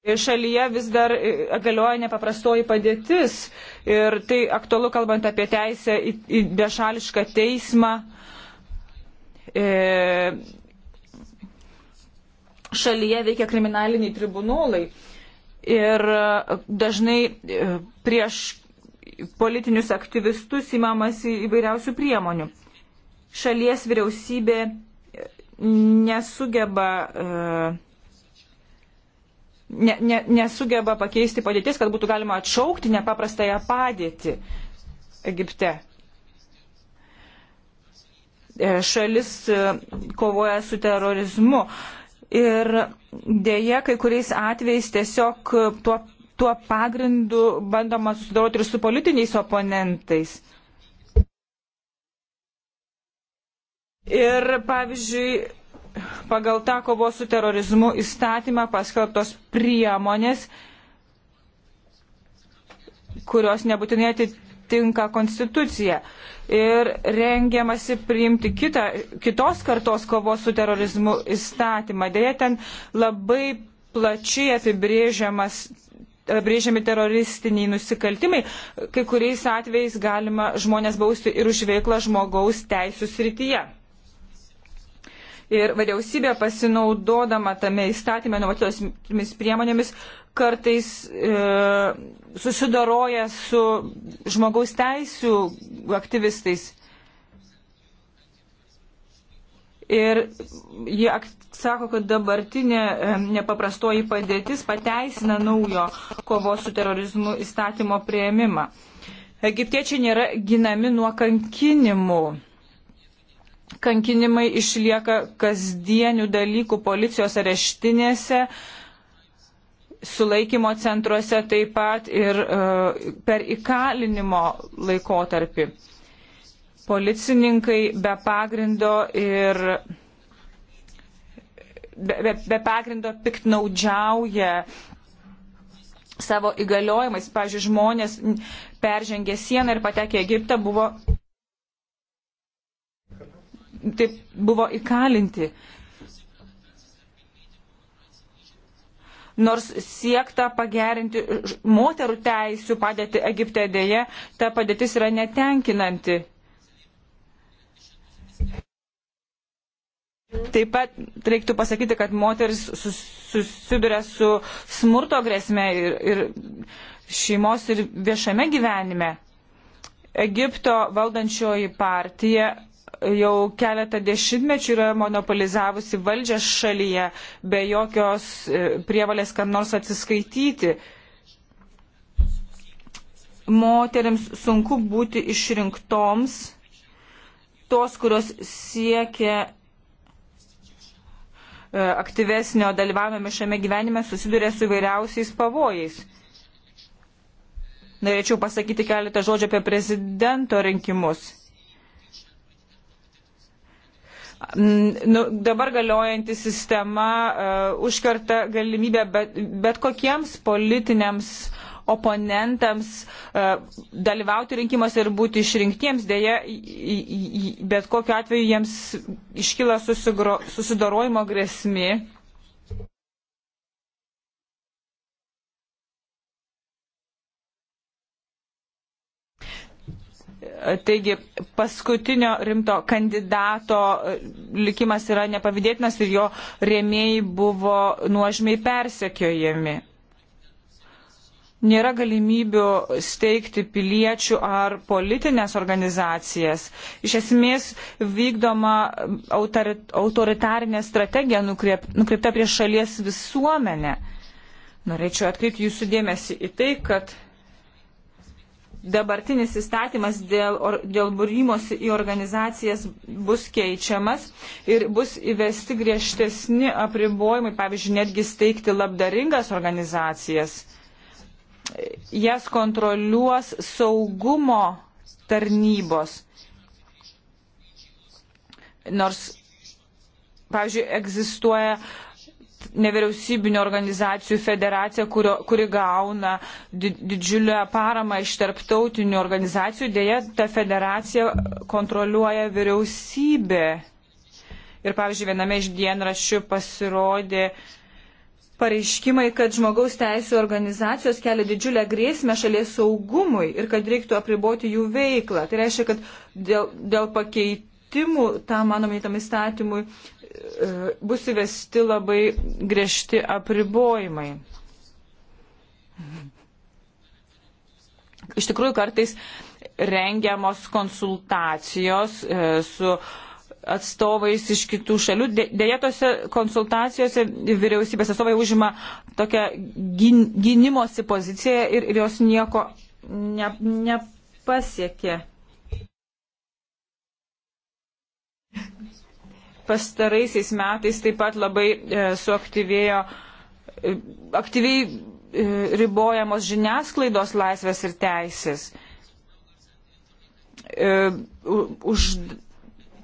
Ir šalyje vis dar e, galioja nepaprastoji padėtis ir tai aktualu kalbant apie teisę į, į bešališką teismą. E, šalyje veikia kriminaliniai tribunolai ir dažnai e, prieš politinius aktyvistus įmamasi įvairiausių priemonių. Šalies vyriausybė e, nesugeba, e, ne, ne, nesugeba pakeisti padėties, kad būtų galima atšaukti nepaprastąją padėtį Egipte. E, šalis kovoja su terorizmu ir dėja kai kuriais atvejais tiesiog tuo tuo pagrindu bandoma susidoroti ir su politiniais oponentais. Ir pavyzdžiui, pagal tą kovos su terorizmu įstatymą paskelbtos priemonės, kurios nebūtinai atitinka konstituciją. Ir rengiamasi priimti kitą, kitos kartos kovos su terorizmu įstatymą. Dėja, ten labai plačiai apibrėžiamas brėžiami teroristiniai nusikaltimai, kai kuriais atvejais galima žmonės bausti ir už veiklą žmogaus teisų srityje. Ir vyriausybė pasinaudodama tame įstatymė numatytomis priemonėmis kartais e, susidaroja su žmogaus teisų aktyvistais. Ir jie sako, kad dabartinė nepaprastoji padėtis pateisina naujo kovos su terorizmu įstatymo prieimimą. Egiptiečiai nėra ginami nuo kankinimų. Kankinimai išlieka kasdienių dalykų policijos areštinėse, sulaikymo centruose taip pat ir uh, per įkalinimo laikotarpį. Uh, policininkai be pagrindo ir be, be pagrindo piktnaudžiauja savo įgaliojimais. Pavyzdžiui, žmonės peržengė sieną ir patekė į Egiptą, buvo, taip, buvo įkalinti. Nors siekta pagerinti moterų teisų padėti Egipte dėje, ta padėtis yra netenkinanti. Taip pat reiktų pasakyti, kad moteris sus, susiduria su smurto grėsme ir, ir šeimos ir viešame gyvenime. Egipto valdančioji partija jau keletą dešimtmečių yra monopolizavusi valdžią šalyje be jokios e, prievalės kam nors atsiskaityti. Moteriams sunku būti išrinktoms, tos, kurios siekia E, aktyvesnio dalyvavimo šiame gyvenime susiduria su įvairiausiais pavojais. Norėčiau pasakyti keletą žodžių apie prezidento rinkimus. Nu, dabar galiojanti sistema uh, užkerta galimybę bet, bet kokiems politiniams oponentams e, dalyvauti rinkimuose ir būti išrinktiems. Deja, bet kokiu atveju jiems iškyla susidorojimo grėsmi. Taigi paskutinio rimto kandidato e, likimas yra nepavydėtinas ir jo rėmėjai buvo nuožmiai persekiojami nėra galimybių steigti piliečių ar politinės organizacijas. Iš esmės vykdoma autoritarinė strategija nukreipta prieš šalies visuomenę. Norėčiau atkreipti jūsų dėmesį į tai, kad dabartinis įstatymas dėl, or, dėl būrimosi į organizacijas bus keičiamas ir bus įvesti griežtesni apribojimai, pavyzdžiui, netgi steigti labdaringas organizacijas jas kontroliuos saugumo tarnybos. Nors, pavyzdžiui, egzistuoja nevyriausybinio organizacijų federacija, kurio, kuri gauna didžiulę paramą iš tarptautinių organizacijų, dėja ta federacija kontroliuoja vyriausybė. Ir, pavyzdžiui, viename iš dienraščių pasirodė uh, pareiškimai, kad žmogaus teisų organizacijos kelia didžiulę grėsmę šalies saugumui ir kad reiktų apriboti jų veiklą. Tai reiškia, kad dėl, dėl pakeitimų tam, mano minėtam įstatymui, e, bus įvesti labai griežti apribojimai. Iš tikrųjų, kartais rengiamos konsultacijos e, su atstovais iš kitų šalių. Deja, tose konsultacijose vyriausybės atstovai užima tokią gyn, gynimosi poziciją ir, ir jos nieko ne, nepasiekė. Pastaraisiais metais taip pat labai e, suaktyvėjo, e, aktyviai e, ribojamos žiniasklaidos laisvės ir teisės. E, už,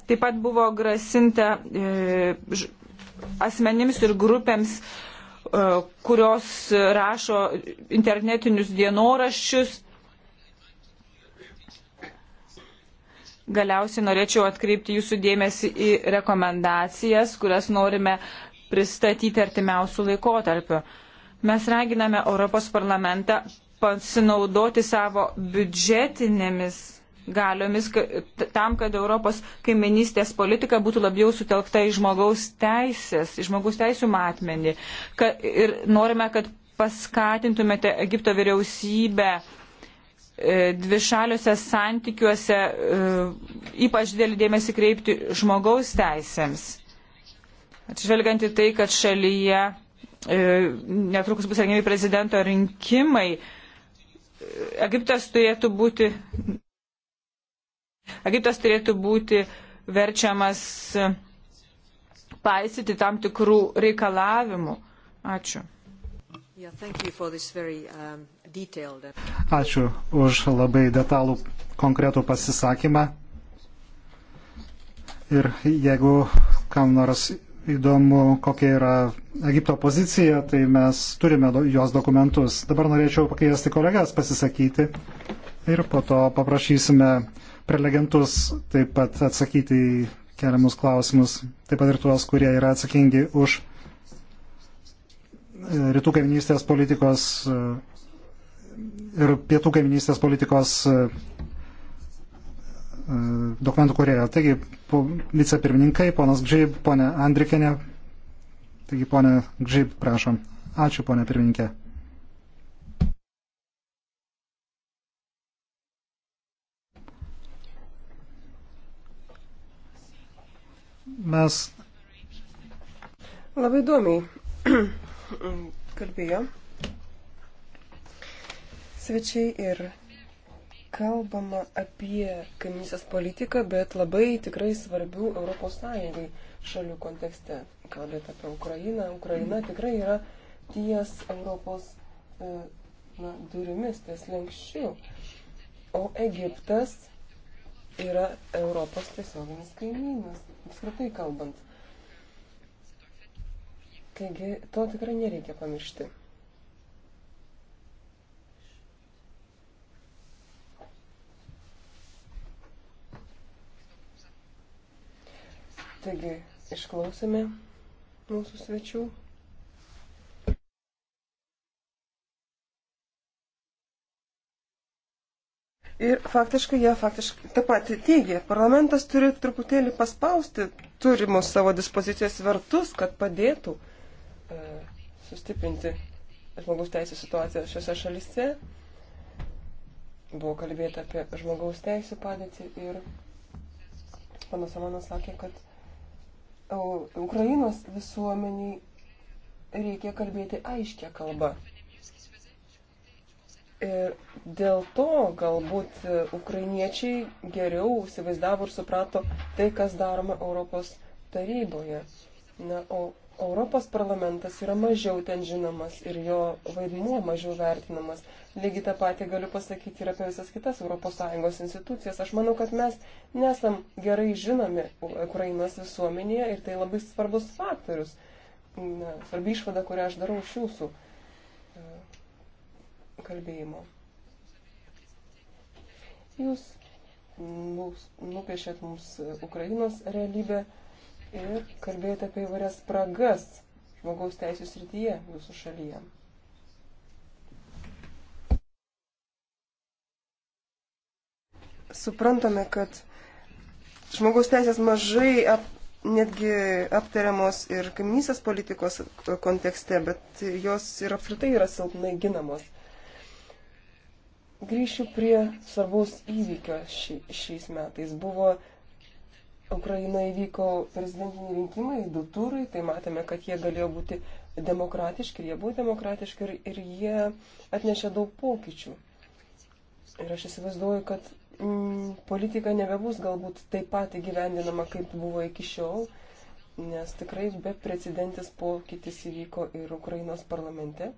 Taip pat buvo grasinta e, asmenims ir grupėms, e, kurios rašo internetinius dienoraščius. Galiausiai norėčiau atkreipti jūsų dėmesį į rekomendacijas, kurias norime pristatyti artimiausių laikotarpių. Mes raginame Europos parlamentą pasinaudoti savo biudžetinėmis galiomis tam, kad Europos kaiminystės politika būtų labiau sutelkta į žmogaus teisės, į žmogaus teisų matmenį. Ka, ir norime, kad paskatintumėte Egipto vyriausybę e, dvišaliuose santykiuose e, ypač didelį dėmesį kreipti žmogaus teisėms. Atsižvelgiant į tai, kad šalyje e, netrukus bus rengiami prezidento rinkimai, Egiptas turėtų būti Egiptas turėtų būti verčiamas e, paisyti tam tikrų reikalavimų. Ačiū. Yeah, very, um, detailed... Ačiū už labai detalų konkretų pasisakymą. Ir jeigu kam nors įdomu, kokia yra Egipto pozicija, tai mes turime jos dokumentus. Dabar norėčiau pakviesti kolegas pasisakyti ir po to paprašysime prelegentus taip pat atsakyti į keliamus klausimus, taip pat ir tuos, kurie yra atsakingi už e, rytų kaiminystės politikos e, ir pietų kaiminystės politikos e, dokumentų kurėjo. Taigi, po, vicepirmininkai, ponas Gžyb, ponė Andrikinė. Taigi, ponė Gžyb, prašom. Ačiū, ponė pirmininkė. Mes. Labai įdomiai <clears throat> kalbėjo svečiai ir kalbama apie kaiminysės politiką, bet labai tikrai svarbių ES šalių kontekste. Kalbėt apie Ukrainą. Ukraina tikrai yra ties Europos e, na, durimis, ties lenkščių. O Egiptas yra Europos tiesioginis kaimynas apskritai kalbant. Taigi, to tikrai nereikia pamiršti. Taigi, išklausėme mūsų svečių. Ir faktiškai jie faktiškai tą patį teigia. Parlamentas turi truputėlį paspausti turimus savo dispozicijos vertus, kad padėtų e, sustiprinti žmogaus teisų situaciją šiuose šalise. Buvo kalbėta apie žmogaus teisų padėtį ir panas Amanas sakė, kad Ukrainos visuomeniai reikia kalbėti aiškę kalbą. Ir dėl to galbūt ukrainiečiai geriau įsivaizdavo ir suprato tai, kas daroma Europos taryboje. Na, o Europos parlamentas yra mažiau ten žinomas ir jo vaidmuo mažiau vertinamas. Lygiai tą patį galiu pasakyti ir apie visas kitas ES institucijas. Aš manau, kad mes nesam gerai žinomi Ukrainos visuomenėje ir tai labai svarbus faktorius. Na, svarbi išvada, kurią aš darau iš jūsų kalbėjimo. Jūs nupiešėt mums Ukrainos realybę ir kalbėjote apie įvairias spragas žmogaus teisų srityje jūsų šalyje. Suprantame, kad žmogaus teisės mažai ap, netgi aptariamos ir kaiminysės politikos kontekste, bet jos ir apskritai yra silpnai ginamos. Grįšiu prie svarbaus įvykio ši, šiais metais. Buvo Ukraina įvyko prezidentiniai rinkimai, du turai, tai matėme, kad jie galėjo būti demokratiški, jie buvo demokratiški ir, ir jie atnešė daug pokyčių. Ir aš įsivaizduoju, kad mm, politika nebebus galbūt taip pat įgyvendinama, kaip buvo iki šiol, nes tikrai beprecedentis pokytis įvyko ir Ukrainos parlamente.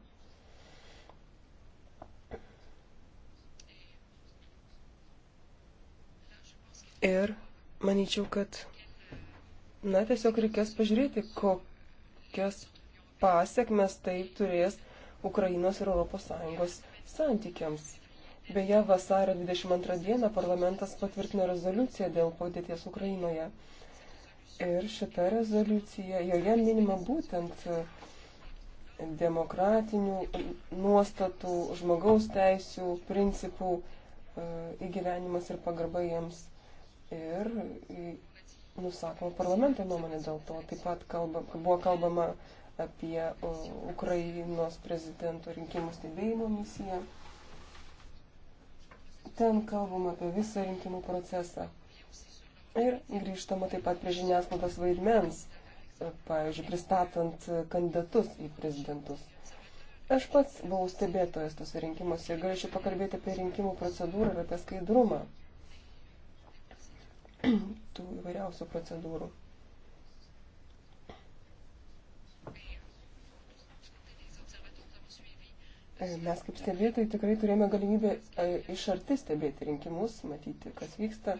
Ir manyčiau, kad, na, tiesiog reikės pažiūrėti, kokias pasiekmes tai turės Ukrainos ir ES santykiams. Beje, vasario 22 dieną parlamentas patvirtino rezoliuciją dėl padėties Ukrainoje. Ir šita rezoliucija, joje minima būtent demokratinių nuostatų, žmogaus teisų, principų e, įgyvenimas ir pagarba jiems ir mm, nusakoma parlamento nuomonė dėl to. Taip pat kalba, buvo kalbama apie Ukrainos prezidento rinkimų stebėjimo misiją. Ten kalbama apie visą rinkimų procesą. Ir grįžtama taip pat prie žiniasklaidos vaidmens, pavyzdžiui, pristatant kandidatus į prezidentus. Aš pats buvau stebėtojas tose rinkimuose ir galėčiau pakalbėti apie rinkimų procedūrą ir apie skaidrumą. <clears throat> tų įvairiausių procedūrų. E, mes kaip stebėtojai tikrai turėjome galimybę e, iš arti stebėti rinkimus, matyti, kas vyksta.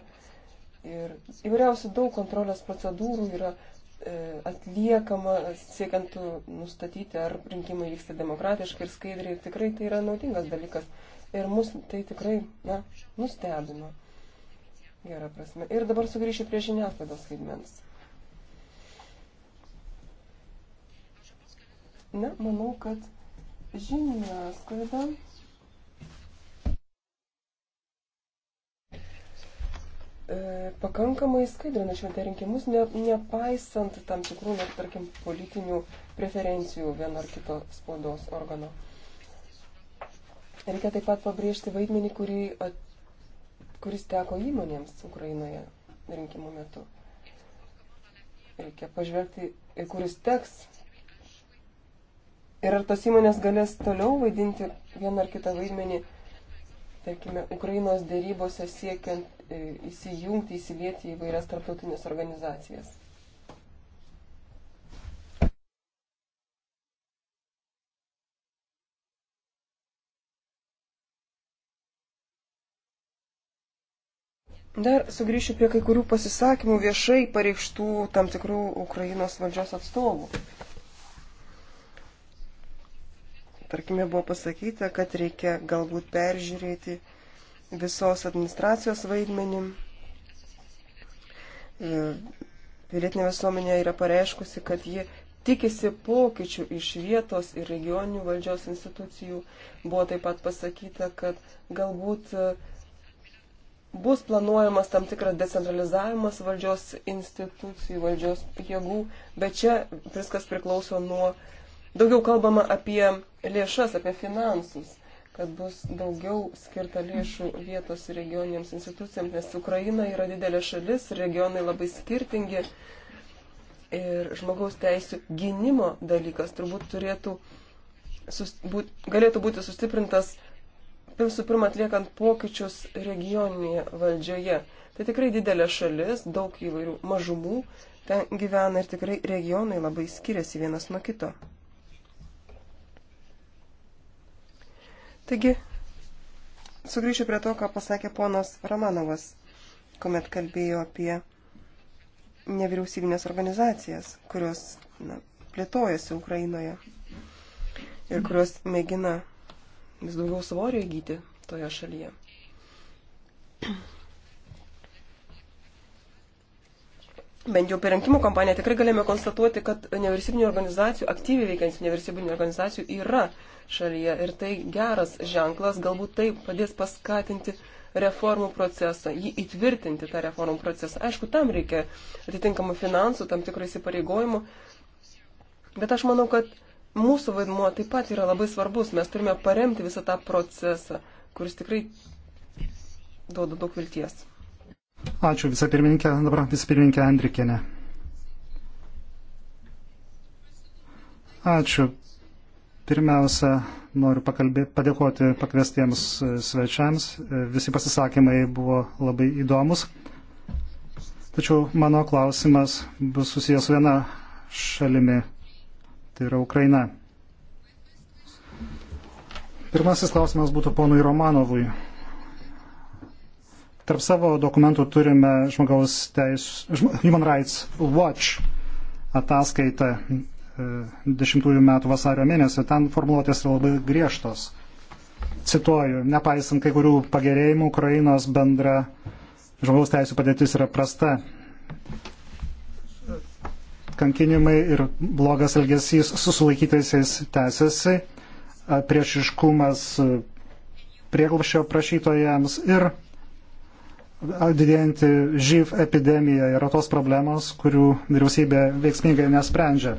Ir įvairiausių daug kontrolės procedūrų yra e, atliekama siekiant nustatyti, ar rinkimai vyksta demokratiškai ir skaidriai. Ir tikrai tai yra naudingas dalykas. Ir mus tai tikrai na, nustebino gerą prasme. Ir dabar sugrįšiu prie žiniasklaidos skaitmens. Na, manau, kad žiniasklaida e, pakankamai skaidrina šventę rinkimus, ne, nepaisant tam tikrų, net tarkim, politinių preferencijų vieno ar kito spaudos organo. Reikia taip pat pabrėžti vaidmenį, kurį at, kuris teko įmonėms Ukrainoje rinkimų metu. Reikia pažvelgti, kuris teks. Ir ar tos įmonės galės toliau vaidinti vieną ar kitą vaidmenį, tarkime, Ukrainos dėrybose siekiant e, įsijungti, įsilieti į vairias tarptautinės organizacijas. Dar sugrįšiu prie kai kurių pasisakymų viešai pareikštų tam tikrų Ukrainos valdžios atstovų. Tarkime, buvo pasakyta, kad reikia galbūt peržiūrėti visos administracijos vaidmenį. E, pilietinė visuomenė yra pareiškusi, kad ji tikisi pokyčių iš vietos ir regioninių valdžios institucijų. Buvo taip pat pasakyta, kad galbūt bus planuojamas tam tikras decentralizavimas valdžios institucijų, valdžios jėgų, bet čia viskas priklauso nuo, daugiau kalbama apie lėšas, apie finansus, kad bus daugiau skirta lėšų vietos regioniniams institucijams, nes Ukraina yra didelė šalis, regionai labai skirtingi ir žmogaus teisų gynimo dalykas turbūt turėtų, sus, būt, galėtų būti sustiprintas visų pirma atliekant pokyčius regioninėje valdžioje. Tai tikrai didelė šalis, daug įvairių mažumų ten gyvena ir tikrai regionai labai skiriasi vienas nuo kito. Taigi, sugrįšiu prie to, ką pasakė ponas Romanovas, kuomet kalbėjo apie nevyriausybinės organizacijas, kurios na, plėtojasi Ukrainoje ir kurios mėgina vis daugiau svorio įgyti toje šalyje. Bent jau per rinkimų kampaniją tikrai galėjome konstatuoti, kad nevyriausybinių organizacijų, aktyviai veikiančių nevyriausybinių organizacijų yra šalyje ir tai geras ženklas, galbūt tai padės paskatinti reformų procesą, jį įtvirtinti tą reformų procesą. Aišku, tam reikia atitinkamų finansų, tam tikro įsipareigojimų, bet aš manau, kad mūsų vaidmuo taip pat yra labai svarbus. Mes turime paremti visą tą procesą, kuris tikrai duoda daug vilties. Ačiū vicepirmininkė, dabar vicepirmininkė Andrikienė. Ačiū. Pirmiausia, noriu pakalbė, padėkoti pakviestiems e, svečiams. E, visi pasisakymai buvo labai įdomus. Tačiau mano klausimas bus susijęs su viena šalimi tai yra Ukraina. Pirmasis klausimas būtų ponui Romanovui. Tarp savo dokumentų turime žmogaus teisų, Human Rights Watch ataskaitą 10 e, metų vasario mėnesio. Ten formuluotės yra labai griežtos. Cituoju, nepaisant kai kurių pagerėjimų, Ukrainos bendra žmogaus teisų padėtis yra prasta kankinimai ir blogas elgesys su sulaikytaisiais tęsiasi, priešiškumas prieglupščio prašytojams ir didėjanti živ epidemija yra tos problemos, kurių vyriausybė veiksmingai nesprendžia.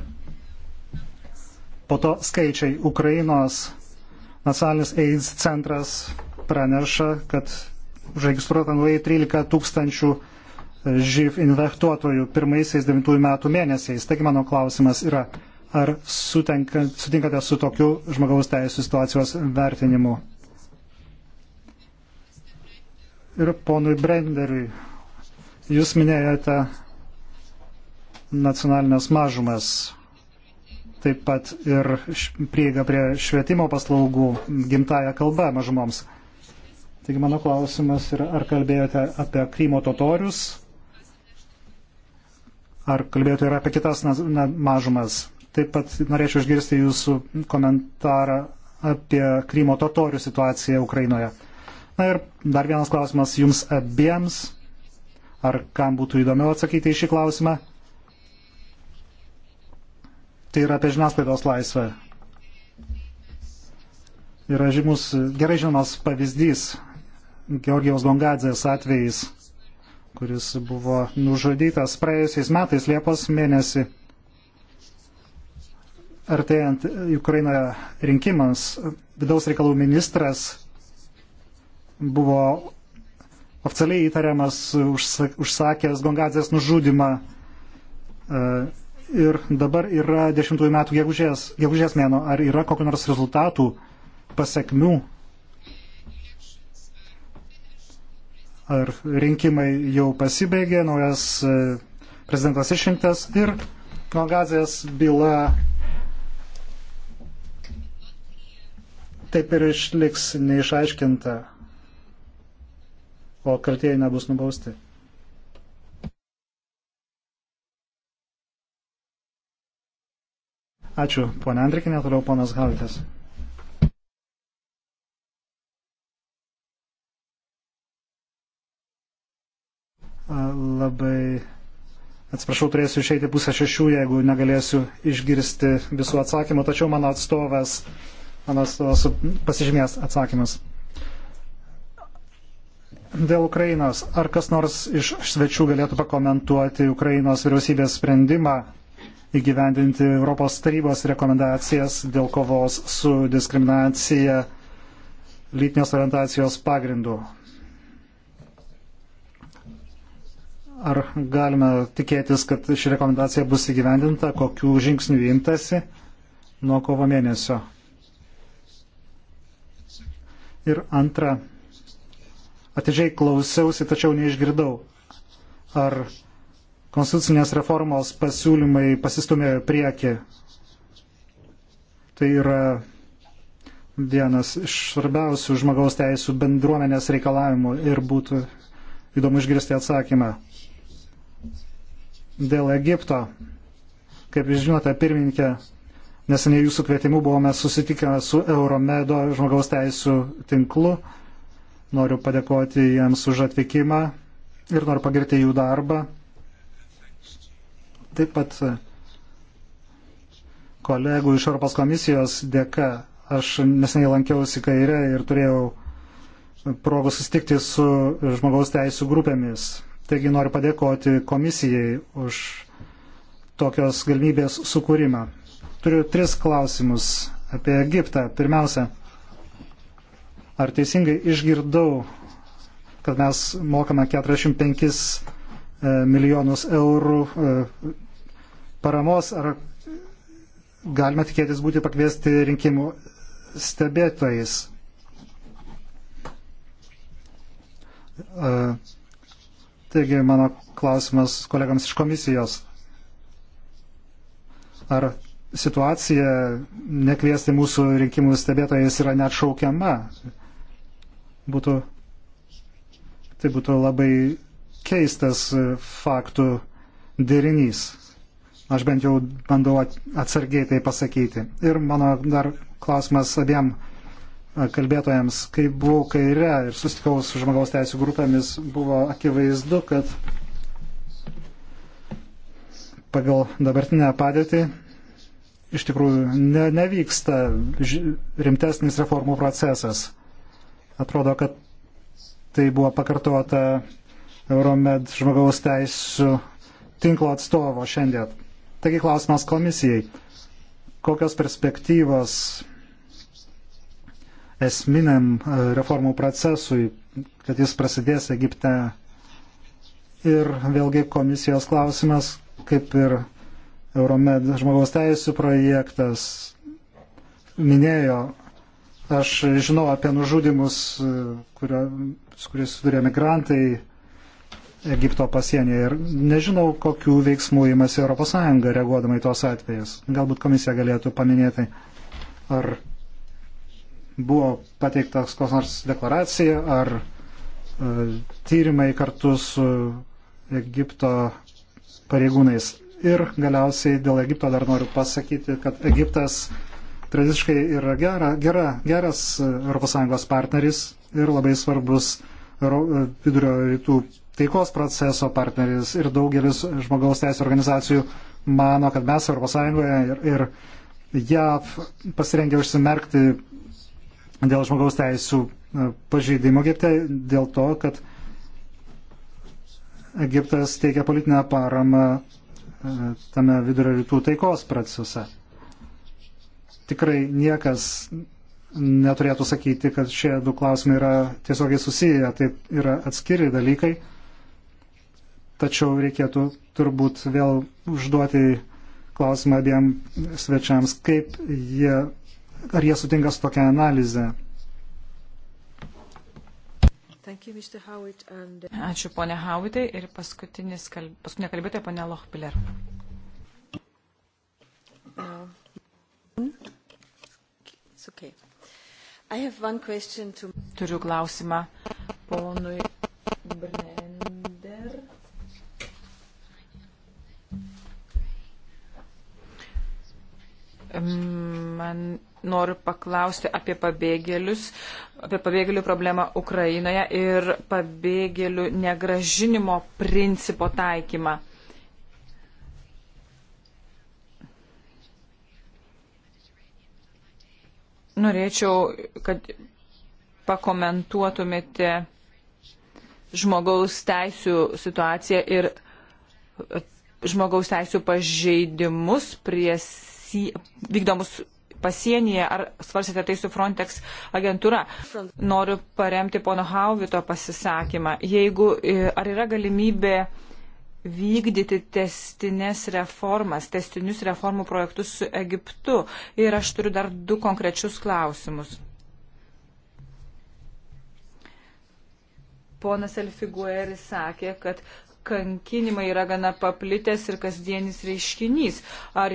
Po to skaičiai Ukrainos nacionalinis AIDS centras praneša, kad užregistruota naujai 13 tūkstančių živ investuotojų pirmaisiais 9 metų mėnesiais. Taigi mano klausimas yra, ar sutenka, sutinkate su tokiu žmogaus teisų situacijos vertinimu? Ir ponui Brenderiui, jūs minėjote nacionalinės mažumas, taip pat ir prieiga prie švietimo paslaugų gimtaja kalba mažumoms. Taigi mano klausimas yra, ar kalbėjote apie Krymo totorius, ar kalbėjote ir apie kitas na, mažumas. Taip pat norėčiau išgirsti jūsų komentarą apie Krymo totorių situaciją Ukrainoje. Na ir dar vienas klausimas jums abiems. Ar kam būtų įdomiau atsakyti į šį klausimą? Tai yra apie žiniasklaidos laisvę. Yra žymus, gerai žinomas pavyzdys Georgijaus Gongadzės atvejais kuris buvo nužudytas praėjusiais metais Liepos mėnesį. Artėjant Ukrainoje rinkimams, vidaus reikalų ministras buvo oficialiai įtariamas užsakęs Gongadzės nužudimą e, ir dabar yra dešimtųjų metų gegužės, gegužės mėno. Ar yra kokiu nors rezultatų, pasiekmių ar rinkimai jau pasibaigė, naujas e, prezidentas išrinktas ir nuo gazės byla taip ir išliks neišaiškinta, o kaltieji nebus nubausti. Ačiū, ponia Andrikinė, toliau ponas Galitės. labai Atsiprašau, turėsiu išeiti pusę šešių, jeigu negalėsiu išgirsti visų atsakymų, tačiau mano atstovas, mano atstovas pasižymės atsakymus. Dėl Ukrainos. Ar kas nors iš svečių galėtų pakomentuoti Ukrainos vyriausybės sprendimą įgyvendinti Europos tarybos rekomendacijas dėl kovos su diskriminacija lytinės orientacijos pagrindu? Ar galime tikėtis, kad ši rekomendacija bus įgyvendinta, kokių žingsnių imtasi nuo kovo mėnesio? Ir antra, atidžiai klausiausi, tačiau neišgirdau, ar konstitucinės reformos pasiūlymai pasistumė prieki. Tai yra vienas iš svarbiausių žmogaus teisų bendruomenės reikalavimų ir būtų įdomu išgirsti atsakymą dėl Egipto. Kaip jūs žinote, pirmininkė, neseniai jūsų kvietimu buvome susitikę su Euromedo žmogaus teisų tinklu. Noriu padėkoti jiems už atvykimą ir noriu pagirti jų darbą. Taip pat e, kolegų iš Europos komisijos dėka aš neseniai lankiausi kairę ir turėjau progų susitikti su žmogaus teisų grupėmis Taigi noriu padėkoti komisijai už tokios galimybės sukūrimą. Turiu tris klausimus apie Egiptą. Pirmiausia, ar teisingai išgirdau, kad mes mokame 45 e, milijonus eurų e, paramos, ar galime tikėtis būti pakviesti rinkimų stebėtojais? E, Taigi mano klausimas kolegams iš komisijos. Ar situacija nekviesti mūsų rinkimų stebėtojais yra neatšaukiama? Būtų, tai būtų labai keistas faktų derinys. Aš bent jau bandau atsargiai tai pasakyti. Ir mano dar klausimas abiem kalbėtojams, kai buvau kairė ir susitikau su žmogaus teisų grupėmis, buvo akivaizdu, kad pagal dabartinę padėtį iš tikrųjų ne, nevyksta rimtesnis reformų procesas. Atrodo, kad tai buvo pakartota Euromed žmogaus teisų tinklo atstovo šiandien. Taigi klausimas komisijai. Kokios perspektyvos esminiam e, reformų procesui, kad jis prasidės Egipte. Ir vėlgi komisijos klausimas, kaip ir Euromed žmogaus teisų projektas minėjo, aš žinau apie nužudimus, e, kurio, su kuriais sudurė migrantai Egipto pasienyje ir nežinau, kokių veiksmų įmasi ES reaguodama į tos atvejus. Galbūt komisija galėtų paminėti, ar buvo pateiktas koks nors deklaracija ar e, tyrimai kartu su Egipto pareigūnais. Ir galiausiai dėl Egipto dar noriu pasakyti, kad Egiptas tradiškai yra gera, gera, geras ES partneris ir labai svarbus e, vidurio rytų taikos proceso partneris ir daugelis žmogaus teisų organizacijų mano, kad mes ES ir, ir JAV pasirengę užsimerkti dėl žmogaus teisų e, pažeidimo Egipte, dėl to, kad Egiptas teikia politinę paramą e, tame vidurio rytų taikos procese. Tikrai niekas neturėtų sakyti, kad šie du klausimai yra tiesiogiai susiję, tai yra atskiri dalykai. Tačiau reikėtų turbūt vėl užduoti klausimą abiem svečiams, kaip jie ar jie sutinka su tokia analize. Uh, Ačiū ponė Hauitai ir paskutinė kalbėtoja ponė Lochpiller. Um, okay. To... Turiu klausimą ponui Brender. Man noriu paklausti apie pabėgėlius, apie pabėgėlių problemą Ukrainoje ir pabėgėlių negražinimo principo taikymą. Norėčiau, kad pakomentuotumėte žmogaus teisų situaciją ir e, žmogaus teisų pažeidimus prie si vykdomus pasienyje, ar svarsite tai su Frontex agentūra. Noriu paremti pono Hauvito pasisakymą. Jeigu, e, ar yra galimybė vykdyti testinės reformas, testinius reformų projektus su Egiptu. Ir aš turiu dar du konkrečius klausimus. Ponas Elfigueris sakė, kad kankinimai yra gana paplitęs ir kasdienis reiškinys. Ar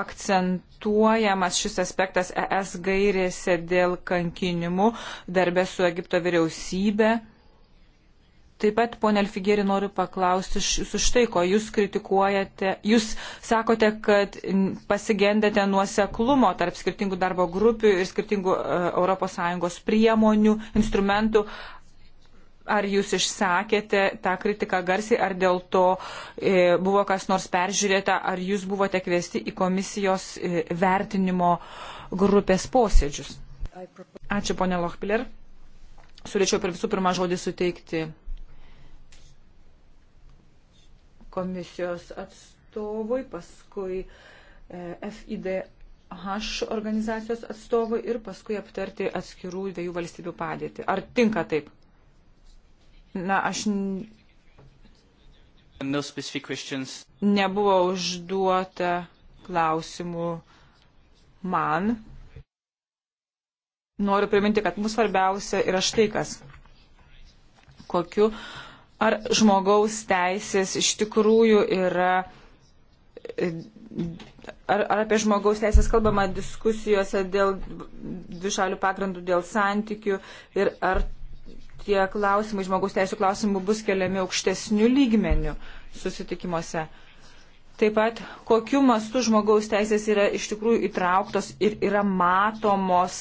akcentuojamas šis aspektas ES gairėse dėl kankinimų darbę su Egipto vyriausybė. Taip pat, ponė Alfigėri, noriu paklausti su štai, ko jūs kritikuojate. Jūs sakote, kad pasigendate nuoseklumo tarp skirtingų darbo grupių ir skirtingų ES priemonių, instrumentų ar jūs išsakėte tą kritiką garsiai, ar dėl to e, buvo kas nors peržiūrėta, ar jūs buvote kviesti į komisijos e, vertinimo grupės posėdžius. Ačiū, ponė Lochpiller. Siūlyčiau per visų pirma žodį suteikti komisijos atstovui, paskui e, FIDH organizacijos atstovui ir paskui aptarti atskirų dviejų valstybių padėtį. Ar tinka taip? Na, aš No nebuvo užduota klausimų man. Noriu priminti, kad mums svarbiausia yra štai kas. Kokiu, ar žmogaus teisės iš tikrųjų yra, e, ar, ar apie žmogaus teisės kalbama diskusijose dėl dvišalių pagrindų, dėl santykių ir ar tie klausimai, žmogus teisų klausimų bus keliami aukštesnių lygmenių susitikimuose. Taip pat, kokiu mastu žmogaus teisės yra iš tikrųjų įtrauktos ir yra matomos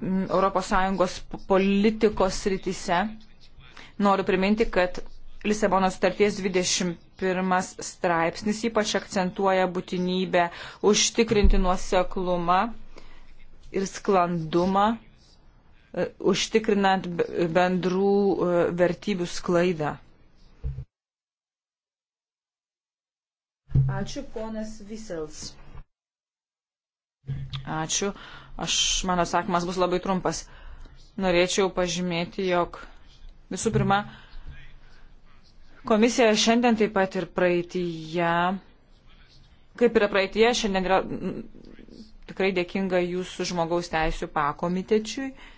mm, ES politikos rytise. Noriu priminti, kad Lisabono starties 21 straipsnis ypač akcentuoja būtinybę užtikrinti nuoseklumą ir sklandumą E, užtikrinant bendrų e, vertybių sklaidą. Ačiū, ponas Visels. Ačiū. Aš, mano sakymas bus labai trumpas. Norėčiau pažymėti, jog visų pirma, komisija šiandien taip pat ir praeitįje, kaip yra praeitįje, šiandien yra tikrai dėkinga jūsų žmogaus teisų pakomitečiui. Uh,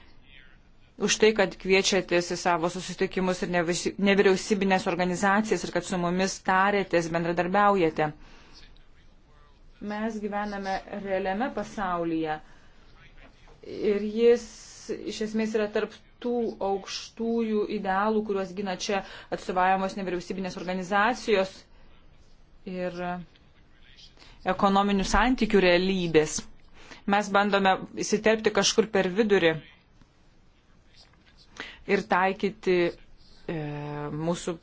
už tai, kad kviečiatės į savo susitikimus ir nevyriausybinės organizacijas ir kad su mumis tarėtės, bendradarbiaujate. Mes gyvename realiame pasaulyje ir jis iš esmės yra tarp tų aukštųjų idealų, kuriuos gina čia atstovavimos nevyriausybinės organizacijos ir ekonominių santykių realybės. Mes bandome įsiterpti kažkur per vidurį ir taikyti e, mūsų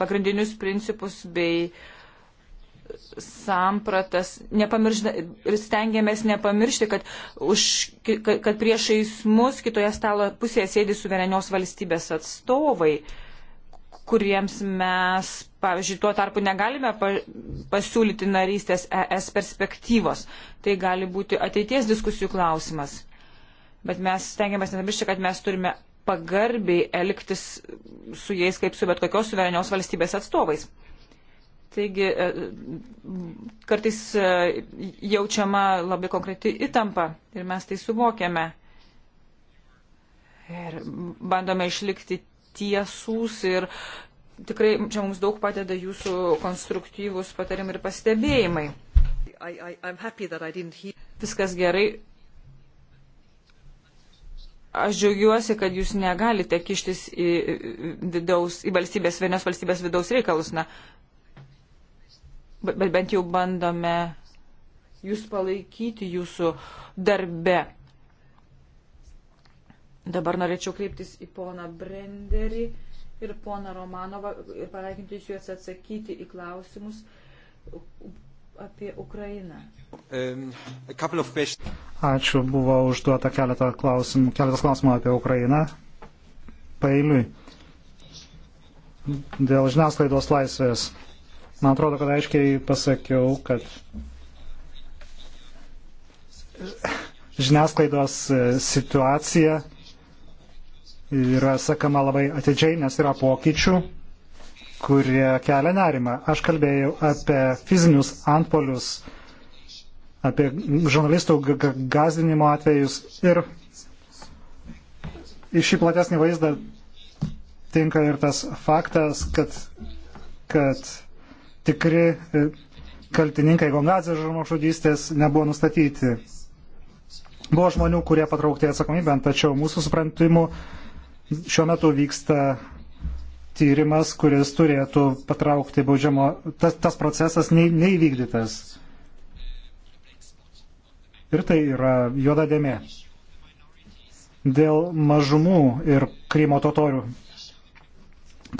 pagrindinius principus bei sampratas nepamiršta, ir stengiamės nepamiršti, kad, už, kad, kad priešais mus kitoje stalo pusėje sėdi suverenios valstybės atstovai, kuriems mes, pavyzdžiui, tuo tarpu negalime pa, pasiūlyti narystės ES perspektyvos. Tai gali būti ateities diskusijų klausimas. Bet mes stengiamės nepamiršti, kad mes turime pagarbiai elgtis su jais kaip su bet kokios suverenios valstybės atstovais. Taigi e, kartais e, jaučiama labai konkreti įtampa ir mes tai suvokiame. Ir bandome išlikti tiesūs ir tikrai čia mums daug padeda jūsų konstruktyvūs patarimai ir pastebėjimai. I, I, Viskas gerai, Aš džiaugiuosi, kad jūs negalite kištis į, vidaus, į valstybės, vienos valstybės vidaus reikalus. Na, bet bent jau bandome jūs palaikyti jūsų darbe. Dabar norėčiau kreiptis į poną Brenderį ir poną Romanovą ir paraginti jūs atsakyti į klausimus, apie Ukrainą. Ačiū, buvo užduota keletą klausimų, keletas klausimų apie Ukrainą. Pailiui. Dėl žiniasklaidos laisvės. Man atrodo, kad aiškiai pasakiau, kad žiniasklaidos situacija yra sakama labai atidžiai, nes yra pokyčių kurie kelia nerimą. Aš kalbėjau apie fizinius antpolius, apie žurnalistų gazdinimo atvejus ir į šį platesnį vaizdą tinka ir tas faktas, kad, kad tikri e, kaltininkai Gongazės žmogžudystės nebuvo nustatyti. Buvo žmonių, kurie patraukti atsakomybę, tačiau mūsų suprantimu šiuo metu vyksta tyrimas, kuris turėtų patraukti baudžiamo, tas, tas procesas nei, neįvykdytas. Ir tai yra juoda dėmė. Dėl mažumų ir Krymo totorių.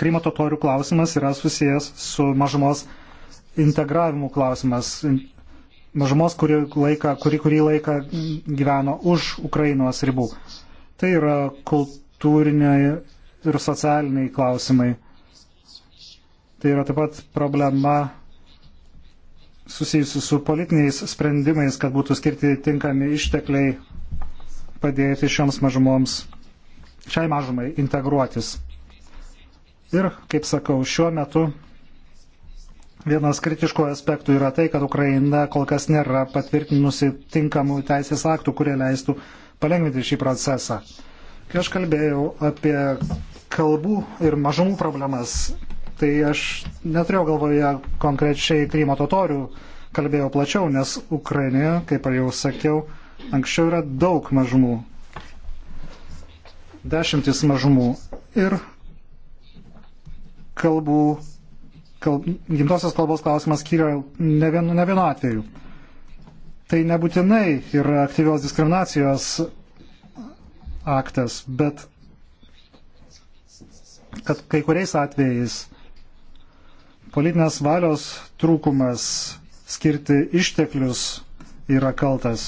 Krymo totorių klausimas yra susijęs su mažumos integravimų klausimas. Mažumos, kurį laiką, kurį, kurį laiką gyveno už Ukrainos ribų. Tai yra kultūrinė ir socialiniai klausimai. Tai yra taip pat problema susijusi su politiniais sprendimais, kad būtų skirti tinkami ištekliai padėti šioms mažumoms, šiai mažumai integruotis. Ir, kaip sakau, šiuo metu vienas kritiškų aspektų yra tai, kad Ukraina kol kas nėra patvirtinusi tinkamų teisės aktų, kurie leistų palengvinti šį procesą. Kai aš kalbėjau apie kalbų ir mažumų problemas, tai aš neturėjau galvoje konkrečiai Krymo totorių, kalbėjau plačiau, nes Ukrainoje, kaip jau sakiau, anksčiau yra daug mažumų. Dešimtis mažumų. Ir kalbų, kalb, gimtosios kalbos klausimas skyria ne vienu, ne vienu atveju. Tai nebūtinai yra aktyvios diskriminacijos aktas, bet kad kai kuriais atvejais politinės valios trūkumas skirti išteklius yra kaltas.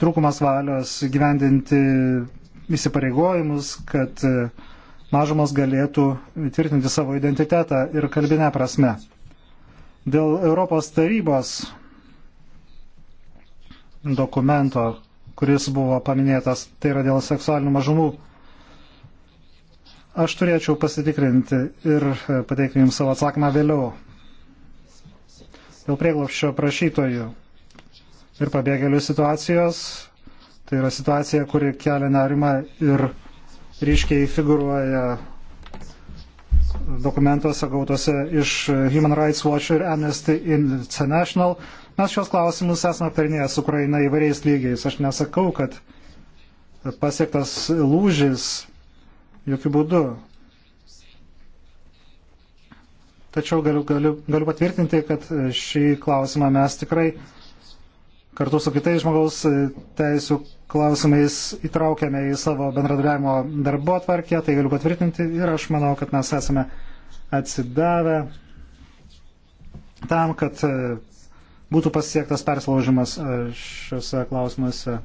Trūkumas valios gyvendinti įsipareigojimus, kad mažumos galėtų tvirtinti savo identitetą ir kalbinę prasme. Dėl Europos tarybos dokumento, kuris buvo paminėtas, tai yra dėl seksualinių mažumų. Aš turėčiau pasitikrinti ir e, pateikti Jums savo atsakymą vėliau. Dėl prieglopščio prašytojų ir pabėgėlių situacijos, tai yra situacija, kuri kelia nerimą ir ryškiai figuruoja dokumentuose gautose iš Human Rights Watch ir Amnesty International Mes šios klausimus esame aptarinėję su Ukraina įvairiais lygiais. Aš nesakau, kad pasiektas lūžis jokių būdų. Tačiau galiu, galiu, galiu patvirtinti, kad šį klausimą mes tikrai kartu su kitais žmogaus teisų klausimais įtraukiame į savo bendradarbiavimo darbo atvarkę, tai galiu patvirtinti ir aš manau, kad mes esame atsidavę tam, kad būtų pasiektas perslaužimas e, šiuose klausimuose.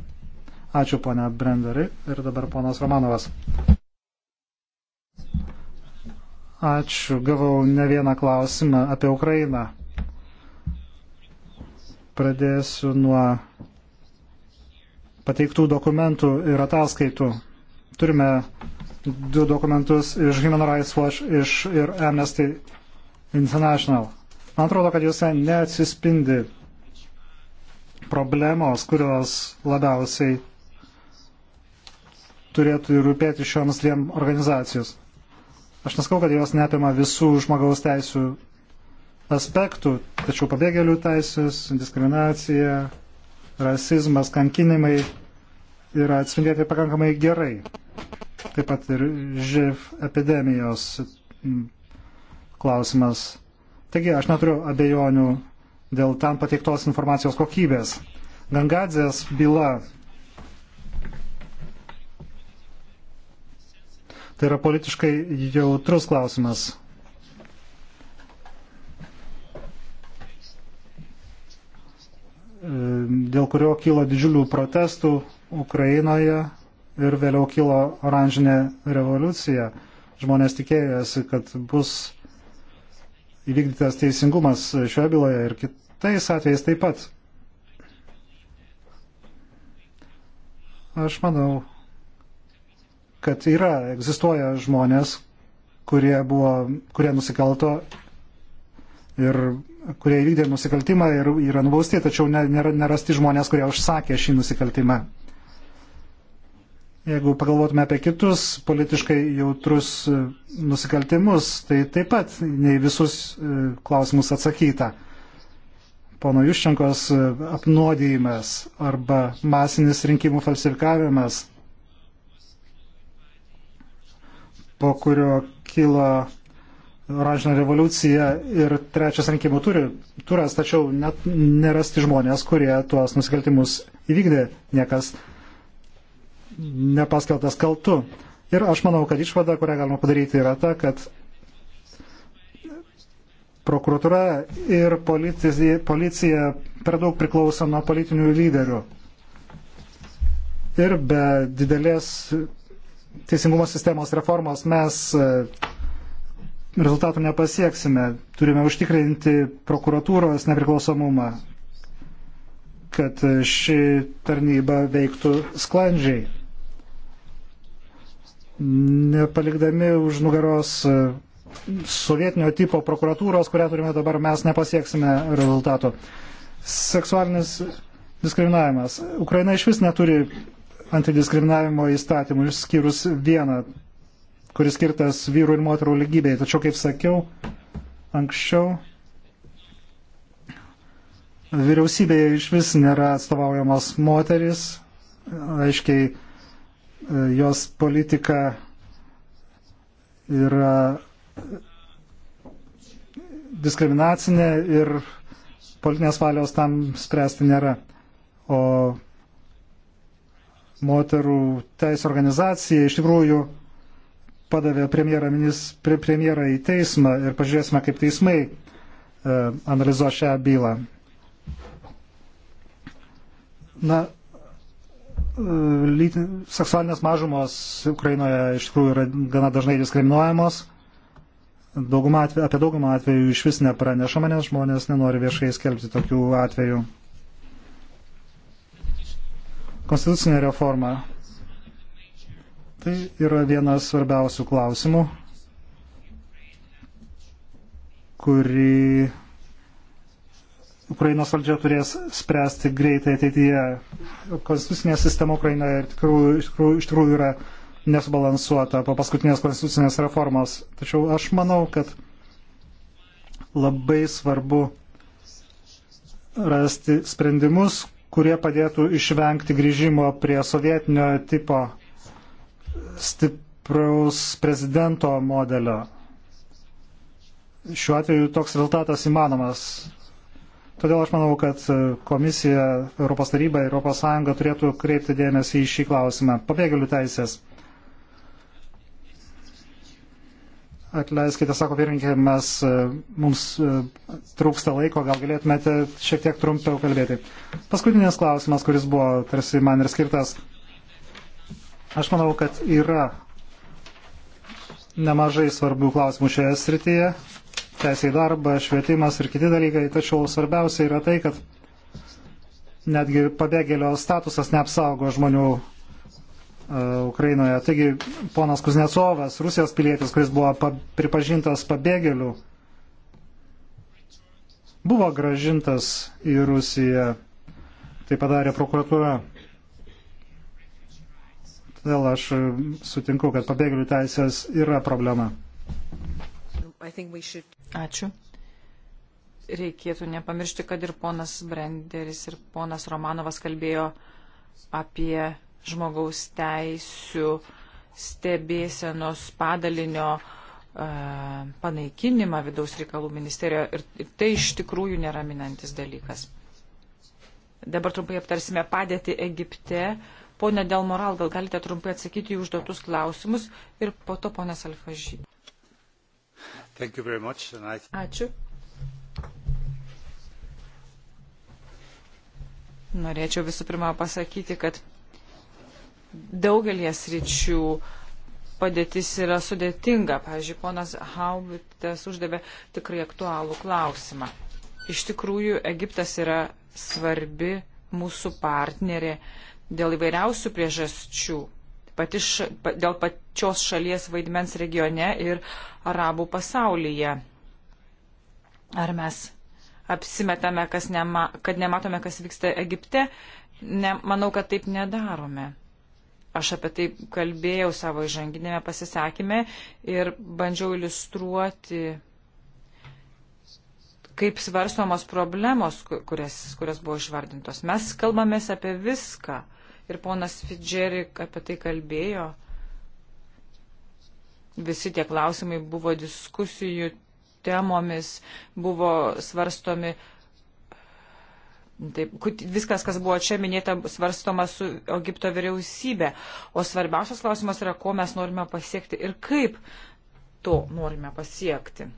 Ačiū ponia Brenderi ir dabar ponas Romanovas. Ačiū, gavau ne vieną klausimą apie Ukrainą. Pradėsiu nuo pateiktų dokumentų ir ataskaitų. Turime du dokumentus iš Human Rights Watch iš, ir Amnesty International. Man atrodo, kad juose neatsispindi problemos, kurios labiausiai turėtų rūpėti šioms dviem organizacijos. Aš neskau, kad jos neapima visų žmogaus teisų aspektų, tačiau pabėgėlių teisės, diskriminacija, rasizmas, kankinimai yra atspindėti pakankamai gerai. Taip pat ir živ epidemijos klausimas Taigi aš neturiu abejonių dėl ten pateiktos informacijos kokybės. Gangadzės byla. Tai yra politiškai jautrus klausimas. E, dėl kurio kilo didžiulių protestų Ukrainoje ir vėliau kilo oranžinė revoliucija. Žmonės tikėjosi, kad bus įvykdytas teisingumas šioje byloje ir kitais atvejais taip pat. Aš manau, kad yra, egzistuoja žmonės, kurie, buvo, kurie nusikalto ir kurie įvykdė nusikaltimą ir yra nubausti, tačiau nėra nerasti žmonės, kurie užsakė šį nusikaltimą. Jeigu pagalvotume apie kitus politiškai jautrus e, nusikaltimus, tai taip pat nei visus e, klausimus atsakyta. Pono Juščenkos e, apnuodijimas arba masinis rinkimų falsifikavimas, po kurio kilo oranžinė revoliucija ir trečias rinkimų turi, turas, tačiau net nerasti žmonės, kurie tuos nusikaltimus įvykdė, niekas nepaskeltas kaltu. Ir aš manau, kad išvada, kurią galima padaryti, yra ta, kad prokuratura ir policija, policija per daug priklauso nuo politinių lyderių. Ir be didelės teisingumo sistemos reformos mes e, rezultatų nepasieksime. Turime užtikrinti prokuratūros nepriklausomumą, kad e, ši tarnyba veiktų sklandžiai nepalikdami už nugaros e, sovietinio tipo prokuratūros, kurią turime dabar, mes nepasieksime rezultato. Seksualinis diskriminavimas. Ukraina iš vis neturi antidiskriminavimo įstatymų, išskyrus vieną, kuris skirtas vyrų ir moterų lygybei. Tačiau, kaip sakiau anksčiau, vyriausybėje iš vis nėra atstovaujamos moteris, aiškiai E, jos politika yra diskriminacinė ir politinės valios tam spręsti nėra. O moterų teisų organizacija iš tikrųjų padavė premjerą, pre, premjerą į teismą ir pažiūrėsime, kaip teismai e, analizuo šią bylą. Na, seksualinės mažumos Ukrainoje iš tikrųjų yra gana dažnai diskriminuojamos. Dauguma atveju, apie daugumą atvejų iš vis nepranešama, nes žmonės nenori viešai skelbti tokių atvejų. Konstitucinė reforma. Tai yra vienas svarbiausių klausimų, kurį Ukrainos valdžia turės spręsti greitai ateityje. Konstitucinė sistema Ukrainoje iš tikrųjų, iš tikrųjų, iš tikrųjų yra nesubalansuota po paskutinės konstitucinės reformos. Tačiau aš manau, kad labai svarbu rasti sprendimus, kurie padėtų išvengti grįžimo prie sovietinio tipo stipraus prezidento modelio. Šiuo atveju toks rezultatas įmanomas. Todėl aš manau, kad e, komisija, Europos taryba ir Europos Sąjunga turėtų kreipti dėmesį į šį klausimą. Pabėgėlių teisės. Atleiskite, sako pirmininkė, mes, e, mums e, trūksta laiko, gal galėtumėte šiek tiek trumpiau kalbėti. Paskutinis klausimas, kuris buvo tarsi man ir skirtas. Aš manau, kad yra nemažai svarbių klausimų šioje srityje, teisė į darbą, švietimas ir kiti dalykai, tačiau svarbiausia yra tai, kad netgi pabėgėlio statusas neapsaugo žmonių e, Ukrainoje. Taigi ponas Kuznecovas, Rusijos pilietis, kuris buvo pa pripažintas pabėgėliu, buvo gražintas į Rusiją. Tai padarė prokuratūra. Todėl aš sutinku, kad pabėgėlių teisės yra problema should... Ačiū. Reikėtų nepamiršti, kad ir ponas Brenderis, ir ponas Romanovas kalbėjo apie žmogaus teisų stebėsenos padalinio e, panaikinimą vidaus reikalų ministerijoje ir tai iš tikrųjų neraminantis dalykas. Dabar trumpai aptarsime padėtį Egipte. Pone Delmoral, gal galite trumpai atsakyti į užduotus klausimus ir po to ponas Alfažy. I... Ačiū. Norėčiau visų pirma pasakyti, kad daugelie sričių padėtis yra sudėtinga. Pavyzdžiui, ponas Haubitas uždavė tikrai aktualų klausimą. Iš tikrųjų, Egiptas yra svarbi mūsų partnerė dėl įvairiausių priežasčių pati š, dėl pačios šalies vaidmens regione ir arabų pasaulyje. Ar mes apsimetame, nema, kad nematome, kas vyksta Egipte? Ne, manau, kad taip nedarome. Aš apie tai kalbėjau savo įžanginėme pasisakymė ir bandžiau iliustruoti kaip svarstomos problemos, kurias, kurias buvo išvardintos. Mes kalbamės apie viską ir ponas Fidžerik apie tai kalbėjo. Visi tie klausimai buvo diskusijų temomis, buvo svarstomi. Taip, viskas, kas buvo čia minėta, svarstoma su Egipto vyriausybė. O svarbiausias klausimas yra, ko mes norime pasiekti ir kaip to norime pasiekti.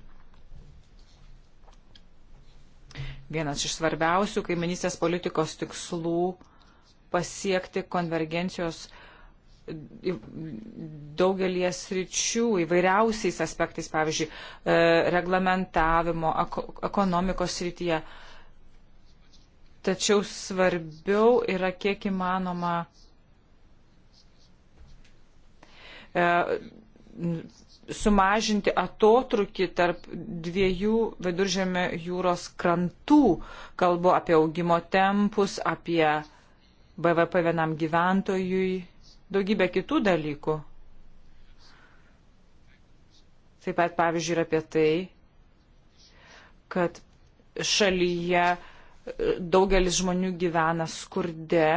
Vienas iš svarbiausių kaiminystės politikos tikslų pasiekti konvergencijos daugelį sričių įvairiausiais aspektais, pavyzdžiui, e, reglamentavimo, ekonomikos srityje. Tačiau svarbiau yra kiek įmanoma e, sumažinti atotrukį tarp dviejų viduržėmio jūros krantų. Kalbu apie augimo tempus, apie uh, BVP vienam gyventojui, daugybę kitų dalykų. Taip pat, pavyzdžiui, ir apie tai, kad šalyje e, daugelis žmonių gyvena skurde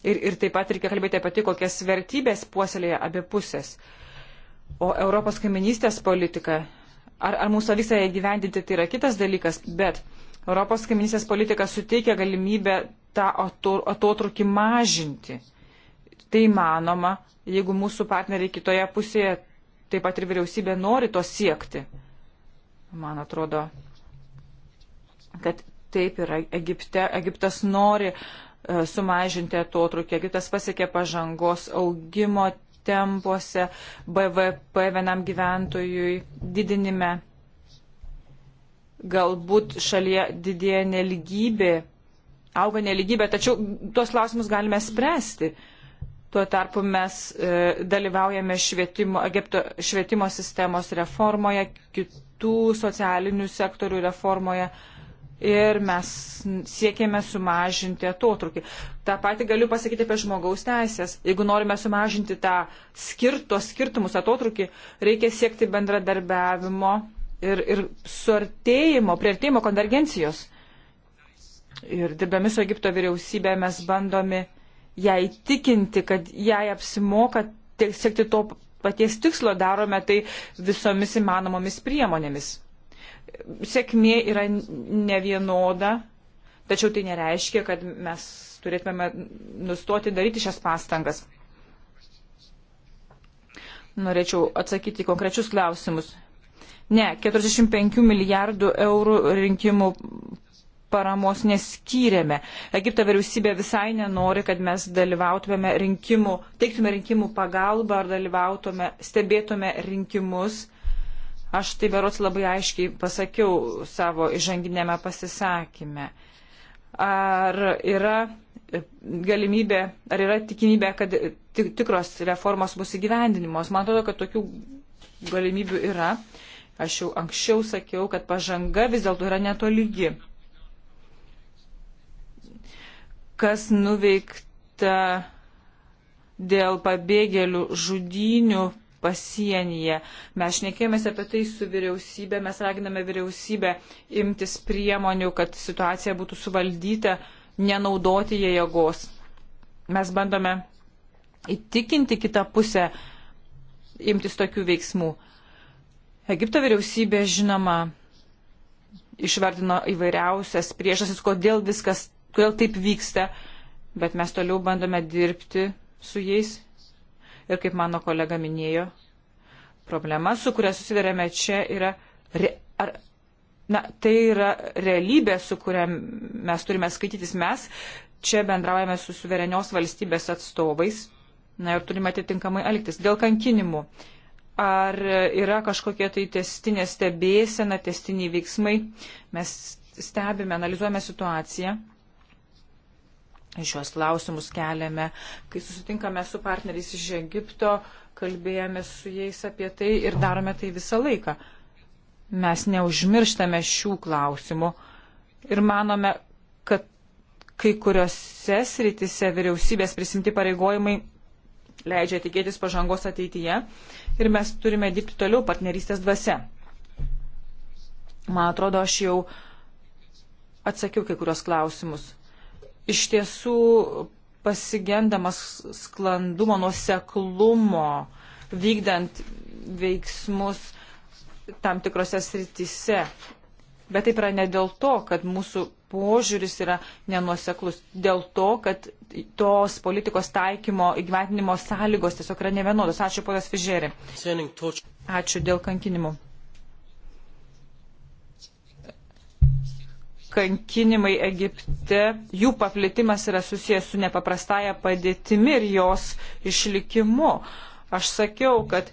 ir, ir taip pat reikia kalbėti apie tai, kokias vertybės puoselėje abi pusės. O Europos kaiminystės politika, ar, ar mūsų visą įgyvendinti, tai yra kitas dalykas, bet Europos kaiminystės politika suteikia galimybę tą atotrukį mažinti. Tai manoma, jeigu mūsų partneriai kitoje pusėje, taip pat ir vyriausybė nori to siekti. Man atrodo, kad taip yra. Egipte, Egiptas nori e, sumažinti atotrukį. Egiptas pasiekė pažangos augimo tempuose, BVP vienam gyventojui didinime. Galbūt šalyje didėja neligybė auga neligybė, tačiau tuos klausimus galime spręsti. Tuo tarpu mes e, dalyvaujame švietimo, Egipto švietimo sistemos reformoje, kitų socialinių sektorių reformoje ir mes siekėme sumažinti atotrukį. Ta pati galiu pasakyti apie žmogaus teisės. Jeigu norime sumažinti tą skirto skirtumus atotrukį, reikia siekti bendradarbiavimo ir, ir suartėjimo, prieartėjimo konvergencijos. Ir dirbdami su Egipto vyriausybė mes bandomi ją įtikinti, kad jai apsimoka siekti to paties tikslo, darome tai visomis įmanomomis priemonėmis. Sėkmė yra nevienoda, tačiau tai nereiškia, kad mes turėtume nustoti daryti šias pastangas. Norėčiau atsakyti konkrečius klausimus. Ne, 45 milijardų eurų rinkimų paramos neskyrėme. Egipto vyriausybė visai nenori, kad mes dalyvautume rinkimų, teiktume rinkimų pagalbą ar dalyvautume, stebėtume rinkimus. Aš tai berots labai aiškiai pasakiau savo įžanginėme pasisakymę. Ar yra galimybė, ar yra tikimybė, kad tikros reformos bus įgyvendinimos? Man atrodo, kad tokių galimybių yra. Aš jau anksčiau sakiau, kad pažanga vis dėlto yra netolygi kas nuveikta dėl pabėgėlių žudinių pasienyje. Mes šnekėjomės apie tai su vyriausybė, mes raginame vyriausybę imtis priemonių, kad situacija būtų suvaldyta, nenaudoti jie jėgos. Mes bandome įtikinti kitą pusę imtis tokių veiksmų. Egipto vyriausybė, žinoma, išvardino įvairiausias priežasis, kodėl viskas kodėl taip vyksta, bet mes toliau bandome dirbti su jais. Ir kaip mano kolega minėjo, problema, su kuria susidarėme čia, yra, re, ar, na, tai yra realybė, su kuria mes turime skaitytis. Mes čia bendraujame su suverenios valstybės atstovais na, ir turime atitinkamai elgtis. Dėl kankinimų ar yra kažkokie tai testinė stebėsena, testiniai veiksmai. Mes stebime, analizuojame situaciją Šios klausimus keliame, kai susitinkame su partneriais iš Egipto, kalbėjome su jais apie tai ir darome tai visą laiką. Mes neužmirštame šių klausimų ir manome, kad kai kuriuose sritise vyriausybės prisimti pareigojimai leidžia tikėtis pažangos ateityje ir mes turime dirbti toliau partnerystės dvasia. Man atrodo, aš jau atsakiau kai kurios klausimus iš tiesų pasigendamas sklandumo, nuseklumo, vykdant veiksmus tam tikrose srityse. Bet taip yra ne dėl to, kad mūsų požiūris yra nenuoseklus, dėl to, kad tos politikos taikymo įgyventinimo sąlygos tiesiog yra nevienodos. Ačiū, ponas Fižerė. Ačiū dėl kankinimų. kankinimai Egipte, jų paplitimas yra susijęs su nepaprastaja padėtimi ir jos išlikimu. Aš sakiau, kad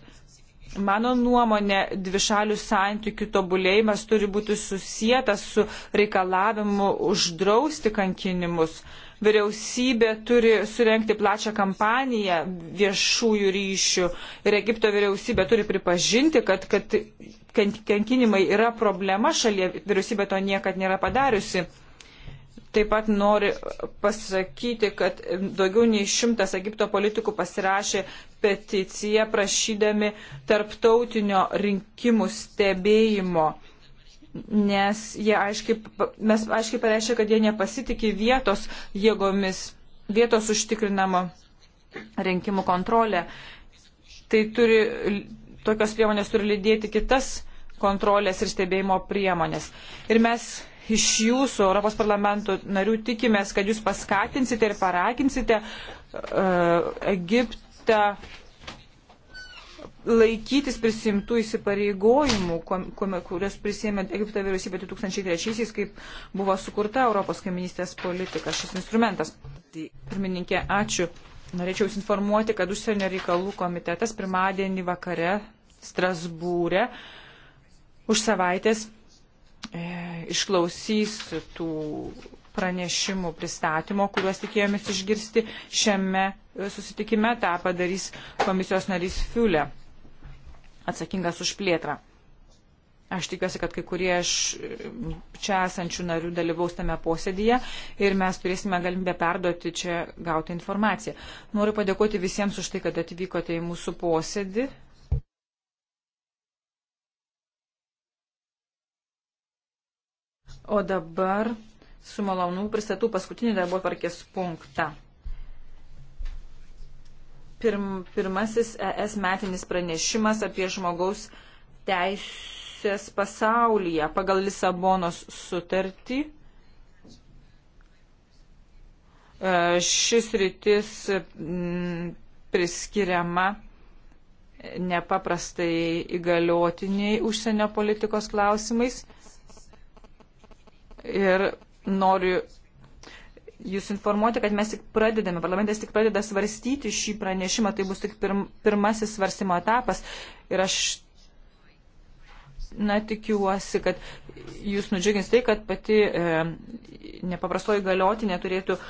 Mano nuomonė, dvišalių santykių tobulėjimas turi būti susijęs su reikalavimu uždrausti kankinimus. Uh, vyriausybė turi surenkti plačią kampaniją viešųjų ryšių ir Egipto vyriausybė turi pripažinti, kad, kad kankinimai yra problema šalyje, vyriausybė to niekad nėra padariusi. Taip pat nori pasakyti, kad daugiau nei šimtas Egipto politikų pasirašė peticiją prašydami tarptautinio rinkimų stebėjimo nes aiškiai, mes aiškiai pareiškia, kad jie nepasitikė vietos jėgomis, vietos užtikrinama rinkimų kontrolė. Tai turi, tokios priemonės turi lydėti kitas kontrolės ir stebėjimo priemonės. Ir mes iš jūsų, Europos parlamento narių, tikimės, kad jūs paskatinsite ir paraginsite uh, Egiptą laikytis prisimtų įsipareigojimų, kurios prisėmė Egipto vyriausybė 2003-aisiais, kaip buvo sukurta Europos kaiminystės politika, šis instrumentas. Pirmininkė, ačiū. Norėčiau Jūs informuoti, kad užsienio reikalų komitetas pirmadienį vakare Strasbūrė už savaitės e, išklausys tų pranešimų pristatymo, kuriuos tikėjomės išgirsti šiame e, susitikime, tą padarys komisijos narys Fiulė atsakingas už plėtrą. Aš tikiuosi, kad kai kurie iš čia esančių narių dalyvaus tame posėdėje ir mes turėsime galimybę perduoti čia gautą informaciją. Noriu padėkoti visiems už tai, kad atvykote į mūsų posėdį. O dabar su malonu pristatau paskutinį darbo tvarkės punktą pirm, pirmasis ES metinis pranešimas apie žmogaus teisės pasaulyje pagal Lisabonos sutartį. E, šis rytis priskiriama nepaprastai įgaliotiniai užsienio politikos klausimais. Ir noriu jūs informuoti, kad mes tik pradedame, parlamentas tik pradeda svarstyti šį pranešimą, tai bus tik pirm, pirmasis svarstymo etapas. Ir aš, na, tikiuosi, kad jūs nudžiugins tai, kad pati e, nepaprastoji galioti neturėtų e,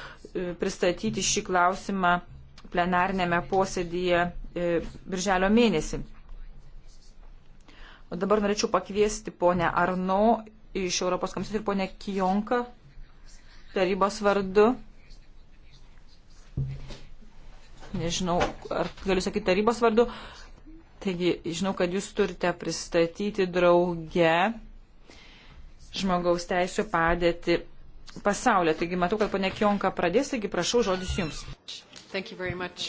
pristatyti šį klausimą plenarnėme posėdėje e, birželio mėnesį. O dabar norėčiau pakviesti ponę Arno iš Europos komisijos ir ponę Kionką tarybos vardu. Nežinau, ar galiu sakyti tarybos vardu. Taigi, žinau, kad jūs turite pristatyti drauge žmogaus teisų padėti pasaulyje. Taigi, matau, kad ponė Kionka pradės, taigi prašau žodis jums. Much,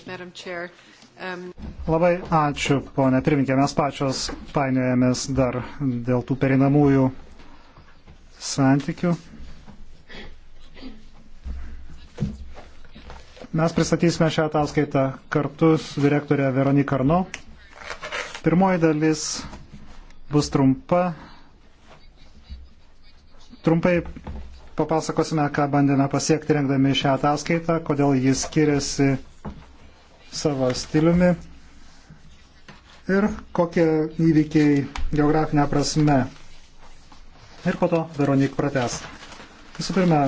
um... Labai ačiū, ponė Pirminkė, mes pačios painiojamės dar dėl tų perinamųjų santykių. Mes pristatysime šią ataskaitą kartu su direktorė Veronika Arno. Pirmoji dalis bus trumpa. Trumpai papasakosime, ką bandėme pasiekti rengdami šią ataskaitą, kodėl jis skiriasi savo stiliumi ir kokie įvykiai geografinė prasme. Ir po to Veronik prates. Visų pirma,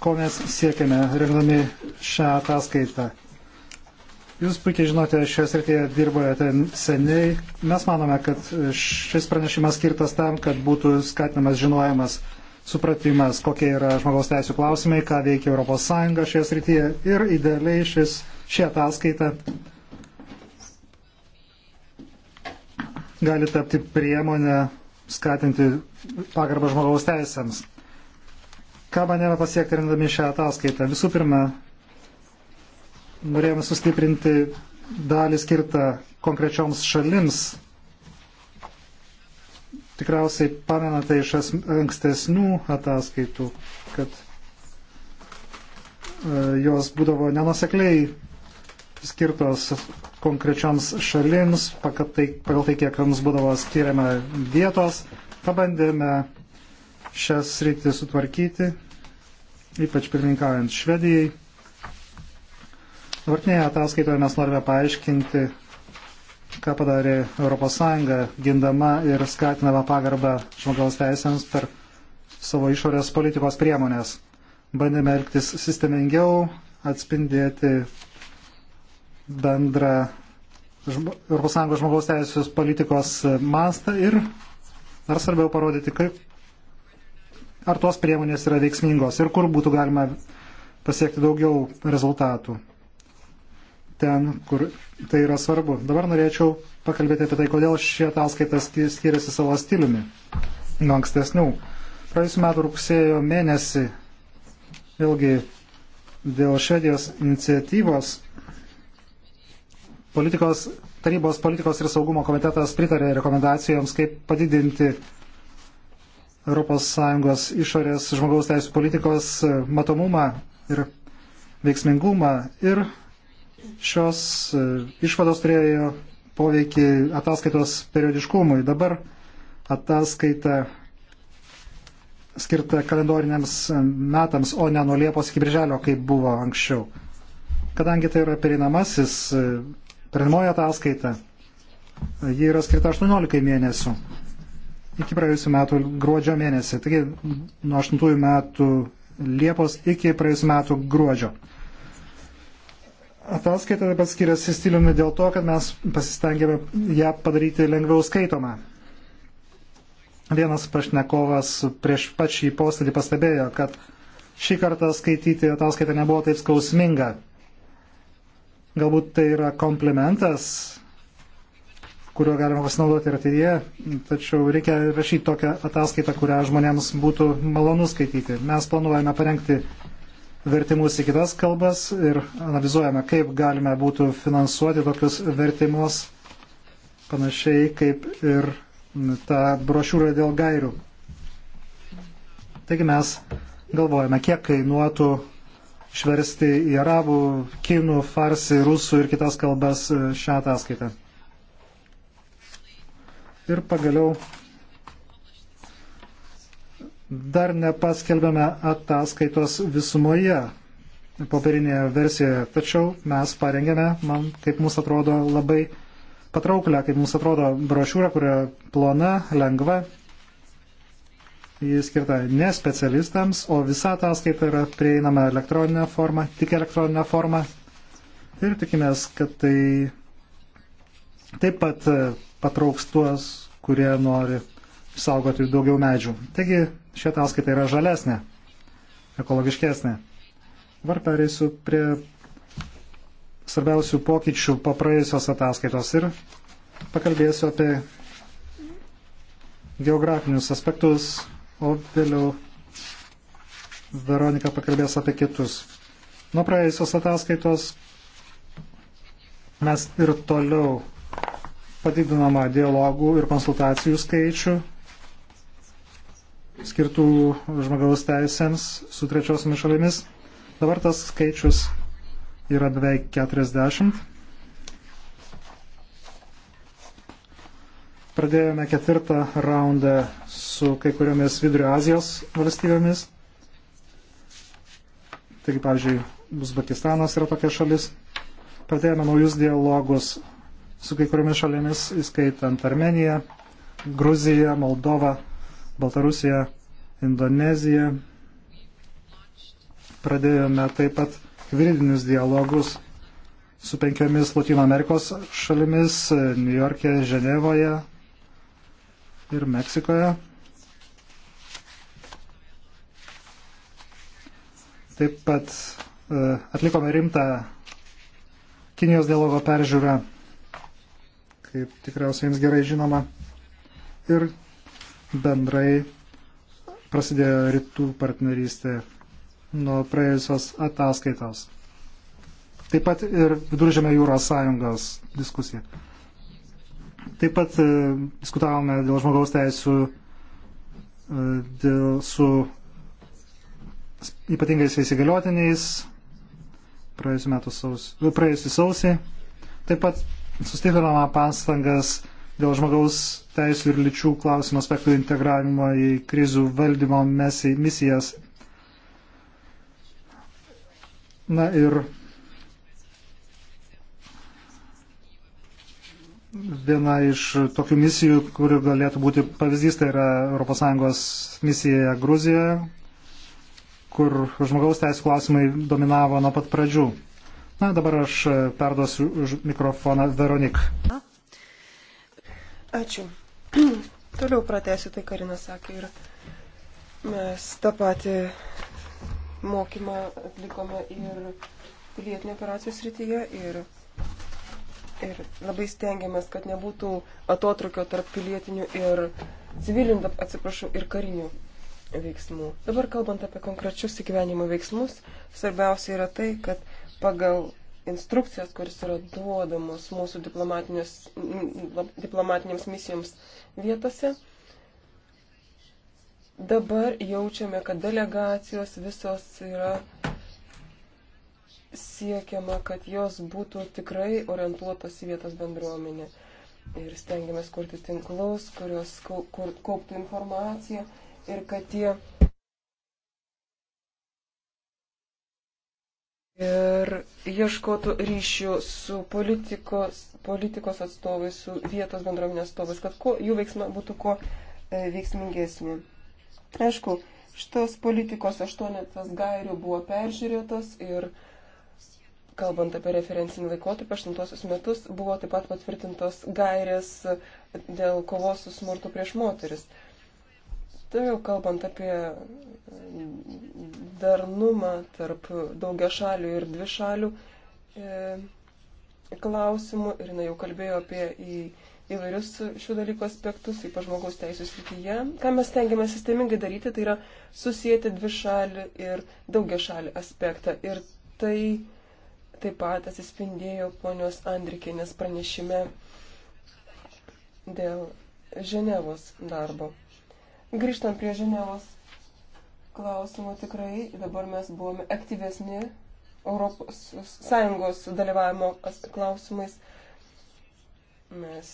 ko mes siekiame rengdami šią ataskaitą. Jūs puikiai žinote, šioje srityje dirbojate seniai. Mes manome, kad šis pranešimas skirtas tam, kad būtų skatinamas žinojimas, supratimas, kokie yra žmogaus teisų klausimai, ką veikia ES šioje srityje. Ir idealiai šis, šį ataskaitą gali tapti priemonę skatinti pagarbą žmogaus teisėms. Ką manėme pasiekti rindami šią ataskaitą? Visų pirma, norėjome sustiprinti dalį skirtą konkrečioms šalims. Tikriausiai pamenate iš ankstesnių ataskaitų, kad e, jos būdavo nenusekliai skirtos konkrečioms šalims, pagal tai, pagal tai kiek joms būdavo skiriama vietos. Pabandėme šias reikti sutvarkyti, ypač pirmininkaujant Švedijai. Dabartinėje ataskaitoje mes norime paaiškinti, ką padarė ES gindama ir skatinama pagarbą žmogaus teisėms per savo išorės politikos priemonės. Bandėme elgtis sistemingiau, atspindėti bendrą ES žmogaus teisės politikos mastą ir dar svarbiau parodyti, kaip ar tos priemonės yra veiksmingos ir kur būtų galima pasiekti daugiau rezultatų ten, kur tai yra svarbu. Dabar norėčiau pakalbėti apie tai, kodėl šie ataskaita skiriasi savo stiliumi nuo ankstesnių. Praėjusiu metu rugsėjo mėnesį, vėlgi dėl švedijos iniciatyvos, politikos, tarybos politikos ir saugumo komitetas pritarė rekomendacijoms, kaip padidinti ES išorės žmogaus teisų politikos e, matomumą ir veiksmingumą ir šios e, išvados turėjo poveikį ataskaitos periodiškumui. Dabar ataskaita skirta kalendoriniams e, metams, o ne nuo Liepos iki Birželio, kaip buvo anksčiau. Kadangi tai yra perinamasis, perinamoji ataskaita, ji yra skirta 18 mėnesių iki praėjusių metų gruodžio mėnesį. Taigi nuo 8 metų Liepos iki praėjusių metų gruodžio. Ataskaita taip pat skiriasi stiliumi dėl to, kad mes pasistengėme ją padaryti lengviau skaitomą. Vienas pašnekovas prieš pačią posėdį pastebėjo, kad šį kartą skaityti ataskaitą nebuvo taip skausminga. Galbūt tai yra komplementas kurio galima pasinaudoti ir ateityje, tačiau reikia rašyti tokią ataskaitą, kurią žmonėms būtų malonu skaityti. Mes planuojame parengti vertimus į kitas kalbas ir analizuojame, kaip galime būtų finansuoti tokius vertimus, panašiai kaip ir tą brošiūrą dėl gairių. Taigi mes galvojame, kiek kainuotų išversti į arabų, kinų, farsi, rusų ir kitas kalbas e, šią ataskaitą. Ir pagaliau dar nepaskelbėme ataskaitos visumoje popierinėje versijoje, tačiau mes parengėme, man kaip mums atrodo, labai patrauklę, kaip mums atrodo, brošiūrą, kuria plona, lengva, jis skirta ne specialistams, o visa ataskaita yra prieinama elektroninė forma, tik elektroninė forma. Ir tikimės, kad tai taip pat patrauks tuos, kurie nori saugoti daugiau medžių. Taigi ši ataskaita yra žalesnė, ekologiškesnė. Dabar pereisiu prie svarbiausių pokyčių po praėjusios ataskaitos ir pakalbėsiu apie geografinius aspektus, o vėliau Veronika pakalbės apie kitus. Nuo praėjusios ataskaitos mes ir toliau padidinama dialogų ir konsultacijų skaičių skirtų žmogaus teisėms su trečiosiomis šalimis. Dabar tas skaičius yra beveik 40. Pradėjome ketvirtą raundą su kai kuriomis Vidurio Azijos valstybėmis. Taigi, pavyzdžiui, Uzbekistanas yra tokia šalis. Pradėjome naujus dialogus su kai kuriomis šalėmis, įskaitant Armeniją, Gruziją, Moldovą, Baltarusiją, Indoneziją. Pradėjome taip pat juridinius dialogus su penkiomis Latino Amerikos šalimis - New York'e, Ženevoje ir Meksikoje. Taip pat e, atlikome rimtą Kinijos dialogo peržiūrą kaip tikriausiai jums gerai žinoma. Ir bendrai prasidėjo rytų partnerystė nuo praėjusios ataskaitos. Taip pat ir Viduržėmio jūros sąjungos diskusija. Taip pat e, diskutavome dėl žmogaus teisų e, dėl, su ypatingais įsigaliotiniais praėjusiu metu sausį. Praėjusiu sausį. Taip pat sustiprinama pastangas dėl žmogaus teisų ir lyčių klausimų aspektų integravimo į krizių valdymo misijas. Na ir viena iš tokių misijų, kuri galėtų būti pavyzdys, tai yra ES misija Gruzijoje, kur žmogaus teisų klausimai dominavo nuo pat pradžių. Na, dabar aš e, perduosiu mikrofoną Veronik. Ačiū. <clears throat> Toliau pratęsiu tai, Karina sakė, ir mes tą patį mokymą atlikome ir pilietinio operacijų srityje, ir, ir labai stengiamės, kad nebūtų atotrukio tarp pilietinių ir civilinių, atsiprašau, ir karinių veiksmų. Dabar kalbant apie konkrečius įgyvenimo veiksmus, svarbiausia yra tai, kad pagal instrukcijas, kuris yra duodamos mūsų diplomatinėms misijoms vietose. Dabar jaučiame, kad delegacijos visos yra siekiama, kad jos būtų tikrai orientuotos į vietos bendruomenę. Ir stengiamės kurti tinklus, kurios kauptų informaciją ir kad tie ir ieškotų ryšių su politikos, politikos atstovais, su vietos bendruomenės atstovais, kad ko, jų veiksma būtų kuo e, veiksmingesnė. Aišku, šitas politikos aštuonetas gairių buvo peržiūrėtas ir kalbant apie referencinį laikotarpį, aštuntosius metus buvo taip pat patvirtintos gairės dėl kovos su smurtu prieš moteris. E, Toliau kalbant apie darnumą tarp daugia šalių ir dvi šalių e, klausimų, ir jinai jau kalbėjo apie į, įvairius šių dalykų aspektus, ypač žmogaus teisų srityje. Ką mes tengiamės sistemingai daryti, tai yra susijęti dvi šalių ir daugia šalių aspektą. Ir tai taip pat atsispindėjo ponios Andrikinės pranešime dėl Ženevos darbo. Grįžtant prie Ženevos klausimo, tikrai dabar mes buvome aktyvesni Europos Sąjungos dalyvavimo klausimais. Mes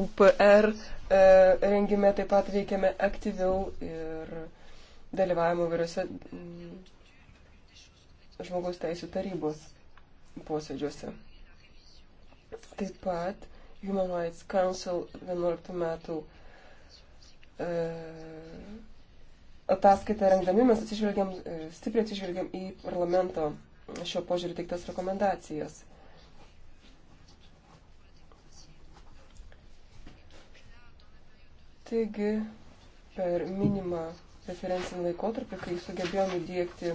UPR e, rengime taip pat veikiame aktyviau ir dalyvavimo vairiose mm, žmogaus teisų tarybos posėdžiuose. Taip pat Human Rights Council 11 metų e, ataskaitą rengdami mes atsižvelgiam, e, stipriai atsižvelgiam į parlamento šio požiūrį teiktas rekomendacijas. Taigi, per minimą referencinį laikotarpį, kai sugebėjome įdėkti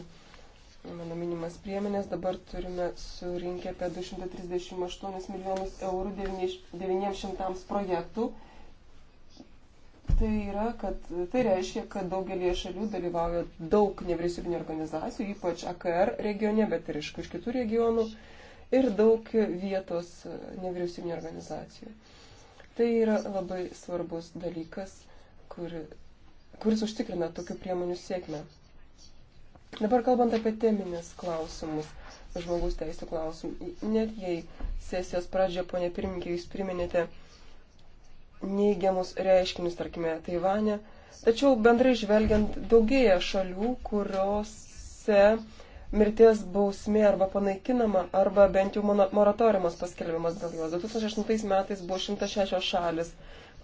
mano minimas priemonės. Dabar turime surinkę apie 238 milijonus eurų 900 projektų. Tai, yra, kad, tai reiškia, kad daugelie šalių dalyvauja daug nevyriausybinio organizacijų, ypač AKR regione, bet ir iš kitų regionų, ir daug vietos nevyriausybinio organizacijų. Tai yra labai svarbus dalykas, kur, kuris užtikrina tokių priemonių sėkmę. Dabar kalbant apie teminės klausimus, žmogus teisų klausimų, net jei sesijos pradžioje, ponė pirmininkė, jūs priminėte neigiamus reiškinius, tarkime, Taivane, tačiau bendrai žvelgiant daugėja šalių, kuriuose mirties bausmė arba panaikinama, arba bent jau moratoriumas paskelbiamas dėl jos. 2008 metais buvo 106 šalis,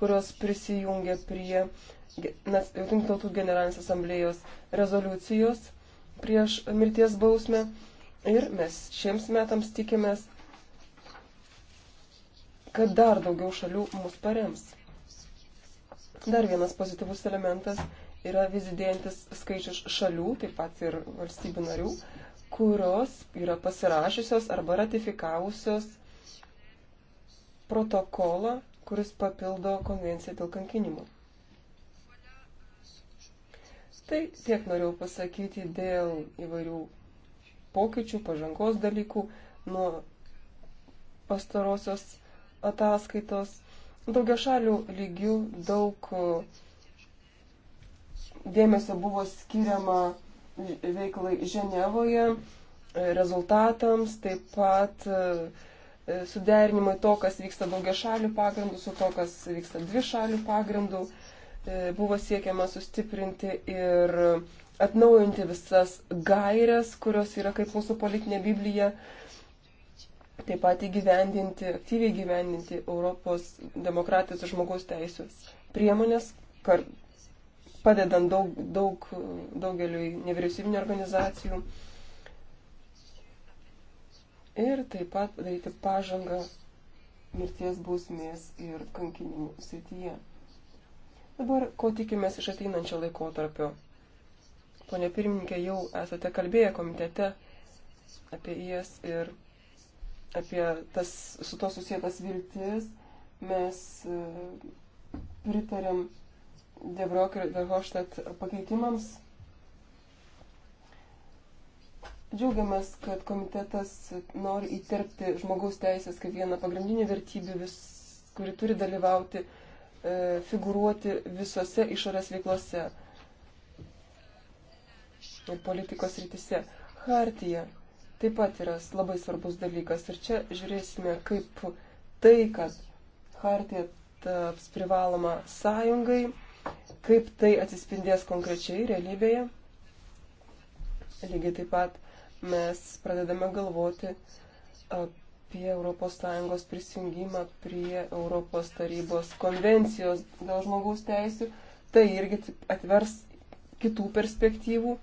kurios prisijungė prie Junktinių tautų generalinės asamblėjos rezoliucijos prieš mirties bausmę. Ir mes šiems metams tikimės, kad dar daugiau šalių mus parems. Dar vienas pozityvus elementas yra vis didėjantis skaičius šalių, taip pat ir valstybių narių, kurios yra pasirašiusios arba ratifikavusios protokolą, kuris papildo konvenciją dėl kankinimų. Tai tiek norėjau pasakyti dėl įvairių pokyčių, pažangos dalykų nuo pastarosios ataskaitos. Daugia šalių lygių daug e, dėmesio buvo skiriama veiklai Ženevoje, e, rezultatams, taip pat e, suderinimai to, kas vyksta daugia šalių pagrindų, su to, kas vyksta dvi šalių pagrindų. E, buvo siekiama sustiprinti ir atnaujinti visas gairias, kurios yra kaip mūsų politinė Biblija, taip pat įgyvendinti, aktyviai įgyvendinti Europos demokratijos ir žmogaus teisės priemonės, kar, padedant daug, daug, daugeliu nevyriausybinio organizacijų. Ir taip pat daryti pažangą mirties bausmės ir kankinimų srityje. Dabar, ko tikimės iš ateinančio laikotarpio? Pone pirmininkė, jau esate kalbėję komitete apie jas ir apie tas, su to susijęs viltis. Mes e, pritarėm Debrok ir Verhoštat pakeitimams. Džiaugiamės, kad komitetas nori įterpti žmogaus teisės kaip vieną pagrindinį vertybių, vis, kuri turi dalyvauti uh, E, figuruoti visose išorės veiklose ir politikos rytise. Hartija taip pat yra labai svarbus dalykas ir čia žiūrėsime, kaip tai, kad Hartija taps privaloma sąjungai, kaip tai atsispindės konkrečiai realybėje. Lygiai taip pat mes pradedame galvoti, apie ES prisijungimą prie ES konvencijos dėl žmogaus teisų. Tai irgi atvers kitų perspektyvų,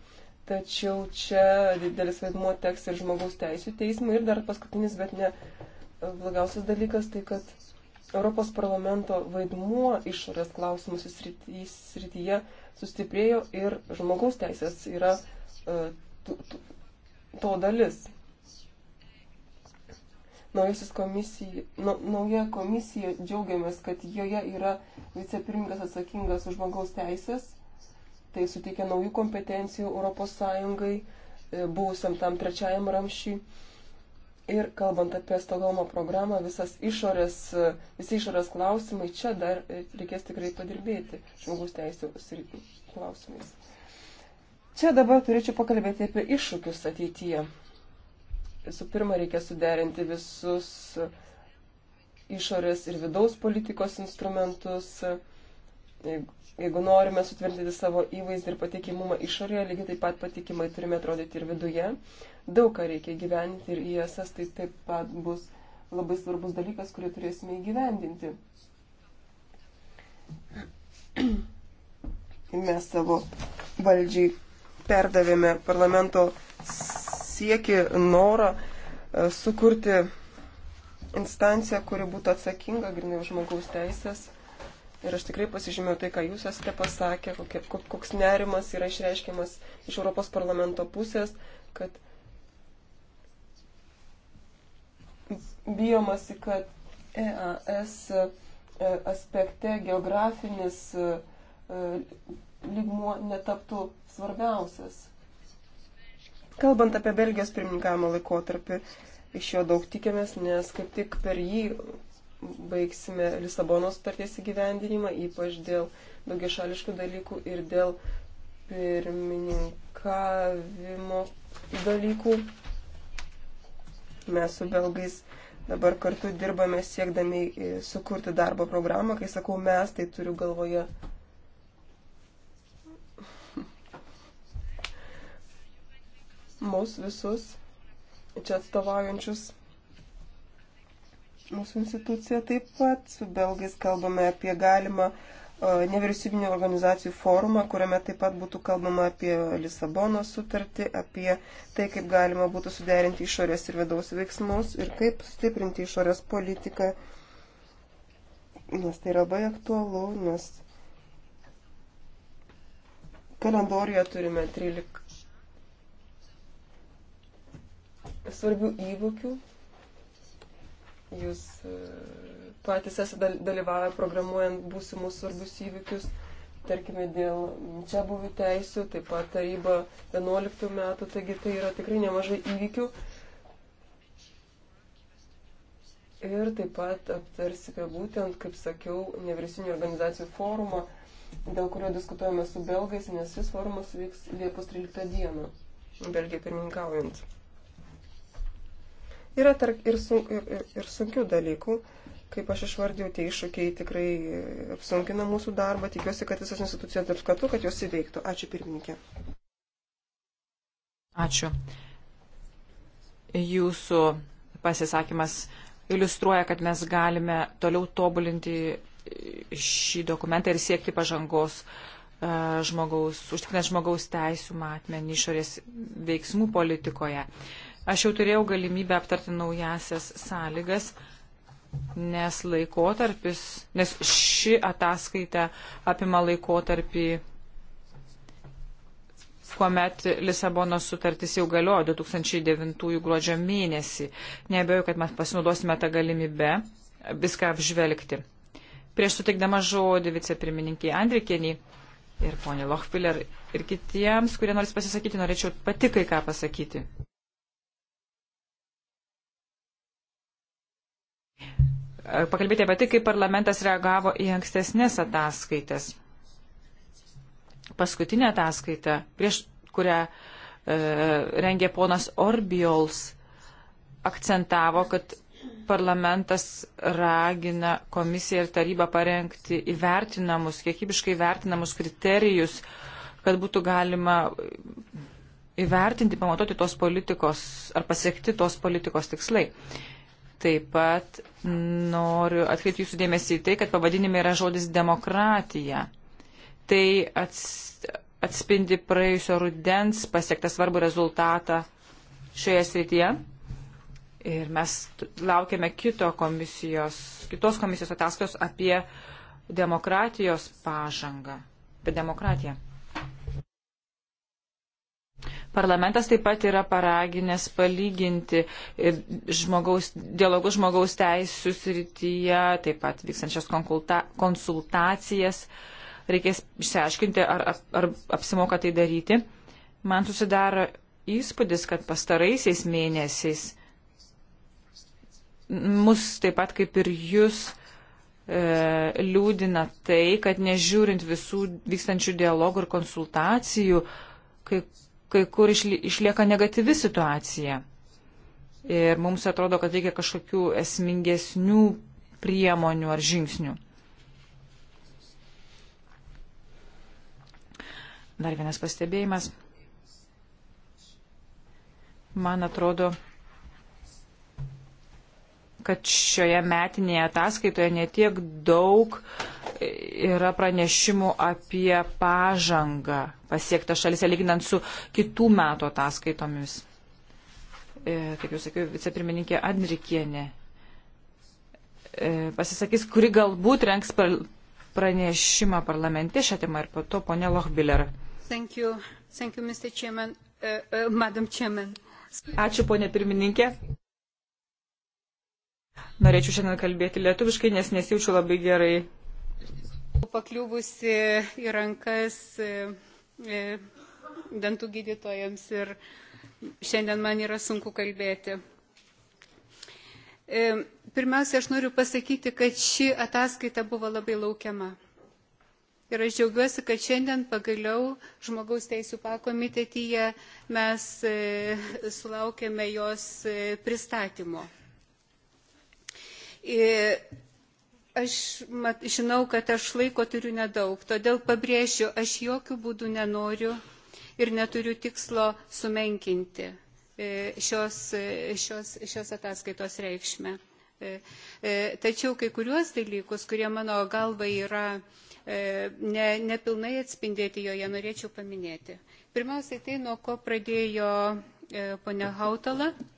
tačiau čia didelis vaidmuo teks ir žmogaus teisų teismui. Ir dar paskutinis, bet ne blogiausias dalykas, tai kad Europos parlamento vaidmuo išorės klausimų srityje sustiprėjo ir žmogaus teisės yra e, to dalis naujasis komisija, na, nauja komisija džiaugiamės, kad joje yra vicepirmininkas atsakingas už žmogaus teisės. Tai suteikia naujų kompetencijų Europos Sąjungai, e, buvusiam tam trečiajam ramšiui. Ir kalbant apie Stokholmo programą, visas išorės, e, visi išorės klausimai čia dar e, reikės tikrai padirbėti žmogus teisų klausimais. Čia dabar turėčiau pakalbėti apie iššūkius ateityje visų pirma reikia suderinti visus išorės ir vidaus politikos instrumentus. Jeigu norime sutvirtinti savo įvaizdį ir patikimumą išorėje, lygiai taip pat patikimai turime atrodyti ir viduje. Daug ką reikia gyventi ir ISS tai taip pat bus labai svarbus dalykas, kurį turėsime įgyvendinti. Mes savo valdžiai perdavėme parlamento sieki, norą e, sukurti instanciją, kuri būtų atsakinga grinai už žmogaus teisės. Ir aš tikrai pasižymėjau tai, ką jūs esate pasakę, kokie, koks nerimas yra išreiškiamas iš Europos parlamento pusės, kad bijomasi, kad EAS e, aspekte geografinis e, lygmuo netaptų svarbiausias. Kalbant apie Belgijos pirmininkavimo laikotarpį, iš jo daug tikėmės, nes kaip tik per jį baigsime Lisabonos sutarties įgyvendinimą, ypač dėl daugiešališkų dalykų ir dėl pirmininkavimo dalykų. Mes su belgais dabar kartu dirbame siekdami e, sukurti darbo programą. Kai sakau mes, tai turiu galvoje mūsų visus čia atstovaujančius mūsų instituciją taip pat. Su belgais kalbame apie galimą e, nevyriausybinio organizacijų forumą, kuriame taip pat būtų kalbama apie Lisabono sutartį, apie tai, kaip galima būtų suderinti išorės ir vidaus veiksmus ir kaip stiprinti išorės politiką, nes tai yra labai aktualu, nes kalendorijoje turime 13 svarbių įvykių. Jūs e, patys esate dalyvavę programuojant būsimus svarbius įvykius, tarkime, dėl čia buvių teisų, taip pat taryba 11 metų, taigi tai yra tikrai nemažai įvykių. Ir taip pat aptarsime būtent, kaip sakiau, nevyriausybinio organizacijų forumą, dėl kurio diskutuojame su belgais, nes šis forumas vyks Liepos 13 dieną, Belgijai pirmininkaujant. Yra tarp ir, sun, ir, ir, ir sunkių dalykų, kaip aš išvardėjau, tie iššūkiai tikrai e, apsunkina mūsų darbą. Tikiuosi, kad visas institucijos dirbs kartu, kad jos įveiktų. Ačiū pirmininkė. Ačiū. Jūsų pasisakymas iliustruoja, kad mes galime toliau tobulinti e, šį dokumentą ir siekti pažangos e, žmogaus, užtikrinant žmogaus teisų matmenį išorės veiksmų politikoje. Uh, Aš jau turėjau galimybę aptarti naujasias sąlygas, nes laikotarpis, nes ši ataskaita apima laikotarpį, kuomet Lisabonos sutartis jau galiojo 2009 gruodžio mėnesį. Nebejoju, kad mes pasinaudosime tą galimybę viską apžvelgti. Prieš sutikdama žodį vicepirmininkiai Andrikieniai ir ponė Lochfiller ir kitiems, kurie nors pasisakyti, norėčiau pati kai ką pasakyti. pakalbėti apie tai, kaip parlamentas reagavo į ankstesnės ataskaitas. Paskutinė ataskaita, prieš kurią e, rengė ponas Orbiols, akcentavo, kad parlamentas ragina komisiją ir tarybą parengti įvertinamus, kiekybiškai vertinamus kriterijus, kad būtų galima įvertinti, pamatoti tos politikos ar pasiekti tos politikos tikslai. E, Taip pat noriu atkreipti jūsų dėmesį į tai, kad pavadinime yra žodis demokratija. Tai ats, atspindi praėjusio rudens pasiektą svarbų rezultatą šioje srityje. Ir mes laukiame kito komisijos, kitos komisijos ataskaitos apie demokratijos pažangą, apie demokratiją. Parlamentas taip pat yra paraginęs palyginti žmogaus, dialogus žmogaus teisų srityje, taip pat vykstančias konsulta, konsultacijas. Reikės išsiaiškinti, ar, ar, ar apsimoka tai daryti. Man susidaro įspūdis, kad pastaraisiais mėnesiais mus taip pat kaip ir jūs e, liūdina tai, kad nežiūrint visų vykstančių dialogų ir konsultacijų, kai kai kur išlieka negatyvi situacija. Ir mums atrodo, kad reikia kažkokių esmingesnių priemonių ar žingsnių. Dar vienas pastebėjimas. Man atrodo, kad šioje metinėje ataskaitoje netiek daug uh, yra pranešimų apie pažangą pasiektą šalise, lyginant su kitų metų ataskaitomis. E, kaip jau sakiau, vicepirmininkė Andrikienė e, pasisakys, kuri galbūt renks pranešimą parlamente šią temą ir po to ponė Lochbiller. Thank you. Thank you, Mr. Chairman. Uh, uh, Madam Chairman. Ačiū, ponė pirmininkė. Norėčiau šiandien kalbėti lietuviškai, nes nesijaučiu labai gerai Pakliuvusi į rankas e, e, dantų gydytojams ir šiandien man yra sunku kalbėti. E, pirmiausia, aš noriu pasakyti, kad ši ataskaita buvo labai laukiama. Ir aš džiaugiuosi, kad šiandien pagaliau žmogaus teisų pakomitetyje mes sulaukėme jos pristatymo aš mat, žinau, kad aš laiko turiu nedaug, todėl pabrėžiu, aš jokių būdų nenoriu ir neturiu tikslo sumenkinti e, šios, e, šios, šios ataskaitos reikšmę. E, tačiau kai kuriuos dalykus, kurie mano galva yra ne, nepilnai atspindėti joje, norėčiau paminėti. Pirmiausiai tai, nuo ko pradėjo ponia Hautala. Mhm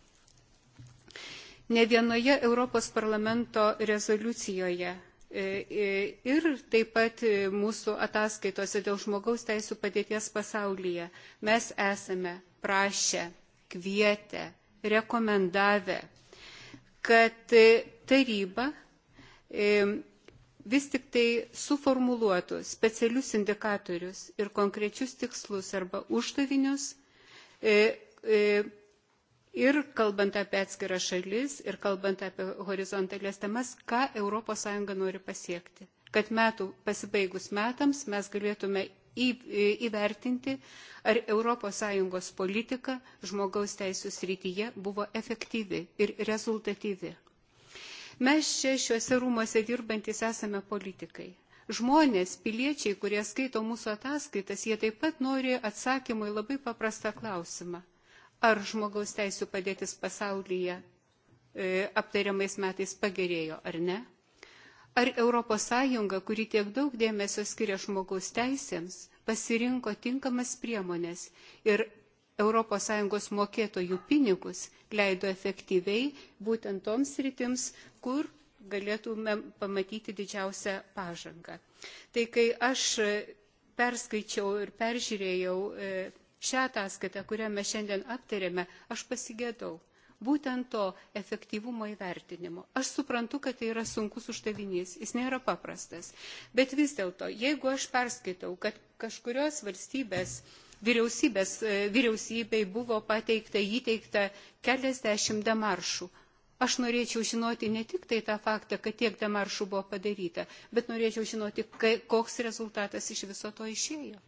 ne vienoje Europos parlamento rezoliucijoje e, e, ir taip pat e, mūsų ataskaitose dėl žmogaus teisų padėties pasaulyje mes esame prašę, kvietę, rekomendavę, kad taryba vis tik tai suformuluotų specialius indikatorius ir konkrečius tikslus arba uždavinius ir kalbant apie atskiras šalis, ir kalbant apie horizontalės temas, ką ES nori pasiekti. Kad metų pasibaigus metams mes galėtume įvertinti, ar ES politika žmogaus teisų srityje buvo efektyvi ir rezultatyvi. Mes čia šiuose rūmose dirbantis esame politikai. Žmonės, piliečiai, kurie skaito mūsų ataskaitas, jie taip pat nori atsakymui labai paprastą klausimą ar žmogaus teisų padėtis pasaulyje e, aptariamais metais pagerėjo ar ne? Ar ES, kuri tiek daug dėmesio skiria žmogaus teisėms, pasirinko tinkamas priemonės ir ES mokėtojų pinigus leido efektyviai būtent toms rytims, kur galėtume pamatyti didžiausią pažangą. Tai kai aš perskaičiau ir peržiūrėjau e, šią ataskaitą, kurią mes šiandien aptarėme, aš pasigėdau. Būtent to efektyvumo įvertinimo. Aš suprantu, kad tai yra sunkus uždavinys, jis nėra paprastas. Bet vis dėlto, jeigu aš perskaitau, kad kažkurios valstybės vyriausybės, e, vyriausybei buvo pateikta, įteikta keliasdešimt demaršų. Aš norėčiau žinoti ne tik tai tą faktą, kad tiek demaršų buvo padaryta, bet norėčiau žinoti, koks rezultatas iš viso to išėjo.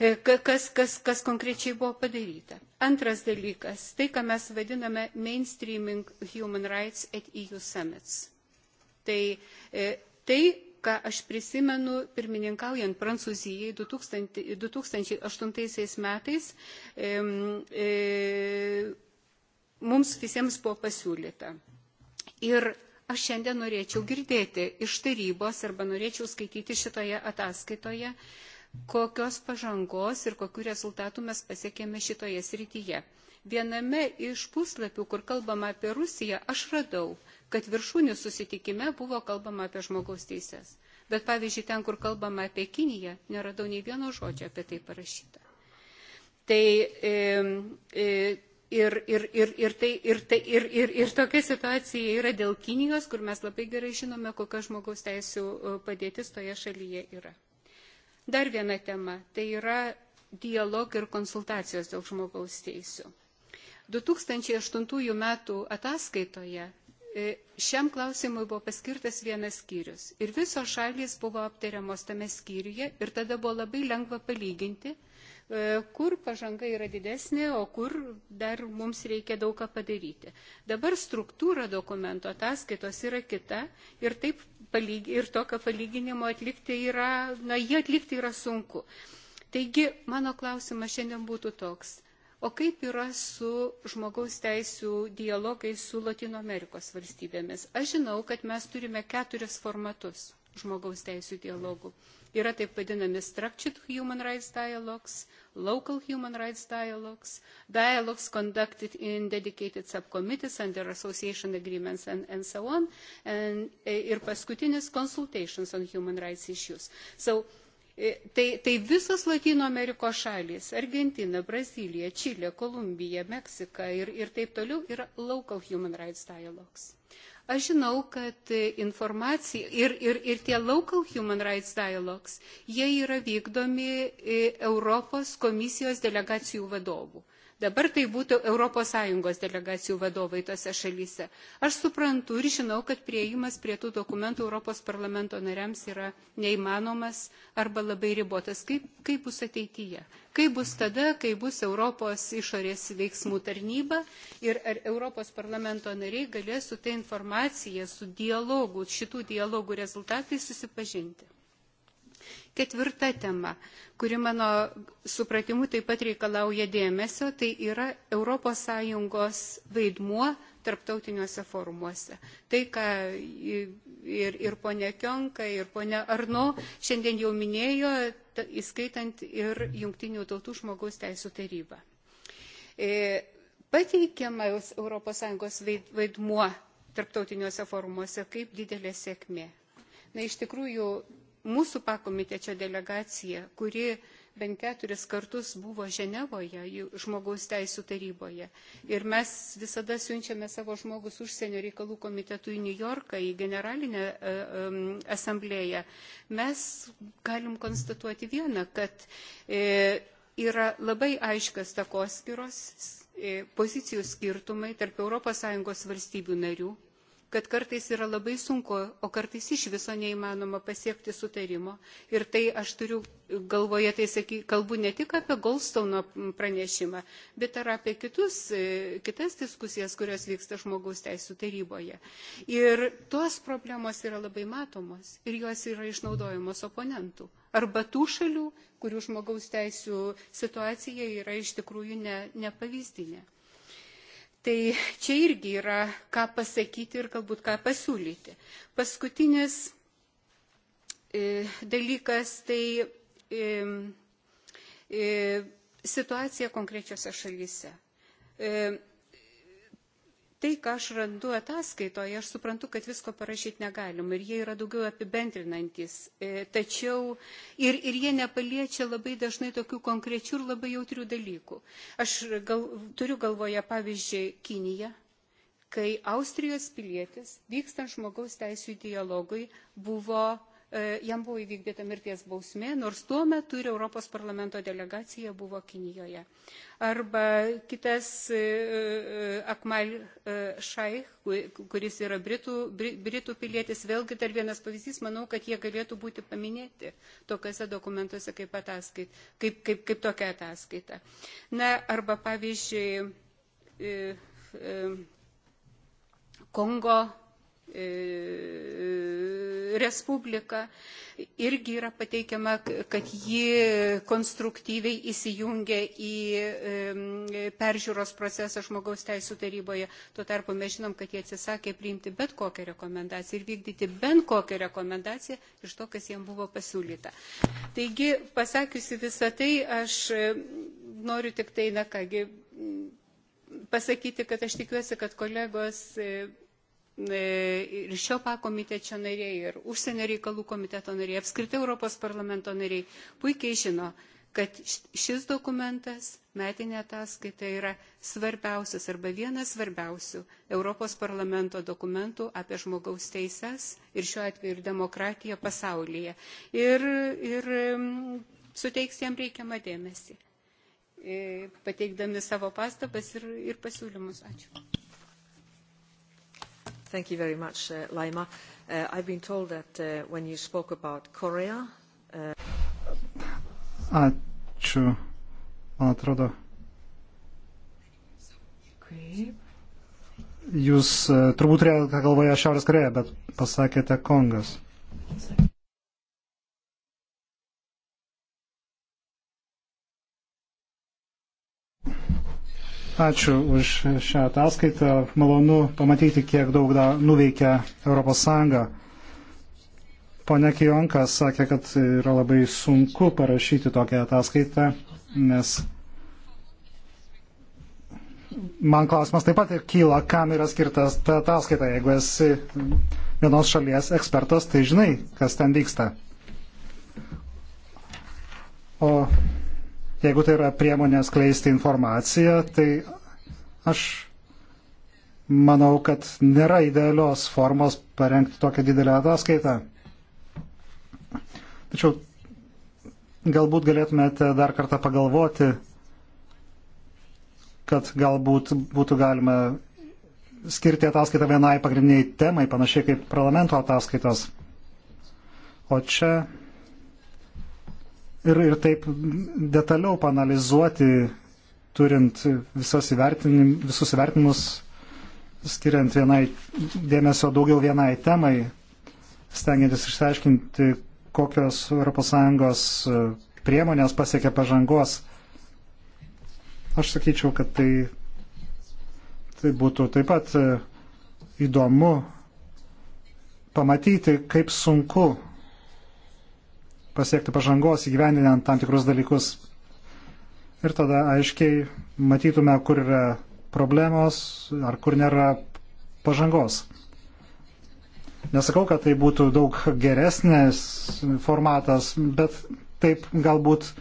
E, kas, kas, kas konkrečiai buvo padaryta. Antras dalykas - tai, ką mes vadiname mainstreaming human rights at EU summits. Tai, e, tai ką aš prisimenu pirmininkaujant Prancūzijai 2000, 2008 metais, e, e, mums visiems buvo pasiūlyta. Ir aš šiandien norėčiau girdėti iš tarybos arba norėčiau skaityti šitoje ataskaitoje, e, kokios pažangos ir kokių rezultatų mes pasiekėme šitoje srityje. Viename iš puslapių, kur kalbama apie Rusiją, aš radau, kad viršūnių susitikime buvo kalbama apie žmogaus teises. Bet pavyzdžiui, ten, kur kalbama apie Kiniją, neradau nei vieno žodžio apie tai parašyta. Tai e, e, ir, ir, ir, ir, tai, ir, tai, ir, ir, ir tokia situacija yra dėl Kinijos, kur mes labai gerai žinome, kokia žmogaus teisų e, padėtis toje šalyje yra. Dar viena tema - tai yra dialog ir konsultacijos dėl žmogaus teisų. 2008 m. ataskaitoje e, šiam klausimui buvo paskirtas vienas skyrius ir visos šalys buvo aptariamos tame skyriuje ir tada buvo labai lengva palyginti, E, kur pažanga yra didesnė, o kur dar mums reikia daug ką padaryti. Dabar struktūra dokumento ataskaitos yra kita ir, taip, ir tokio palyginimo atlikti yra, na, jį atlikti yra sunku. Taigi, mano klausimas šiandien būtų toks. O kaip yra su žmogaus teisų dialogai su Latino Amerikos valstybėmis? Aš žinau, kad mes turime keturis formatus žmogaus teisų dialogų. Mm Yra taip vadinami structured human rights dialogues, local human rights dialogues, dialogues conducted in dedicated subcommittees under association agreements and, and so on, and, e, ir paskutinis consultations on human rights issues. So, e, Tai, tai visos Latino Amerikos šalys - Argentina, Brazilija, Čilė, Kolumbija, Meksika ir, ir taip toliau - yra local human rights dialogs. Aš žinau, kad informacija ir, ir, ir tie local human rights dialogs, jie yra vykdomi e, Europos komisijos delegacijų vadovų. Dabar tai būtų ES delegacijų vadovai tose šalyse. Aš suprantu ir žinau, kad prieimas prie tų dokumentų Europos parlamento nariams yra neįmanomas arba labai ribotas. Kaip, kaip bus ateityje? Kaip bus tada, kai bus Europos išorės veiksmų tarnyba ir ar Europos parlamento nariai galės su ta informacija, su dialogu, šitų dialogų rezultatais susipažinti? Ketvirta tema, kuri mano supratimu taip pat reikalauja dėmesio, tai yra ES vaidmuo tarptautiniuose forumuose. Tai, ką ir, ir ponia Kionka, ir ponia Arno šiandien jau minėjo, ta, įskaitant ir Junktinių tautų žmogaus teisų tarybą. E, pateikiamas ES vaidmuo tarptautiniuose forumuose kaip didelė sėkmė. Na, iš tikrųjų, mūsų pakomitečio delegacija, kuri bent keturis kartus buvo Ženevoje, žmogaus teisų taryboje. Ir mes visada siunčiame savo žmogus užsienio reikalų komitetų į New Yorką, į generalinę e, e, asamblėją. Mes galim konstatuoti vieną, kad e, yra labai aiškas takoskiros pozicijų skirtumai tarp ES valstybių narių kad kartais yra labai sunku, o kartais iš viso neįmanoma pasiekti sutarimo. Ir tai aš turiu galvoje, tai saky, kalbu ne tik apie Goldstone pranešimą, bet ir apie kitus, kitas diskusijas, kurios vyksta žmogaus teisų taryboje. Ir tos problemos yra labai matomos ir jos yra išnaudojamos oponentų arba tų šalių, kurių žmogaus teisų situacija yra iš tikrųjų ne, nepavyzdinė. Ne Tai čia irgi yra ką pasakyti ir galbūt ką pasiūlyti. Paskutinis e, dalykas tai e, e, situacija konkrečiose šalyse. E, tai, ką aš randu ataskaitoje, aš suprantu, kad visko parašyti negalima ir jie yra daugiau apibendrinantis. E, tačiau ir, ir jie nepaliečia labai dažnai tokių konkrečių ir labai jautrių dalykų. Aš gal, turiu galvoje pavyzdžiui Kiniją, kai Austrijos pilietis vykstant žmogaus teisų dialogui buvo E, jam buvo įvykdyta mirties bausmė, nors tuo metu ir Europos parlamento delegacija buvo Kinijoje. Arba kitas e, e, Akmal Šaich, kuris yra Britų, Britų pilietis, vėlgi dar vienas pavyzdys, manau, kad jie galėtų būti paminėti tokiuose dokumentuose kaip, ataskait, kaip, kaip, kaip tokia ataskaita. Na, arba pavyzdžiui, Kongo E, respublika irgi yra pateikiama, kad ji konstruktyviai įsijungia į e, peržiūros procesą žmogaus teisų taryboje. Tuo tarpu mes žinom, kad jie atsisakė priimti bet kokią rekomendaciją ir vykdyti bent kokią rekomendaciją iš to, kas jiems buvo pasiūlyta. Taigi, pasakiusi visą tai, aš e, noriu tik tai, na kągi, pasakyti, kad aš tikiuosi, kad kolegos E, ir šio pakomitečio nariai, ir užsienio reikalų komiteto nariai, apskritai Europos parlamento nariai puikiai žino, kad šis dokumentas, metinė ataskaita, yra svarbiausias arba vienas svarbiausių Europos parlamento dokumentų apie žmogaus teises ir šiuo atveju ir demokratiją pasaulyje. Ir, ir suteiks jam reikiamą dėmesį, e, pateikdami savo pastabas ir, ir pasiūlymus. Ačiū. Thank you very much, uh, Laima. Uh, I've been told that uh, when you spoke about Korea. Uh... Ačiū. Man atrodo. Kaip? Jūs uh, turbūt turėjote galvoje Šiaurės Koreją, bet pasakėte Kongas. Pasakė. Ačiū už šią ataskaitą. Malonu pamatyti, kiek daug da, nuveikia ES. Pone Kijonka sakė, kad yra labai sunku parašyti tokią ataskaitą, nes man klausimas taip pat kyla, kam yra skirtas ta ataskaita. Jeigu esi vienos šalies ekspertas, tai žinai, kas ten vyksta. O Jeigu tai yra priemonė skleisti informaciją, tai aš manau, kad nėra idealios formos parengti tokią didelę ataskaitą. Tačiau galbūt galėtumėte dar kartą pagalvoti, kad galbūt būtų galima skirti ataskaitą vienai pagrindiniai temai, panašiai kaip parlamento ataskaitos. O čia ir, ir taip detaliau panalizuoti, turint įvertinim, visus įvertinimus, skiriant vienai, dėmesio daugiau vienai temai, stengiantis išsiaiškinti, kokios ES priemonės pasiekė pažangos. Aš sakyčiau, kad tai, tai būtų taip pat e, įdomu pamatyti, kaip sunku pasiekti pažangos įgyvendinant tam tikrus dalykus. Ir tada aiškiai matytume, kur yra problemos ar kur nėra pažangos. Nesakau, kad tai būtų daug geresnis formatas, bet taip galbūt e,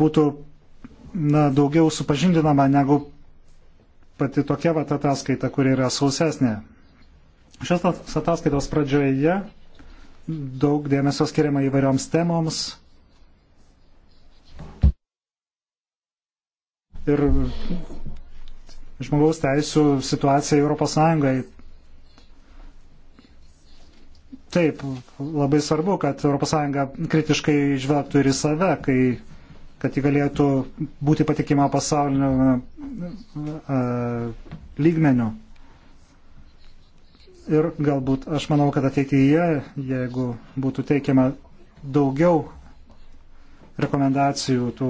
būtų na, daugiau supažindinama negu pati tokia vat ataskaita, kuri yra sausesnė. Šios ataskaitos pradžioje daug dėmesio skiriama įvairioms temoms. Ir žmogaus teisų situacija Europos Sąjungai. Taip, labai svarbu, kad Europos Sąjunga kritiškai žvelgtų ir į save, kai, kad ji galėtų būti patikima pasaulinio uh, e, lygmeniu. Ir galbūt aš manau, kad ateityje, jeigu būtų teikiama daugiau rekomendacijų, tų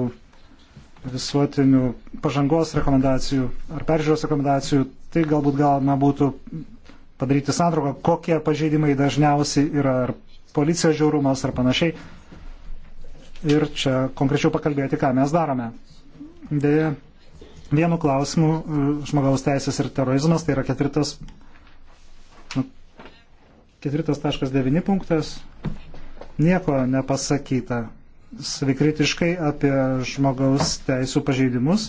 visuotinių pažangos rekomendacijų ar peržiūros rekomendacijų, tai galbūt galima būtų padaryti santrauką, kokie pažeidimai dažniausiai yra, ar policijos žiaurumas ar panašiai. Ir čia konkrečiau pakalbėti, ką mes darome. Deja, vienu klausimu e, žmogaus teisės ir terorizmas, tai yra ketvirtas 4.9 punktas nieko nepasakyta savikritiškai apie žmogaus teisų pažeidimus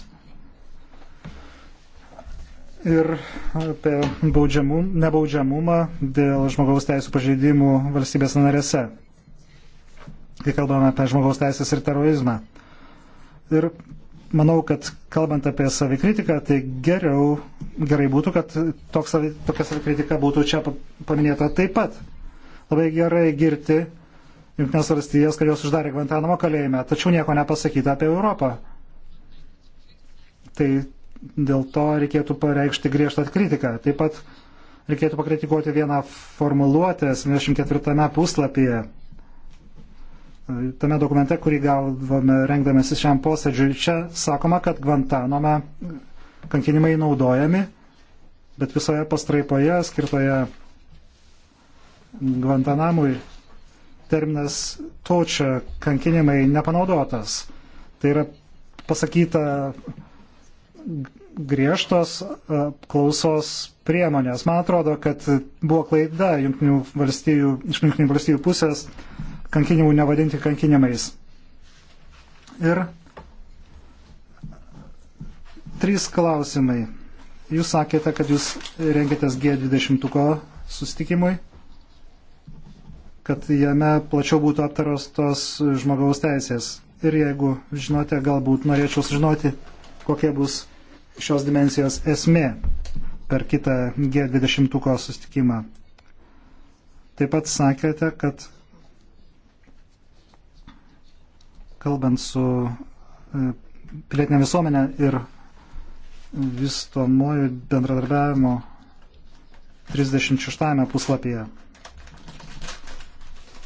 ir apie baudžiamum, nebaudžiamumą dėl žmogaus teisų pažeidimų valstybės narėse, kai kalbame apie žmogaus teisės ir terorizmą. Ir manau, kad kalbant apie savikritiką, tai geriau, gerai būtų, kad toks, tokia savikritika būtų čia paminėta taip pat. Labai gerai girti Junktinės valstijas, kad jos uždarė Gvantanamo kalėjime, tačiau nieko nepasakyta apie Europą. Tai dėl to reikėtų pareikšti griežtą kritiką. Taip pat reikėtų pakritikuoti vieną formuluotę 74 puslapyje tame dokumente, kurį gavome rengdamėsi šiam posėdžiui, čia sakoma, kad Gvantanome kankinimai naudojami, bet visoje pastraipoje skirtoje Gvantanamui terminas točia kankinimai nepanaudotas. Tai yra pasakyta griežtos klausos priemonės. Man atrodo, kad buvo klaida jungtinių valstybių, iš jungtinių valstybių pusės kankinimų nevadinti kankinimais. Ir trys klausimai. Jūs sakėte, kad jūs rengėtės G20 sustikimui, kad jame plačiau būtų aptaros tos žmogaus teisės. Ir jeigu žinote, galbūt norėčiau sužinoti, kokia bus šios dimensijos esmė per kitą G20 sustikimą. Taip pat sakėte, kad kalbant su e, pilietinė visuomenė ir vystomuoju bendradarbiavimo 36 puslapyje.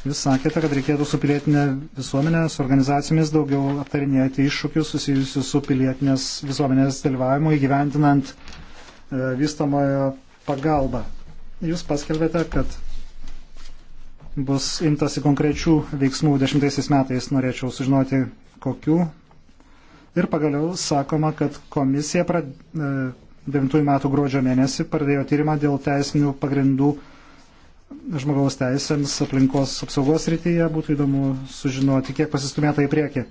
Jūs sakėte, kad reikėtų su pilietinė visuomenė, su organizacijomis daugiau aptarinėti iššūkius susijusius su pilietinės visuomenės dalyvavimu įgyvendinant e, vystamojo pagalbą. Jūs paskelbėte, kad bus imtasi konkrečių veiksmų dešimtaisiais metais, norėčiau sužinoti kokių. Ir pagaliau sakoma, kad komisija prad... E, 9 metų gruodžio mėnesį pradėjo tyrimą dėl teisinių pagrindų žmogaus teisėms aplinkos apsaugos rytyje. Būtų įdomu sužinoti, kiek pasistumėta į priekį.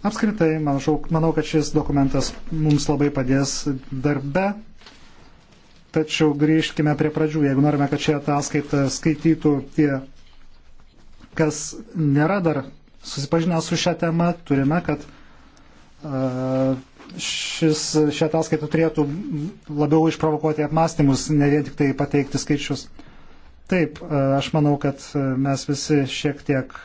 Apskritai, manau, manau, kad šis dokumentas mums labai padės darbe Tačiau grįžkime prie pradžių, jeigu norime, kad šią ataskaitą skaitytų tie, kas nėra dar susipažinę su šią temą, turime, kad šis, šią ataskaitą turėtų labiau išprovokuoti apmastymus, ne vien tik tai pateikti skaičius. Taip, aš manau, kad mes visi šiek tiek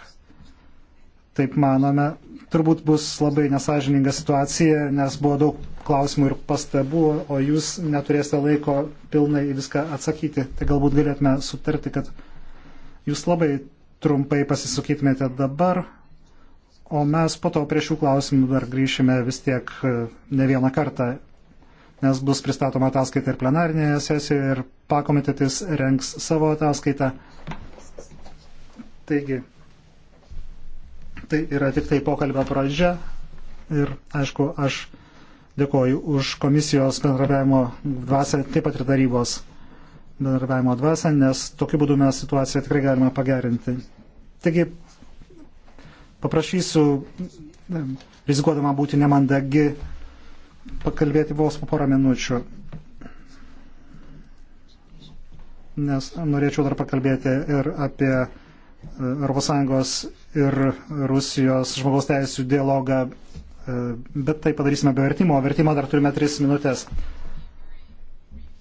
taip manome. Turbūt bus labai nesažininga situacija, nes buvo daug klausimų ir pastabų, o jūs neturėsite laiko pilnai viską atsakyti. Tai galbūt galėtume sutarti, kad jūs labai trumpai pasisakytumėte dabar, o mes po to prie šių klausimų dar grįšime vis tiek e, ne vieną kartą, nes bus pristatoma ataskaita ir plenarinėje sesijoje, ir pakomitetis renks savo ataskaitą. Taigi, tai yra tik tai pokalbio pradžia ir, aišku, aš Dėkoju už komisijos bendradarbiavimo dvasę, taip pat ir tarybos bendradarbiavimo dvasę, nes tokiu būdu mes situaciją tikrai galime pagerinti. Taigi paprašysiu, rizikuodama būti nemandagi, pakalbėti vos po porą minučių. Nes norėčiau dar pakalbėti ir apie ES ir Rusijos žmogaus teisų dialogą E, bet tai padarysime be vertimo, o vertimo dar turime 3 minutės.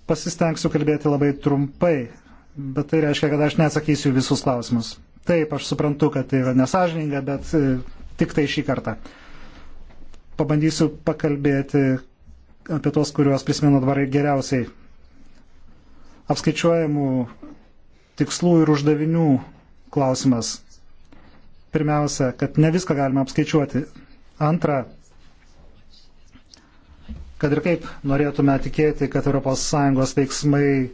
Pasistengsiu kalbėti labai trumpai, bet tai reiškia, kad aš neatsakysiu visus klausimus. Taip, aš suprantu, kad tai yra nesažininga, bet e, tik tai šį kartą. Pabandysiu pakalbėti apie tos, kuriuos prisimenu dvarai geriausiai. Apskaičiuojamų tikslų ir uždavinių klausimas. Pirmiausia, kad ne viską galima apskaičiuoti Antra, kad ir kaip norėtume tikėti, kad ES veiksmai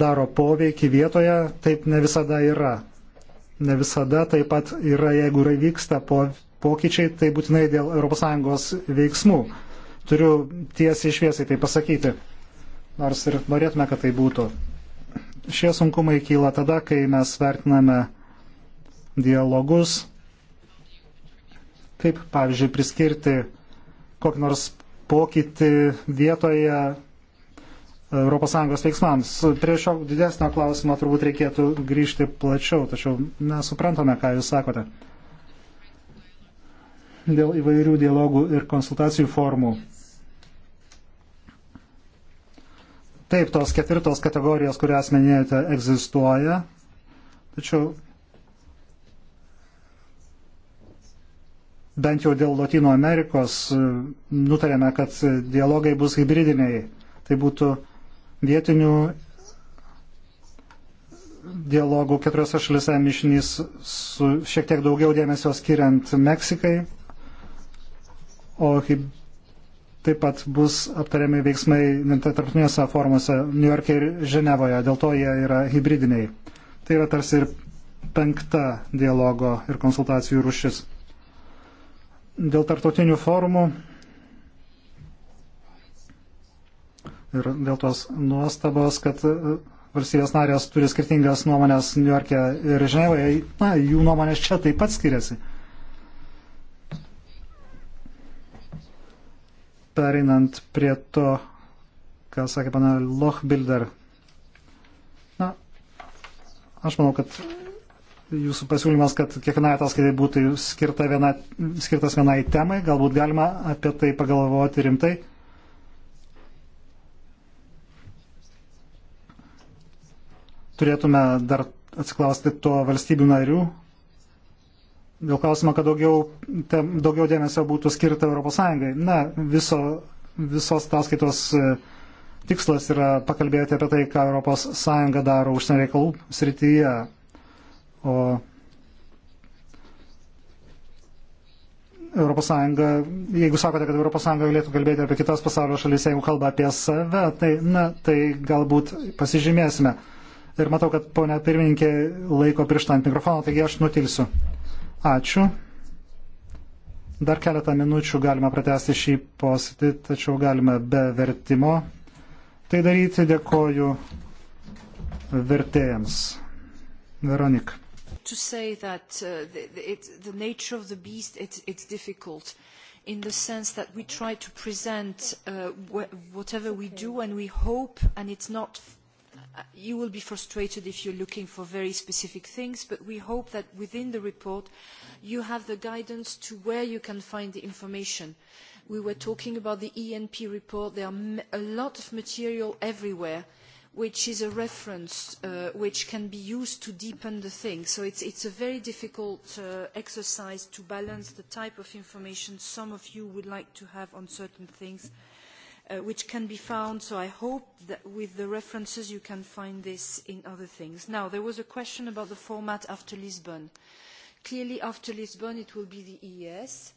daro poveikį vietoje, taip ne visada yra. Ne visada taip pat yra, jeigu yra vyksta po, pokyčiai, tai būtinai dėl ES veiksmų. Turiu tiesiai išviesiai tai pasakyti, nors ir norėtume, kad tai būtų. Šie sunkumai kyla tada, kai mes vertiname dialogus Kaip, pavyzdžiui, priskirti kokį nors pokytį vietoje ES veiksmams. Prie šio didesnio klausimo turbūt reikėtų grįžti plačiau, tačiau nesuprantame, ką Jūs sakote. Dėl įvairių dialogų ir konsultacijų formų. Taip, tos ketvirtos kategorijos, kurias minėjote, egzistuoja, tačiau bent jau dėl Latino Amerikos e, nutarėme, kad dialogai bus hybridiniai. Tai būtų vietinių dialogų keturiose šalise mišinys su šiek tiek daugiau dėmesio skiriant Meksikai, o taip pat bus aptariami veiksmai tarptautinėse formuose New York'e ir Ženevoje, dėl to jie yra hybridiniai. Tai yra tarsi ir penkta dialogo ir konsultacijų rušis dėl tartutinių formų ir dėl tos nuostabos, kad e, valstybės narės turi skirtingas nuomonės New York'e ir Ženevoje, na, jų nuomonės čia taip pat skiriasi. Pereinant prie to, ką sakė pana Lochbilder. Na, aš manau, kad jūsų pasiūlymas, kad kiekviena ataskaita būtų skirta viena, skirtas vienai temai, galbūt galima apie tai pagalvoti rimtai. Turėtume dar atsiklausti to valstybių narių. Dėl klausimo, kad daugiau, tem, daugiau dėmesio būtų skirta ES. Na, viso, visos ataskaitos e, tikslas yra pakalbėti apie tai, ką ES daro užsienio reikalų srityje o ES, jeigu sakote, kad ES galėtų kalbėti apie kitas pasaulio šalis, jeigu kalba apie save, tai, na, tai galbūt pasižymėsime. Ir matau, kad ponia pirmininkė laiko pirštą ant mikrofono, taigi aš nutilsiu. Ačiū. Dar keletą minučių galime pratesti šį posėdį, tačiau galime be vertimo. Tai daryti dėkoju vertėjams. Veronika to say that uh, the, the, it, the nature of the beast, it, it's difficult in the sense that we try to present uh, wh whatever we do and we hope, and it's not uh, you will be frustrated if you're looking for very specific things, but we hope that within the report you have the guidance to where you can find the information. We were talking about the ENP report. There are a lot of material everywhere. Uh, which is a reference uh, which can be used to deepen the thing. So it's, it's a very difficult uh, exercise to balance the type of information some of you would like to have on certain things, uh, which can be found. So I hope that with the references you can find this in other things. Now, there was a question about the format after Lisbon. Clearly, after Lisbon, it will be the EES. Uh,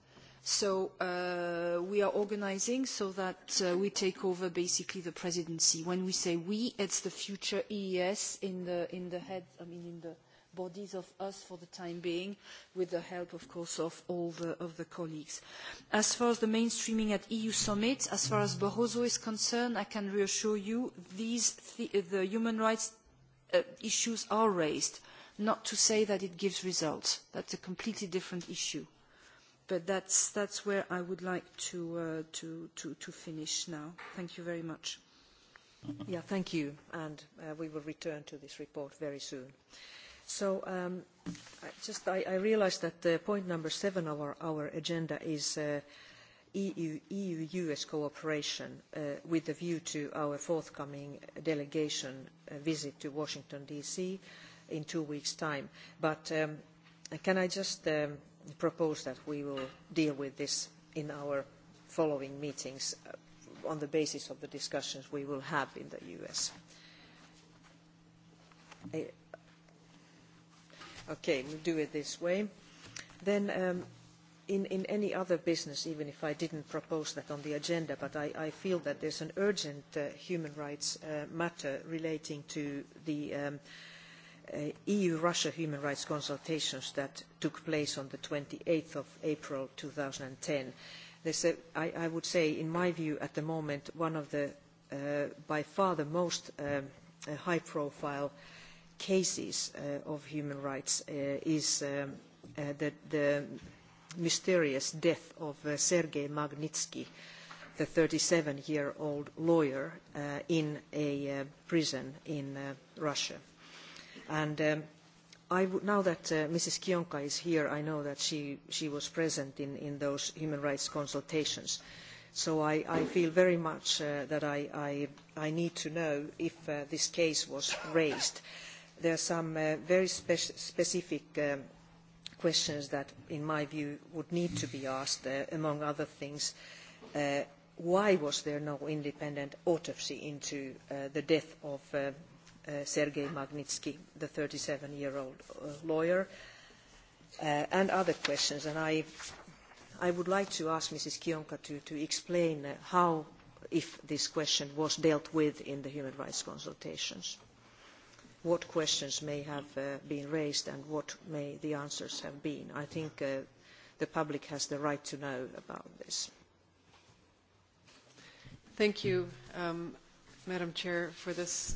So uh, we are organizing so that uh, we take over basically the presidency. When we say we, it's the future EES in the, in the head, I mean in the bodies of us for the time being, with the help, of course, of all the, of the colleagues. As far as the mainstreaming at EU summits, as far as Barroso is concerned, I can reassure you these th the human rights uh, issues are raised, not to say that it gives results. That's a completely different issue. Uh, but that's, that's where I would like to, uh, to, to, to finish now. Thank you very much. Yeah, thank you, and uh, we will return to this report very soon. So um, I just I, I realized that uh, point number seven of our, our agenda is uh, EU-US e EU cooperation uh, with a view to our forthcoming delegation uh, visit to Washington, D.C. in two weeks' time. But um, can I just um, propose that we will deal with this in our following meetings uh, on the basis of the discussions we will have in the US. Eh, okay, we'll do it this way. Then um, in, in any other business, even if I didn't propose that on the agenda, but I, I feel that there's an urgent uh, human rights uh, matter relating to the um, uh, Uh, EU-Russia human rights consultations that took place on the 28th of April 2010. There's a, I, I would say, in my view, at the moment, one of the uh, by far the most um, uh, high-profile cases uh, of human rights uh, is um, uh, the, the mysterious death of uh, Sergei Magnitsky, the 37-year-old lawyer uh, in a uh, prison in uh, Russia. And um, I w now that uh, Mrs. Kionka is here, I know that she, she was present in, in those human rights consultations. So I, I feel very much uh, that I, I, I need to know if uh, this case was raised. There are some uh, very spe specific um, questions that, in my view, would need to be asked, uh, among other things. Uh, why was there no independent autopsy into uh, the death of uh, uh, Sergei Magnitsky, the 37-year-old uh, lawyer, uh, and other questions. And I, I would like to ask Mrs. Kionka to, to explain uh, how, if this question was dealt with in the human rights consultations, what questions may have uh, been raised and what may the answers have been. I think uh, the public has the right to know about this. Thank you, um, Madam Chair, for this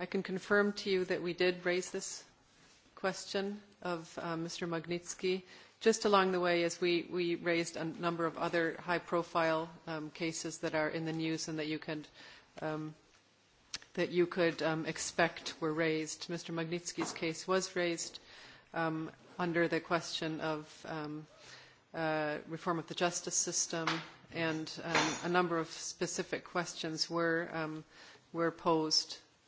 I can confirm to you that we did raise this question of uh, Mr. Magnitsky just along the way as we, we raised a number of other high-profile um, cases that are in the news and that you could, um, that you could um, expect were raised. Mr. Magnitsky's case was raised um, under the question of um, uh, reform of the justice system, and um, a number of specific questions were, um, were posed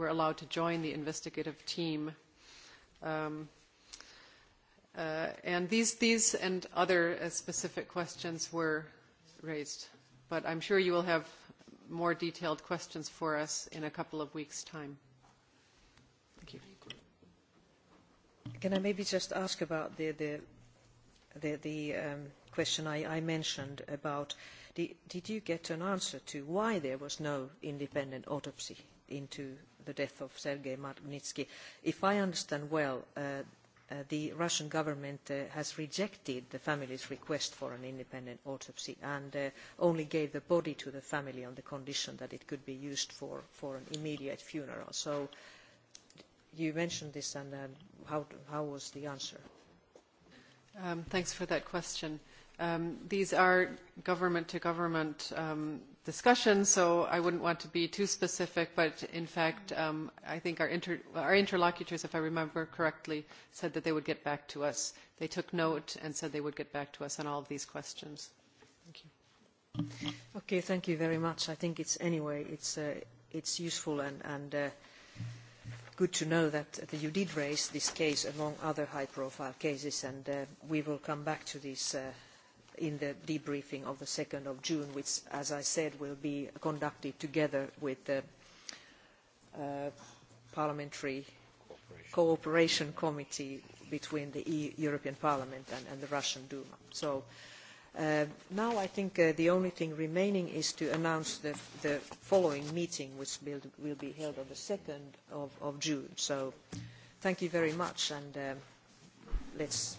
were allowed to join the investigative team. Um, uh, and these, these and other uh, specific questions were raised. But I'm sure you will have more detailed questions for us in a couple of weeks' time. Thank you. Can I maybe just ask about the, the, the, the um, question I, I mentioned about did, did you get an answer to why there was no independent autopsy into the death of Sergei Magnitsky. If I understand well, uh, uh, the Russian government uh, has rejected the family's request for an independent autopsy and uh, only gave the body to the family on the condition that it could be used for, for an immediate funeral. So you mentioned this and uh, how, how was the answer? Um, thanks for that question. Um, these are government-to-government -government, um, discussion, so I wouldn't want to be too specific, but in fact, um, I think our, inter our interlocutors, if I remember correctly, said that they would get back to us. They took note and said they would get back to us on all of these questions. Thank you. Okay, thank you very much. I think it's anyway, it's, uh, it's useful and, and uh, good to know that you did raise this case among other high-profile cases, and uh, we will come back to these uh, in the debriefing of the 2nd of June, which, as I said, will be conducted together with the uh, Parliamentary Cooperation, Cooperation Committee between the e European Parliament and, and the Russian Duma. So uh, now I think uh, the only thing remaining is to announce the, the following meeting, which will, will be held on the 2nd of, of June. So thank you very much, and uh, let's